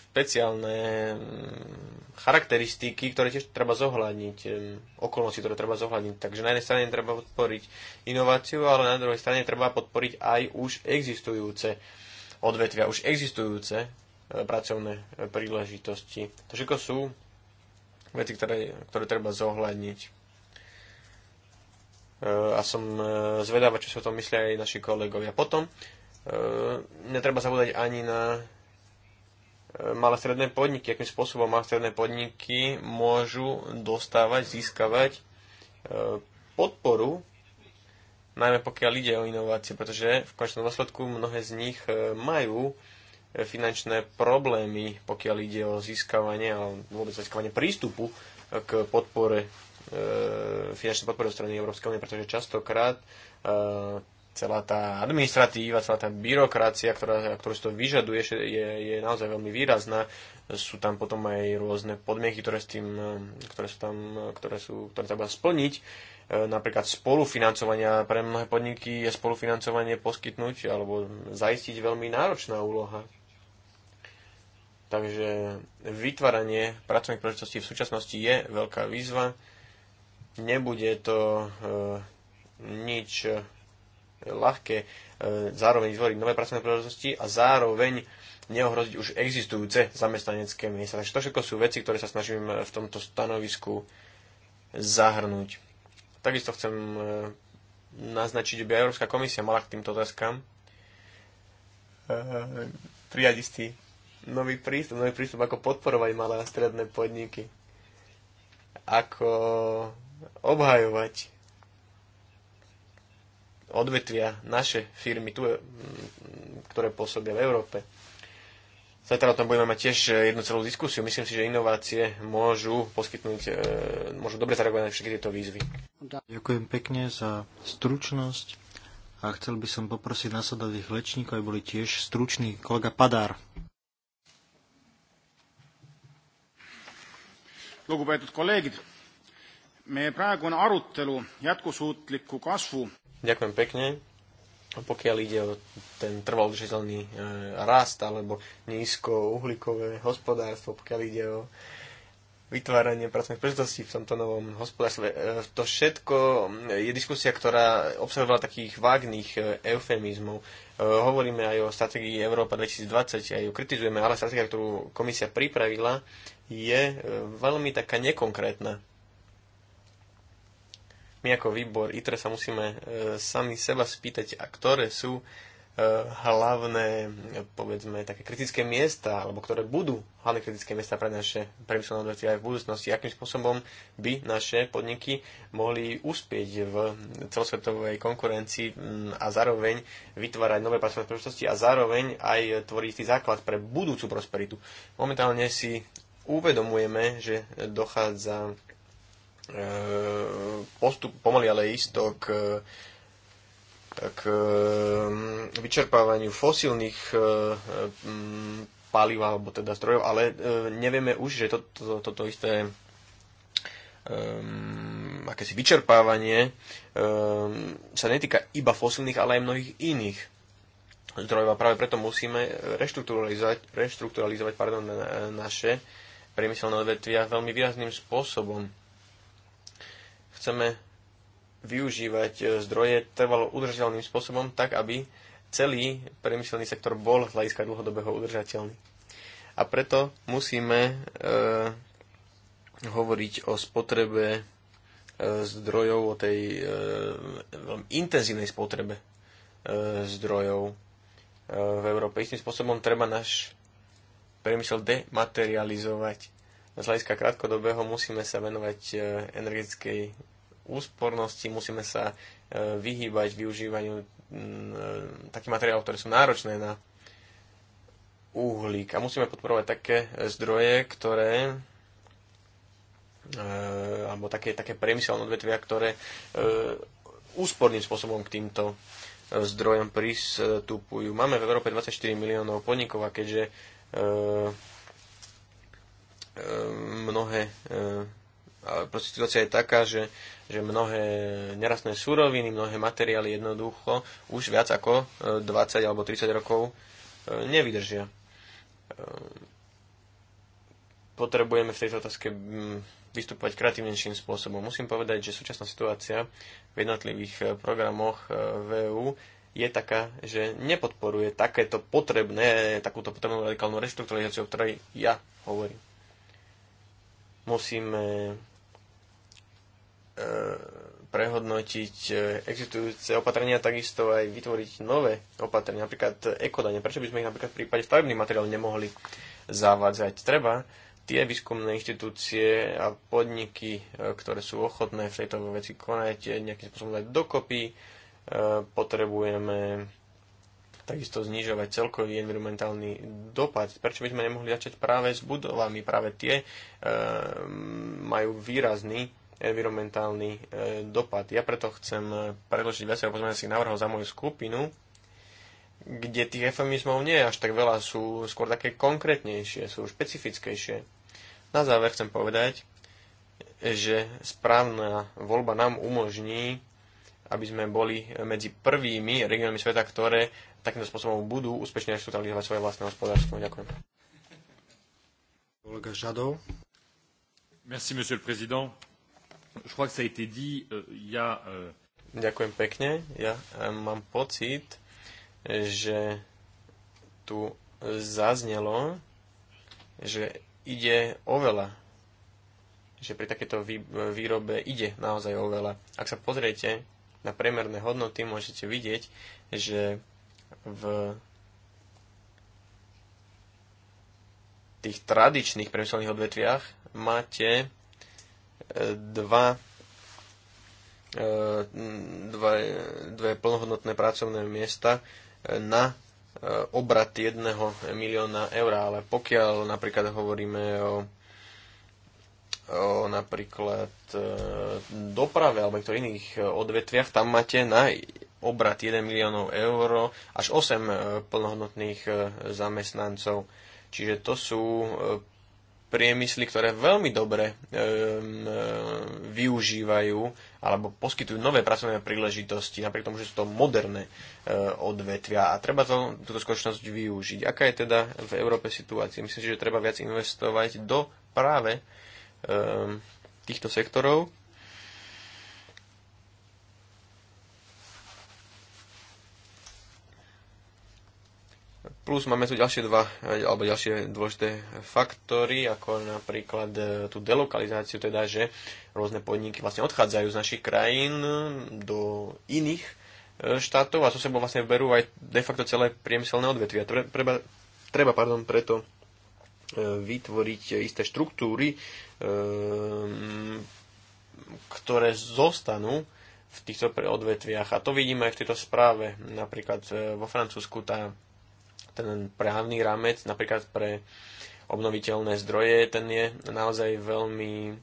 D: špeciálne mm, charakteristiky, ktoré tiež treba zohľadniť, mm, okolnosti, ktoré treba zohľadniť. Takže na jednej strane treba podporiť inováciu, ale na druhej strane treba podporiť aj už existujúce odvetvia, už existujúce E, pracovné príležitosti. To všetko sú veci, ktoré, ktoré treba zohľadniť. E, a som e, zvedáva, čo si o tom myslia aj naši kolegovia. Potom netreba zabúdať ani na malé stredné podniky, akým spôsobom malé stredné podniky môžu dostávať, získavať podporu, najmä pokiaľ ide o inovácie, pretože v končnom dôsledku mnohé z nich majú finančné problémy, pokiaľ ide o získavanie a vôbec získavanie prístupu k podpore, e, finančnej podpore strany Európskej únie, pretože častokrát e, celá tá administratíva, celá tá byrokracia, ktorá, ktorú si to vyžaduje, je, je naozaj veľmi výrazná. Sú tam potom aj rôzne podmienky, ktoré, s tým, e, ktoré sú tam, ktoré sú, ktoré treba splniť. E, napríklad spolufinancovania pre mnohé podniky je spolufinancovanie poskytnúť alebo zaistiť veľmi náročná úloha Takže vytváranie pracovných príležitostí v súčasnosti je veľká výzva. Nebude to e, nič e, ľahké e, zároveň vytvoriť nové pracovné príležitosti a zároveň neohroziť už existujúce zamestnanecké miesta. Takže to všetko sú veci, ktoré sa snažím e, v tomto stanovisku zahrnúť. Takisto chcem e, naznačiť, by Európska komisia mala k týmto otázkam e, prijať istý nový prístup, nový prístup, ako podporovať malé a stredné podniky, ako obhajovať odvetvia naše firmy, tu, ktoré pôsobia v Európe. Zajtra o tom budeme mať tiež eh, jednu celú diskusiu. Myslím si, že inovácie môžu poskytnúť, eh, môžu dobre zareagovať na všetky tieto výzvy.
B: Ďakujem pekne za stručnosť a chcel by som poprosiť následových lečníkov, aby boli tiež stručný kolega Padár. lugupeetud kolleegid, meie praegune arutelu jätkusuutliku kasvu
D: Ďakujem pekne. Pokiaľ ide o ten trvalodržateľný e, rast alebo nízko uhlíkové hospodárstvo, pokiaľ ide o vytváranie pracovných príležitostí v tomto novom hospodárstve. E, to všetko je diskusia, ktorá obsahovala takých vágných e, eufemizmov. E, hovoríme aj o stratégii Európa 2020, aj ju kritizujeme, ale stratégia, ktorú komisia pripravila, je veľmi taká nekonkrétna. My ako výbor ITRE sa musíme sami seba spýtať, a ktoré sú hlavné, povedzme, také kritické miesta, alebo ktoré budú hlavné kritické miesta pre naše priemyselné odvetvia aj v budúcnosti, akým spôsobom by naše podniky mohli uspieť v celosvetovej konkurencii mm, a zároveň vytvárať nové pracovné príležitosti a zároveň aj tvoriť istý základ pre budúcu prosperitu. Momentálne si uvedomujeme, že dochádza e, postup pomaly ale isto k k ehm, vyčerpávaniu fosílnych e, paliv alebo teda strojov, ale e, nevieme už, že toto, toto isté um, akési vyčerpávanie um, sa netýka iba fosílnych, ale aj mnohých iných zdrojov a práve preto musíme reštrukturalizovať, reštrukturalizovať pardon, na, naše priemyselné odvetvia veľmi výrazným spôsobom. Chceme využívať e, zdroje trvalo udržateľným spôsobom, tak aby celý priemyselný sektor bol z hľadiska dlhodobého udržateľný. A preto musíme e, hovoriť o spotrebe e, zdrojov, o tej e, veľmi intenzívnej spotrebe e, zdrojov e, v Európe. Istým spôsobom treba náš priemysel dematerializovať. Z hľadiska krátkodobého musíme sa venovať e, energetickej úspornosti, musíme sa e, vyhýbať využívaniu e, takých materiálov, ktoré sú náročné na uhlík. A musíme podporovať také zdroje, ktoré e, alebo také, také priemyselné odvetvia, ktoré úsporným spôsobom k týmto zdrojom pristupujú. Máme v Európe 24 miliónov podnikov a keďže mnohé proste situácia je taká, že, že mnohé nerastné súroviny, mnohé materiály jednoducho už viac ako 20 e, alebo 30 rokov e, nevydržia. E, potrebujeme v tejto otázke mm, vystupovať kreatívnejším spôsobom. Musím povedať, že súčasná situácia v jednotlivých programoch VÚ je taká, že nepodporuje takéto potrebné, takúto potrebnú radikálnu reštrukturalizáciu, o ktorej ja hovorím. Musíme prehodnotiť e, existujúce opatrenia, takisto aj vytvoriť nové opatrenia, napríklad ekodane. Prečo by sme ich napríklad v prípade stavebných materiálov nemohli zavádzať? Treba tie výskumné inštitúcie a podniky, e, ktoré sú ochotné v tejto veci konať, e, nejakým spôsobom dať dokopy. Potrebujeme takisto znižovať celkový environmentálny dopad. Prečo by sme nemohli začať práve s budovami? Práve tie e, majú výrazný environmentálny e, dopad. Ja preto chcem e, predložiť viacero pozmeňovacích návrhov za moju skupinu, kde tých efemizmov nie je až tak veľa, sú skôr také konkrétnejšie, sú špecifickejšie. Na záver chcem povedať, že správna voľba nám umožní, aby sme boli medzi prvými regiónmi sveta, ktoré takýmto spôsobom budú úspešne reštrukturalizovať svoje vlastné hospodárstvo. Ďakujem.
B: Žadov. Merci, monsieur le président. Ďakujem pekne.
D: Ja e, mám pocit, že tu zaznelo, že ide oveľa. Že pri takéto e, výrobe ide naozaj oveľa. Ak sa pozriete na priemerné hodnoty, môžete vidieť, že v tých tradičných priemyselných odvetviach máte dva, e, dva, dve plnohodnotné pracovné miesta e, na e, obrat jedného milióna eur, ale pokiaľ napríklad hovoríme o, o napríklad doprave alebo iných odvetviach, tam máte na obrat 1 miliónov eur až 8 plnohodnotných zamestnancov. Čiže to sú priemysly, ktoré veľmi dobre um, využívajú alebo poskytujú nové pracovné príležitosti, napriek tomu, že sú to moderné uh, odvetvia a treba to, túto skutočnosť využiť. Aká je teda v Európe situácia? Myslím si, že treba viac investovať do práve um, týchto sektorov Plus máme tu ďalšie dva, eh, alebo ďalšie dôležité faktory, ako napríklad eh, tú delokalizáciu, teda že rôzne podniky vlastne odchádzajú z našich krajín eh, do iných štátov a so sebou vlastne berú aj de facto celé priemyselné odvetvia. Treba, treba pardon, preto vytvoriť isté štruktúry, ktoré zostanú v týchto odvetviach. A to vidíme aj v tejto správe. Napríklad vo Francúzsku tá ten právny rámec napríklad pre obnoviteľné zdroje, ten je naozaj veľmi,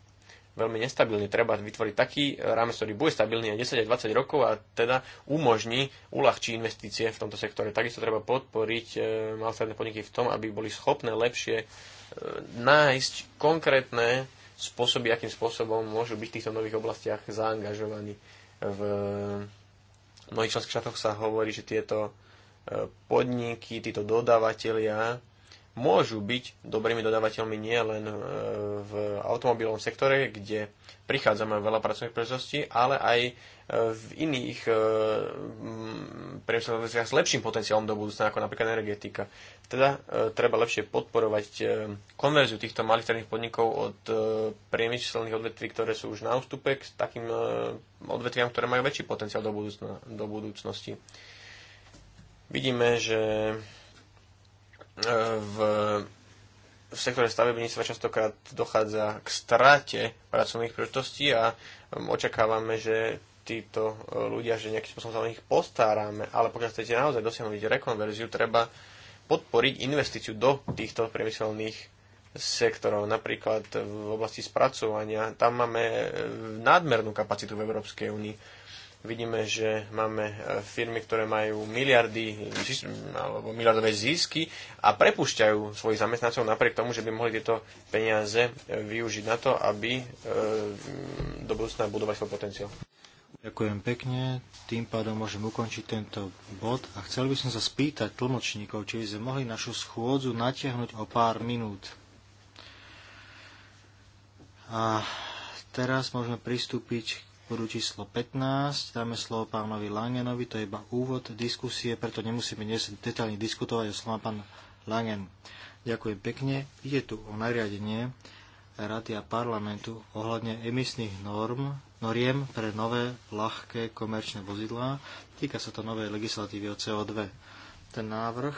D: veľmi nestabilný. Treba vytvoriť taký rámec, ktorý bude stabilný aj 10 až 20 rokov a teda umožní, uľahčí investície v tomto sektore. Takisto treba podporiť e, malostredné podniky v tom, aby boli schopné lepšie e, nájsť konkrétne spôsoby, akým spôsobom môžu byť v týchto nových oblastiach zaangažovaní. V mnohých členských štátoch sa hovorí, že tieto podniky, títo dodávateľia môžu byť dobrými dodávateľmi nielen e, v automobilovom sektore, kde prichádzame veľa pracovných príležitostí, ale aj e, v iných e, priemyselných s lepším potenciálom do budúcna, ako napríklad energetika. Teda treba lepšie podporovať konverziu týchto malých stredných podnikov od priemyselných odvetví, ktoré sú už na ústupe, k takým odvetviam, ktoré majú väčší potenciál do, budúcna, do budúcnosti. Vidíme, že e, v, v sektore stavebníctva častokrát dochádza k strate pracovných príležitostí a očakávame, že títo e, ľudia, že nejakým spôsobom sa o nich postárame, ale pokiaľ chcete naozaj dosiahnuť rekonverziu, treba podporiť investíciu do týchto priemyselných sektorov, napríklad v oblasti spracovania. Tam máme e, nadmernú kapacitu v Európskej únii vidíme, že máme e, firmy, ktoré majú miliardy alebo miliardové zisky a prepušťajú svojich zamestnancov napriek tomu, že by mohli tieto peniaze e, využiť na to, aby e, do budúcna budovať svoj potenciál.
B: Ďakujem pekne, tým pádom môžem ukončiť tento bod a chcel by som sa spýtať tlmočníkov, či by sme mohli našu schôdzu natiahnuť o pár minút. A teraz môžeme pristúpiť bodu číslo 15. Dáme slovo pánovi Langenovi, to je iba úvod diskusie, preto nemusíme dnes detaľne diskutovať o slova pán Langen. Ďakujem pekne. Ide tu o nariadenie Rady a parlamentu ohľadne emisných norm, noriem pre nové ľahké komerčné vozidlá. Týka sa to novej legislatívy o CO2. Ten návrh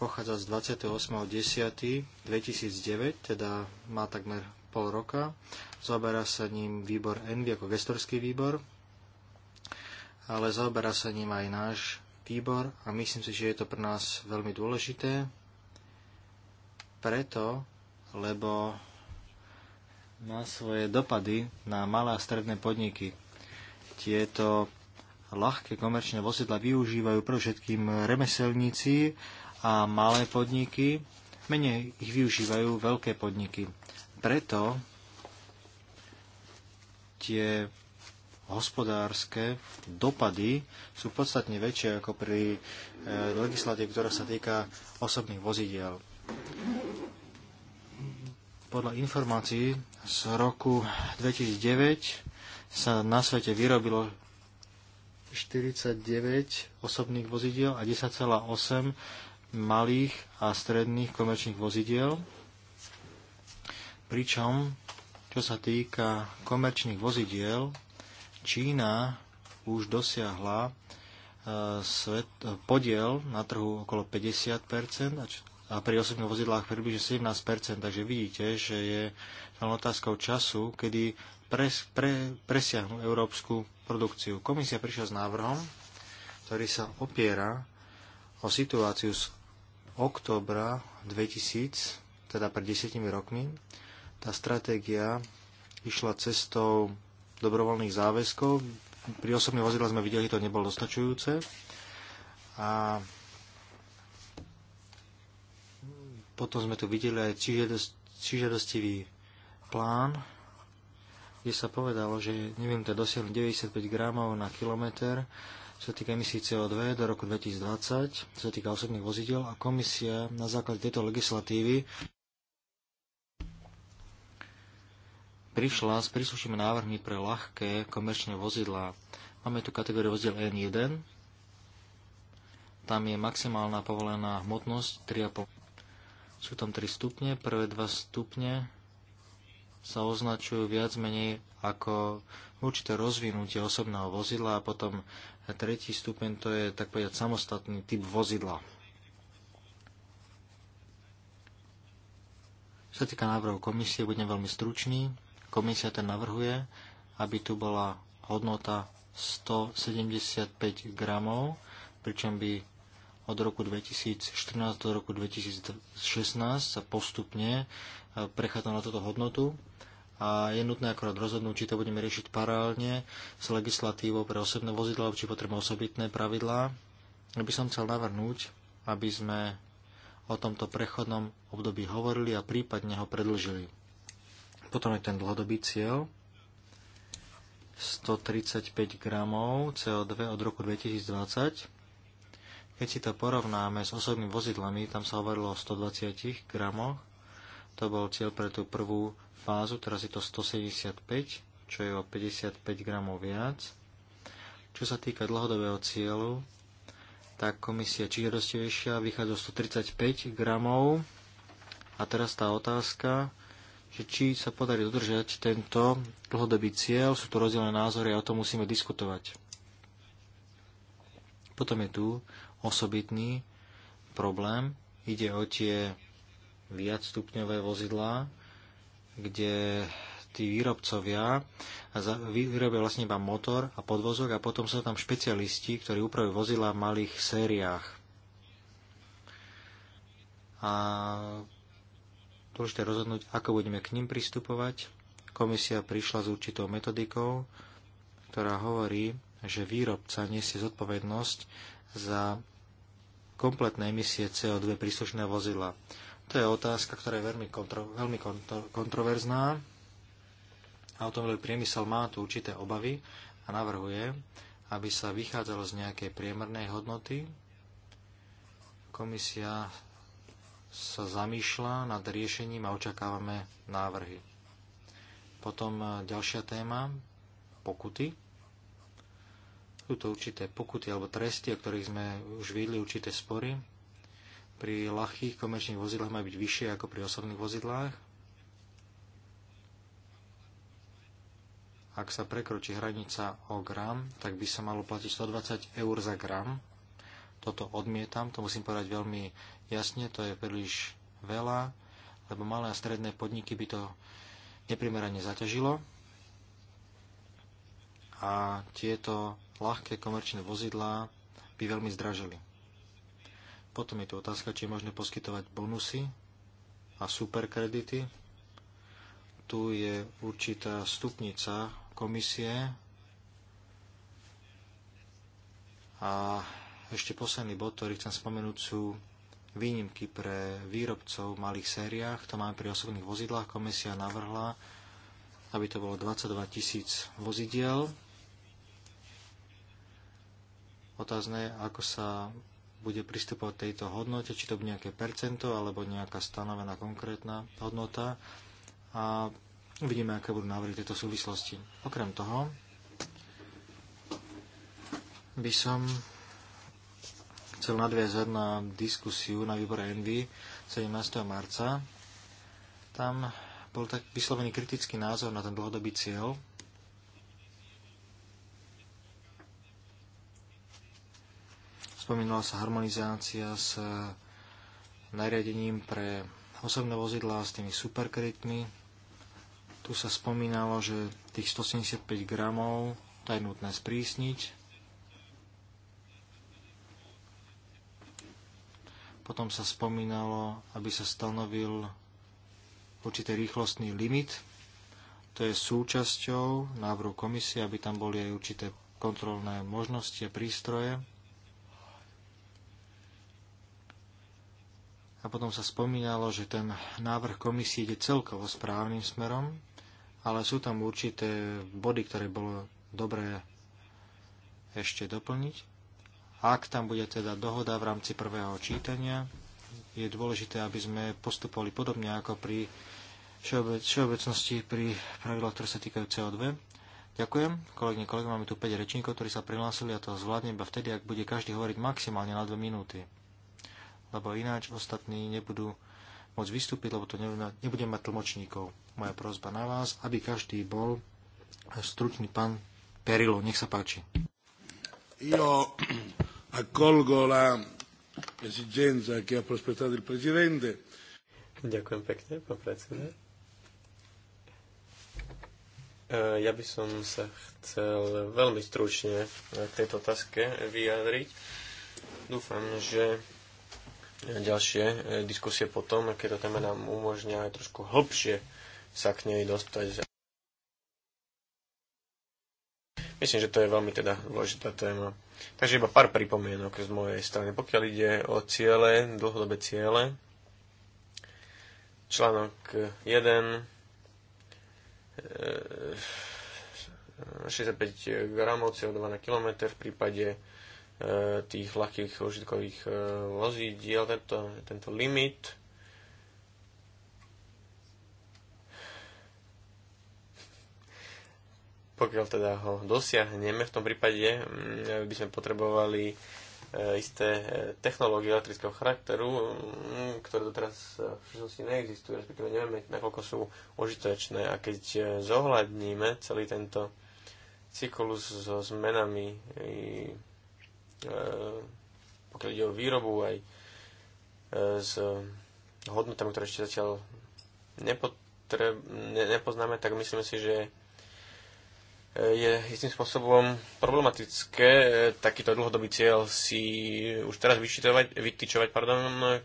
B: pochádza z 28.10.2009, teda má takmer pol roka. Zaoberá sa ním výbor Envy ako gestorský výbor, ale zaoberá sa ním aj náš výbor a myslím si, že je to pre nás veľmi dôležité, preto, lebo má svoje dopady na malé a stredné podniky. Tieto ľahké komerčné vozidla využívajú pre všetkým remeselníci a malé podniky, menej ich využívajú veľké podniky. Preto tie hospodárske dopady sú podstatne väčšie ako pri e, legislatív, ktorá sa týka osobných vozidiel. Podľa informácií z roku 2009 sa na svete vyrobilo 49 osobných vozidiel a 10,8 malých a stredných komerčných vozidiel Pričom, čo sa týka komerčných vozidiel, Čína už dosiahla e, svet, e, podiel na trhu okolo 50% a pri osobných vozidlách približne 17%, takže vidíte, že je len otázkou času, kedy pres, pre, presiahnu európsku produkciu. Komisia prišla s návrhom, ktorý sa opiera o situáciu z oktobra 2000, teda pred 10 rokmi, tá stratégia išla cestou dobrovoľných záväzkov. Pri osobných vozidlách sme videli, že to nebolo dostačujúce. A potom sme tu videli aj čižadostivý plán, kde sa povedalo, že neviem, to dosiahnuť 95 gramov na kilometr, čo sa týka emisí CO2 do roku 2020, čo sa týka osobných vozidel a komisia na základe tejto legislatívy prišla s príslušnými návrhmi pre ľahké komerčné vozidlá. Máme tu kategóriu vozidel N1. Tam je maximálna povolená hmotnosť 3,5. Sú tam 3 stupne. Prvé 2 stupne sa označujú viac menej ako určité rozvinutie osobného vozidla a potom tretí stupeň to je tak povedať samostatný typ vozidla. Čo sa týka návrhov komisie, budem veľmi stručný. Komisia ten navrhuje, aby tu bola hodnota 175 gramov, pričom by od roku 2014 do roku 2016 sa postupne e, prechádzalo na túto hodnotu a je nutné akorát rozhodnúť, či to budeme riešiť paralelne s legislatívou pre osobné vozidla, či potrebujeme osobitné pravidlá. By som chcel navrhnúť, aby sme o tomto prechodnom období hovorili a prípadne ho predlžili. Potom je ten dlhodobý cieľ 135 gramov CO2 od roku 2020. Keď si to porovnáme s osobnými vozidlami, tam sa hovorilo o 120 gramoch. To bol cieľ pre tú prvú fázu, teraz je to 175, čo je o 55 gramov viac. Čo sa týka dlhodobého cieľu, tak komisia čierostivejšia vychádza 135 gramov. A teraz tá otázka, že či sa podarí dodržať tento dlhodobý cieľ, sú tu rozdielne názory a o tom musíme diskutovať. Potom je tu osobitný problém. Ide o tie viacstupňové vozidlá, kde tí výrobcovia vyrobia vlastne iba motor a podvozok a potom sú tam špecialisti, ktorí upravujú vozidla v malých sériách. A dôležité rozhodnúť, ako budeme k ním pristupovať. Komisia prišla s určitou metodikou, ktorá hovorí, že výrobca nesie zodpovednosť za kompletné emisie CO2 príslušného vozidla. To je otázka, ktorá je veľmi, kontro, veľmi kontro, kontroverzná. Automobilový priemysel má tu určité obavy a navrhuje, aby sa vychádzalo z nejakej priemernej hodnoty. Komisia sa zamýšľa nad riešením a očakávame návrhy. Potom e, ďalšia téma, pokuty. Sú to určité pokuty alebo tresty, o ktorých sme už viedli určité spory. Pri ľahkých komerčných vozidlách majú byť vyššie ako pri osobných vozidlách. Ak sa prekročí hranica o gram, tak by sa malo platiť 120 eur za gram. Toto odmietam, to musím povedať veľmi Jasne, to je príliš veľa, lebo malé a stredné podniky by to neprimerane zaťažilo. A tieto ľahké komerčné vozidlá by veľmi zdražili. Potom je tu otázka, či je možné poskytovať bonusy a superkredity. Tu je určitá stupnica komisie. A ešte posledný bod, ktorý chcem spomenúť, sú výnimky pre výrobcov v malých sériách. To máme pri osobných vozidlách. Komisia navrhla, aby to bolo 22 tisíc vozidiel. Otázne je, ako sa bude pristupovať tejto hodnote, či to bude nejaké percento alebo nejaká stanovená konkrétna hodnota. A uvidíme, aké budú návrhy tejto súvislosti. Okrem toho by som chcel nadviazať na diskusiu na výbore Envy 17. marca. Tam bol tak vyslovený kritický názor na ten dlhodobý cieľ. Spomínala sa harmonizácia s nariadením pre osobné vozidlá s tými superkreditmi. Tu sa spomínalo, že tých 175 gramov to je nutné sprísniť. Potom sa spomínalo, aby sa stanovil určitý rýchlostný limit. To je súčasťou návrhu komisie, aby tam boli aj určité kontrolné možnosti a prístroje. A potom sa spomínalo, že ten návrh komisie ide celkovo správnym smerom, ale sú tam určité body, ktoré bolo dobré ešte doplniť. Ak tam bude teda dohoda v rámci prvého čítania, je dôležité, aby sme postupovali podobne ako pri všeobecnosti pri pravidlách, ktoré sa týkajú CO2. Ďakujem. Kolegyne, kolegy, máme tu 5 rečníkov, ktorí sa prihlásili a to zvládne iba vtedy, ak bude každý hovoriť maximálne na 2 minúty. Lebo ináč ostatní nebudú môcť vystúpiť, lebo to nebudem mať tlmočníkov. Moja prozba na vás, aby každý bol stručný pán Perilo. Nech sa páči.
C: Jo, Accolgo l'esigenza che ha prospettato il Presidente. Ďakujem pekne, pán predseda.
D: E, ja by som sa chcel veľmi stručne k tejto otázke vyjadriť. Dúfam, že ďalšie e, diskusie potom, keď to téma nám umožňa aj trošku hlbšie sa k nej dostať. Myslím, že to je veľmi teda dôležitá téma. Takže iba pár pripomienok z mojej strany. Pokiaľ ide o ciele, dlhodobé ciele, článok 1, 65 eh, gramov CO2 na kilometr v prípade eh, tých ľahkých užitkových eh, vozidiel, tento, tento limit Pokiaľ teda ho dosiahneme, v tom prípade mm, by sme potrebovali e, isté e, technológie elektrického charakteru, mm, ktoré doteraz e, v súčasnosti neexistujú, respektíve nevieme, nakoľko sú užitočné. A keď zohľadníme celý tento cyklus so zmenami, pokiaľ ide o výrobu, aj s hodnotami, ktoré ešte zatiaľ nepotreb, ne, nepoznáme, tak myslíme si, že je istým spôsobom problematické e, takýto dlhodobý cieľ si už teraz vytýčovať, pardon,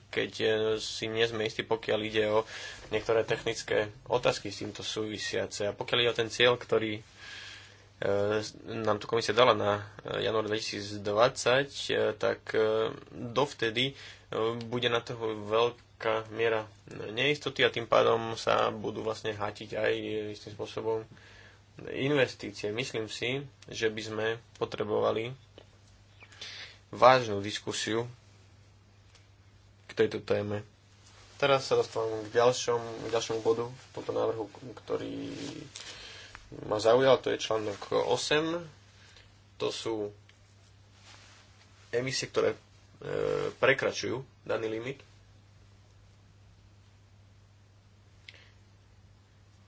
D: keď e, si nie sme istí, pokiaľ ide o niektoré technické otázky s týmto súvisiace. A pokiaľ ide o ten cieľ, ktorý e, nám tu komisia dala na január 2020, tak dovtedy bude na toho veľká miera neistoty a tým pádom sa budú vlastne hatiť aj istým spôsobom investície. Myslím si, že by sme potrebovali vážnu diskusiu k tejto téme. Teraz sa dostávam k, ďalšom, k ďalšom bodu v tomto návrhu, ktorý ma zaujal, to je článok 8. To sú emisie, ktoré e, prekračujú daný limit.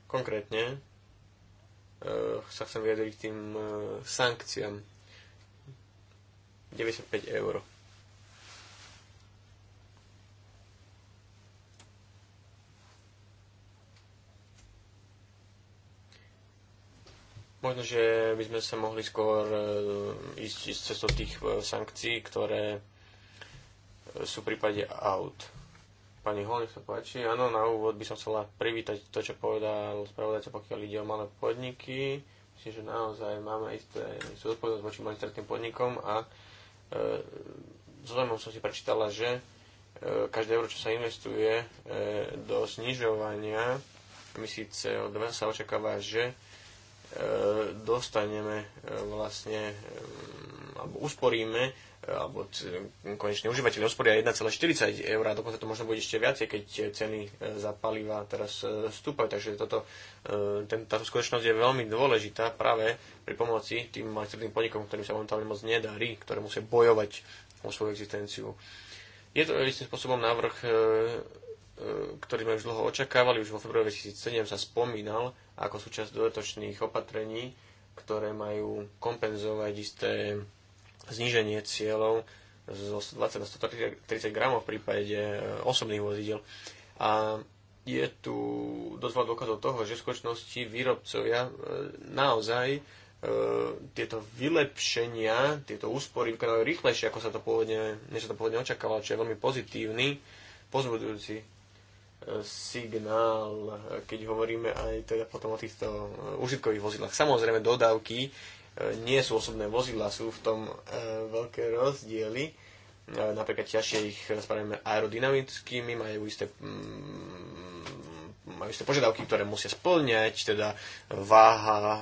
D: Konkrétne Eh, sa chcem vyjadriť k tým eh, sankciám. 95 eur. Možno, že by sme sa mohli skôr eh, ísť z cestou tých sankcií, ktoré sú v prípade aut. Pani Hol, nech sa páči. Áno, na úvod by som chcela privítať to, čo povedal spravodajca, pokiaľ ide o malé podniky. Myslím, že naozaj máme isté zodpovednosť voči malým stredným podnikom a e, zaujímavom som si prečítala, že e, každé euro, čo sa investuje e, do snižovania emisí CO2, sa očakáva, že e, dostaneme e, vlastne, e, alebo usporíme alebo konečne užívateľ osporia 1,40 eur, a dokonca to možno bude ešte viacej, keď ceny e, za paliva teraz e, stúpajú. Takže toto, e, ten, táto skutočnosť je veľmi dôležitá práve pri pomoci tým malým podnikom, ktorým sa momentálne moc nedarí, ktoré musia bojovať o svoju existenciu. Je to istým spôsobom návrh, ktorý sme už dlho očakávali, už vo februári 2007 sa spomínal ako súčasť dodatočných opatrení, ktoré majú kompenzovať isté zníženie cieľov zo 20 na 130 gramov v prípade e, osobných vozidel. A je tu dosť veľa dôkazov toho, že v skutočnosti výrobcovia e, naozaj e, tieto vylepšenia, tieto úspory vykonajú rýchlejšie, ako sa to pôvodne, než sa to pôvodne očakávalo, čo je veľmi pozitívny, pozbudujúci signál, keď hovoríme aj teda potom o týchto užitkových vozidlách. Samozrejme, dodávky nie sú osobné vozidla, sú v tom e, veľké rozdiely. E, napríklad ťažšie ich spravíme aerodynamickými, majú isté mm, majú isté požiadavky, ktoré musia splňať, teda váha,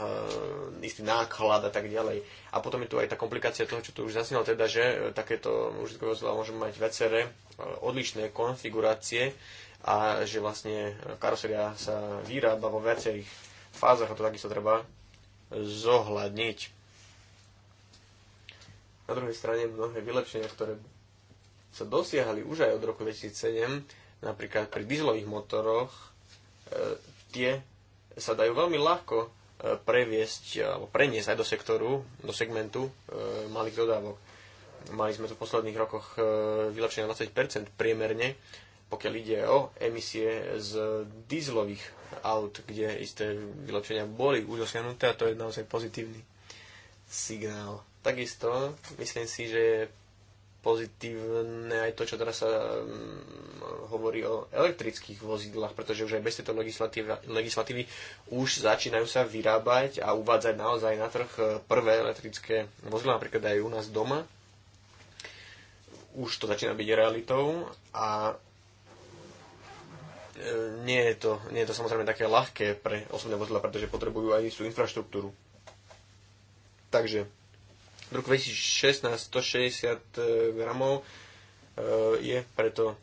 D: e, istý náklad a tak ďalej. A potom je tu aj tá komplikácia toho, čo tu už zaznel, teda, že takéto užitkové vozidla môžu mať vecere odlišné konfigurácie a že vlastne karoseria sa vyrába vo viacerých fázach a to takisto treba zohľadniť. Na druhej strane mnohé vylepšenia, ktoré sa dosiahali už aj od roku 2007, napríklad pri dieselových motoroch, e, tie sa dajú veľmi ľahko e, previesť e, alebo preniesť aj do sektoru, do segmentu malých dodávok. Mali sme tu v posledných rokoch vylepšenie 20% priemerne pokiaľ ide o emisie z dieselových aut, kde isté vylepšenia boli už dosiahnuté a to je naozaj pozitívny signál. Takisto myslím si, že je pozitívne aj to, čo teraz sa mm, hovorí o elektrických vozidlách, pretože už aj bez tejto legislatívy už začínajú sa vyrábať a uvádzať naozaj na trh e, prvé elektrické vozidla, napríklad aj u nás doma. Už to začína byť realitou a E, nie je, to, nie je to samozrejme také ľahké pre osobné vozidla, pretože potrebujú aj istú
C: infraštruktúru.
D: Takže v roku 2016 160 e, gramov e, je preto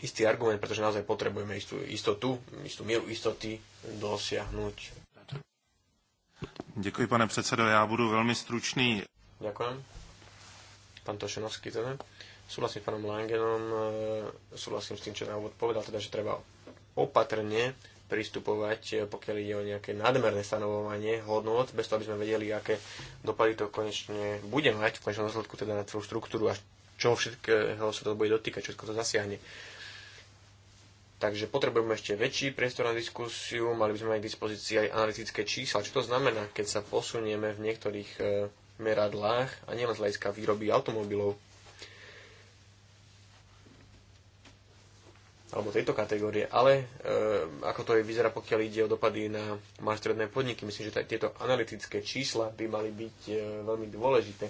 D: istý argument, pretože naozaj potrebujeme istú istotu, istú mieru istoty dosiahnuť.
C: Ďakujem, pane predsedo, ja budu veľmi stručný.
D: Ďakujem. Pán Tošenovský teda. Súhlasím s pánom Langenom, e, súhlasím s tým, čo na úvod povedal, teda, že treba opatrne pristupovať, e, pokiaľ ide o nejaké nadmerné stanovovanie hodnot, bez toho, aby sme vedeli, aké dopady to konečne bude mať, v konečnom dôsledku teda na celú štruktúru a čo všetkého sa to bude dotýkať, čo to zasiahne. Takže potrebujeme ešte väčší priestor na diskusiu, mali by sme mať k dispozícii aj analytické čísla. Čo to znamená, keď sa posunieme v niektorých e, meradlách a nielen z hľadiska výroby automobilov, alebo tejto kategórie, ale e, ako to je vyzerá, pokiaľ ide o dopady na malé podniky. Myslím, že tieto analytické čísla by mali byť e, veľmi dôležité.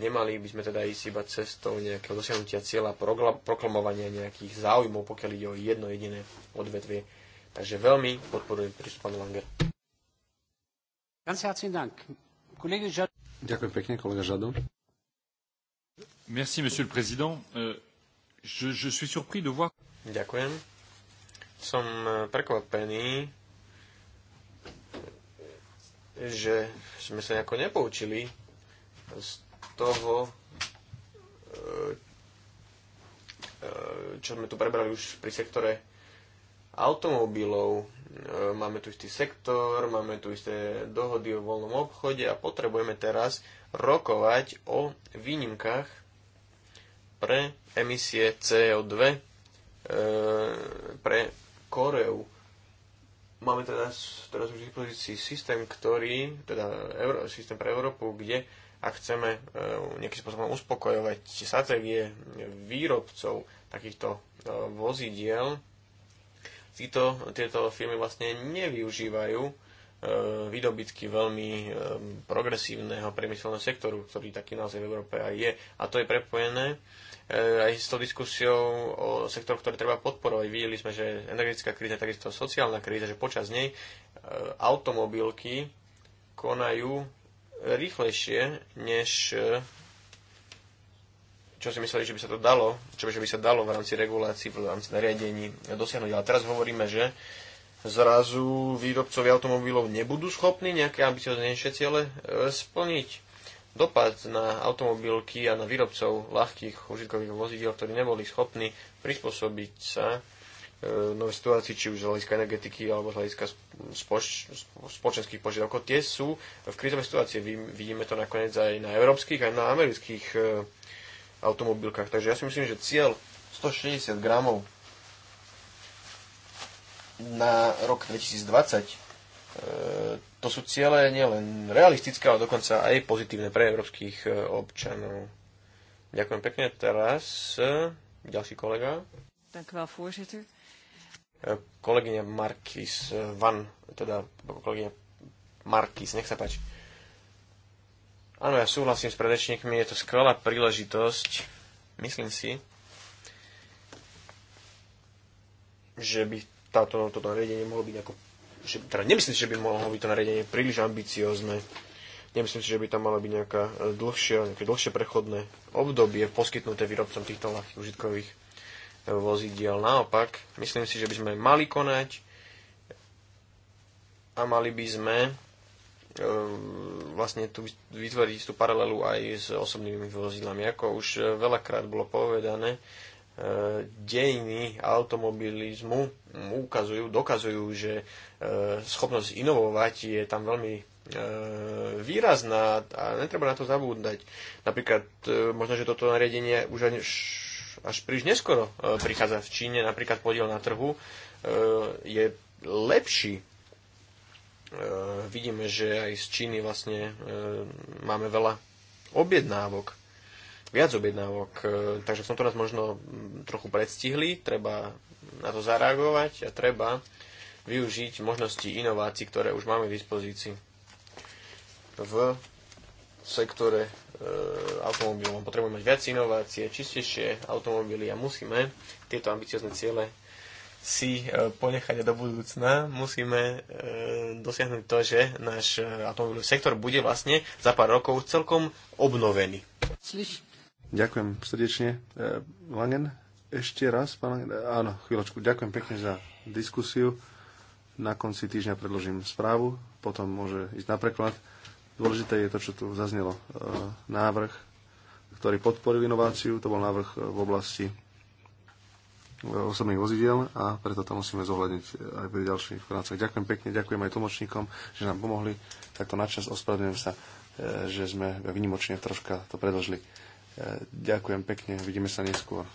D: Nemali by sme teda ísť iba cestou nejakého dosiahnutia cieľa, proklamovania nejakých záujmov, pokiaľ ide o jedno jediné odvetvie. Takže veľmi podporujem prístup pánu Langer.
C: Ďakujem pekne, kolega Žado.
B: Merci, monsieur le président.
A: Euh, je, je suis surpris de voir... Ďakujem.
D: Som e, prekvapený, že sme sa nejako nepoučili z toho, e, e, čo sme tu prebrali už pri sektore automobilov. Máme tu istý sektor, máme tu isté dohody o voľnom obchode a potrebujeme teraz rokovať o výnimkách pre emisie CO2 E, pre Koreu. Máme teda teraz už v dispozícii systém, ktorý, teda Euró- systém pre Európu, kde ak chceme e, nejakým spôsobom uspokojovať stratégie výrobcov takýchto e, vozidiel, Tito, tieto firmy vlastne nevyužívajú výdobytky veľmi progresívneho priemyselného sektoru, ktorý taký naozaj v Európe aj je. A to je prepojené Eh, aj s tou diskusiou o sektoroch, ktoré treba podporovať. Videli sme, že energetická kríza, takisto sociálna kríza, že počas nej eh, automobilky konajú rýchlejšie, než eh, čo si mysleli, že by sa to dalo, čo by, sa dalo v rámci regulácií, v rámci nariadení dosiahnuť. Ale teraz hovoríme, že zrazu výrobcovi automobilov nebudú schopní nejaké ambicioznejšie ciele splniť dopad na automobilky a na výrobcov ľahkých užitkových vozidiel, ktorí neboli schopní prispôsobiť sa e, novej situácii, či už z hľadiska energetiky alebo z hľadiska spoč, spoločenských požiadavkov. Tie sú v krízovej situácii. Vidíme to nakoniec aj na európskych, aj na amerických e, automobilkách. Takže ja si myslím, že cieľ 160 gramov na rok 2020 E, to sú ciele nielen realistické, ale dokonca aj pozitívne pre európskych e, občanov. Ďakujem pekne. Teraz e, ďalší kolega.
B: Ďakujem, wel, voorzitter.
D: Kolegyňa Markis, Van, teda kolegyňa Markis, nech sa páči. Áno, ja súhlasím s predečníkmi, je to skvelá príležitosť, myslím si, že by táto, toto nariadenie mohlo byť ako že, teda nemyslím si, že by mohlo byť to nariadenie príliš ambiciozne. Nemyslím si, že by tam malo byť nejaká e, dlhšia, nejaké dlhšie prechodné obdobie poskytnuté výrobcom týchto ľahkých užitkových e, vozidiel. Naopak, myslím si, že by sme mali konať a mali by sme e, vlastne tu vytvoriť tú paralelu aj s osobnými vozidlami. Ako už veľakrát bolo povedané, E, dejiny automobilizmu ukazujú, dokazujú, že e, schopnosť inovovať je tam veľmi e, výrazná a netreba na to zabúdať. Napríklad, možno, že toto nariadenie už až, až príliš neskoro prichádza v Číne, napríklad podiel na trhu je lepší. Vidíme, že aj z Číny vlastne máme veľa objednávok viac objednávok. E, takže som tomto nás možno trochu predstihli, treba na to zareagovať a treba využiť možnosti inovácií, ktoré už máme v dispozícii v sektore e, automobilov. Potrebujeme mať viac inovácie, čistejšie automobily a musíme tieto ambiciozne ciele si e, ponechať do budúcna. Musíme e, dosiahnuť to, že náš e, automobilový sektor bude vlastne za pár rokov celkom obnovený.
C: Slyš. Ďakujem srdečne. E, Langen, ešte raz, pán Langen. E, áno, chvíľočku. Ďakujem pekne za diskusiu. Na konci týždňa predložím správu, potom môže ísť na preklad. Dôležité je to, čo tu zaznelo. E, návrh, ktorý podporil inováciu, to bol návrh v oblasti osobných vozidiel a preto to musíme zohľadniť aj pri ďalších prácach. Ďakujem pekne, ďakujem aj tlmočníkom, že nám pomohli takto načas. Ospravedlňujem sa, že sme vynimočne troška to predložili. Ďakujem pekne, vidíme sa neskôr.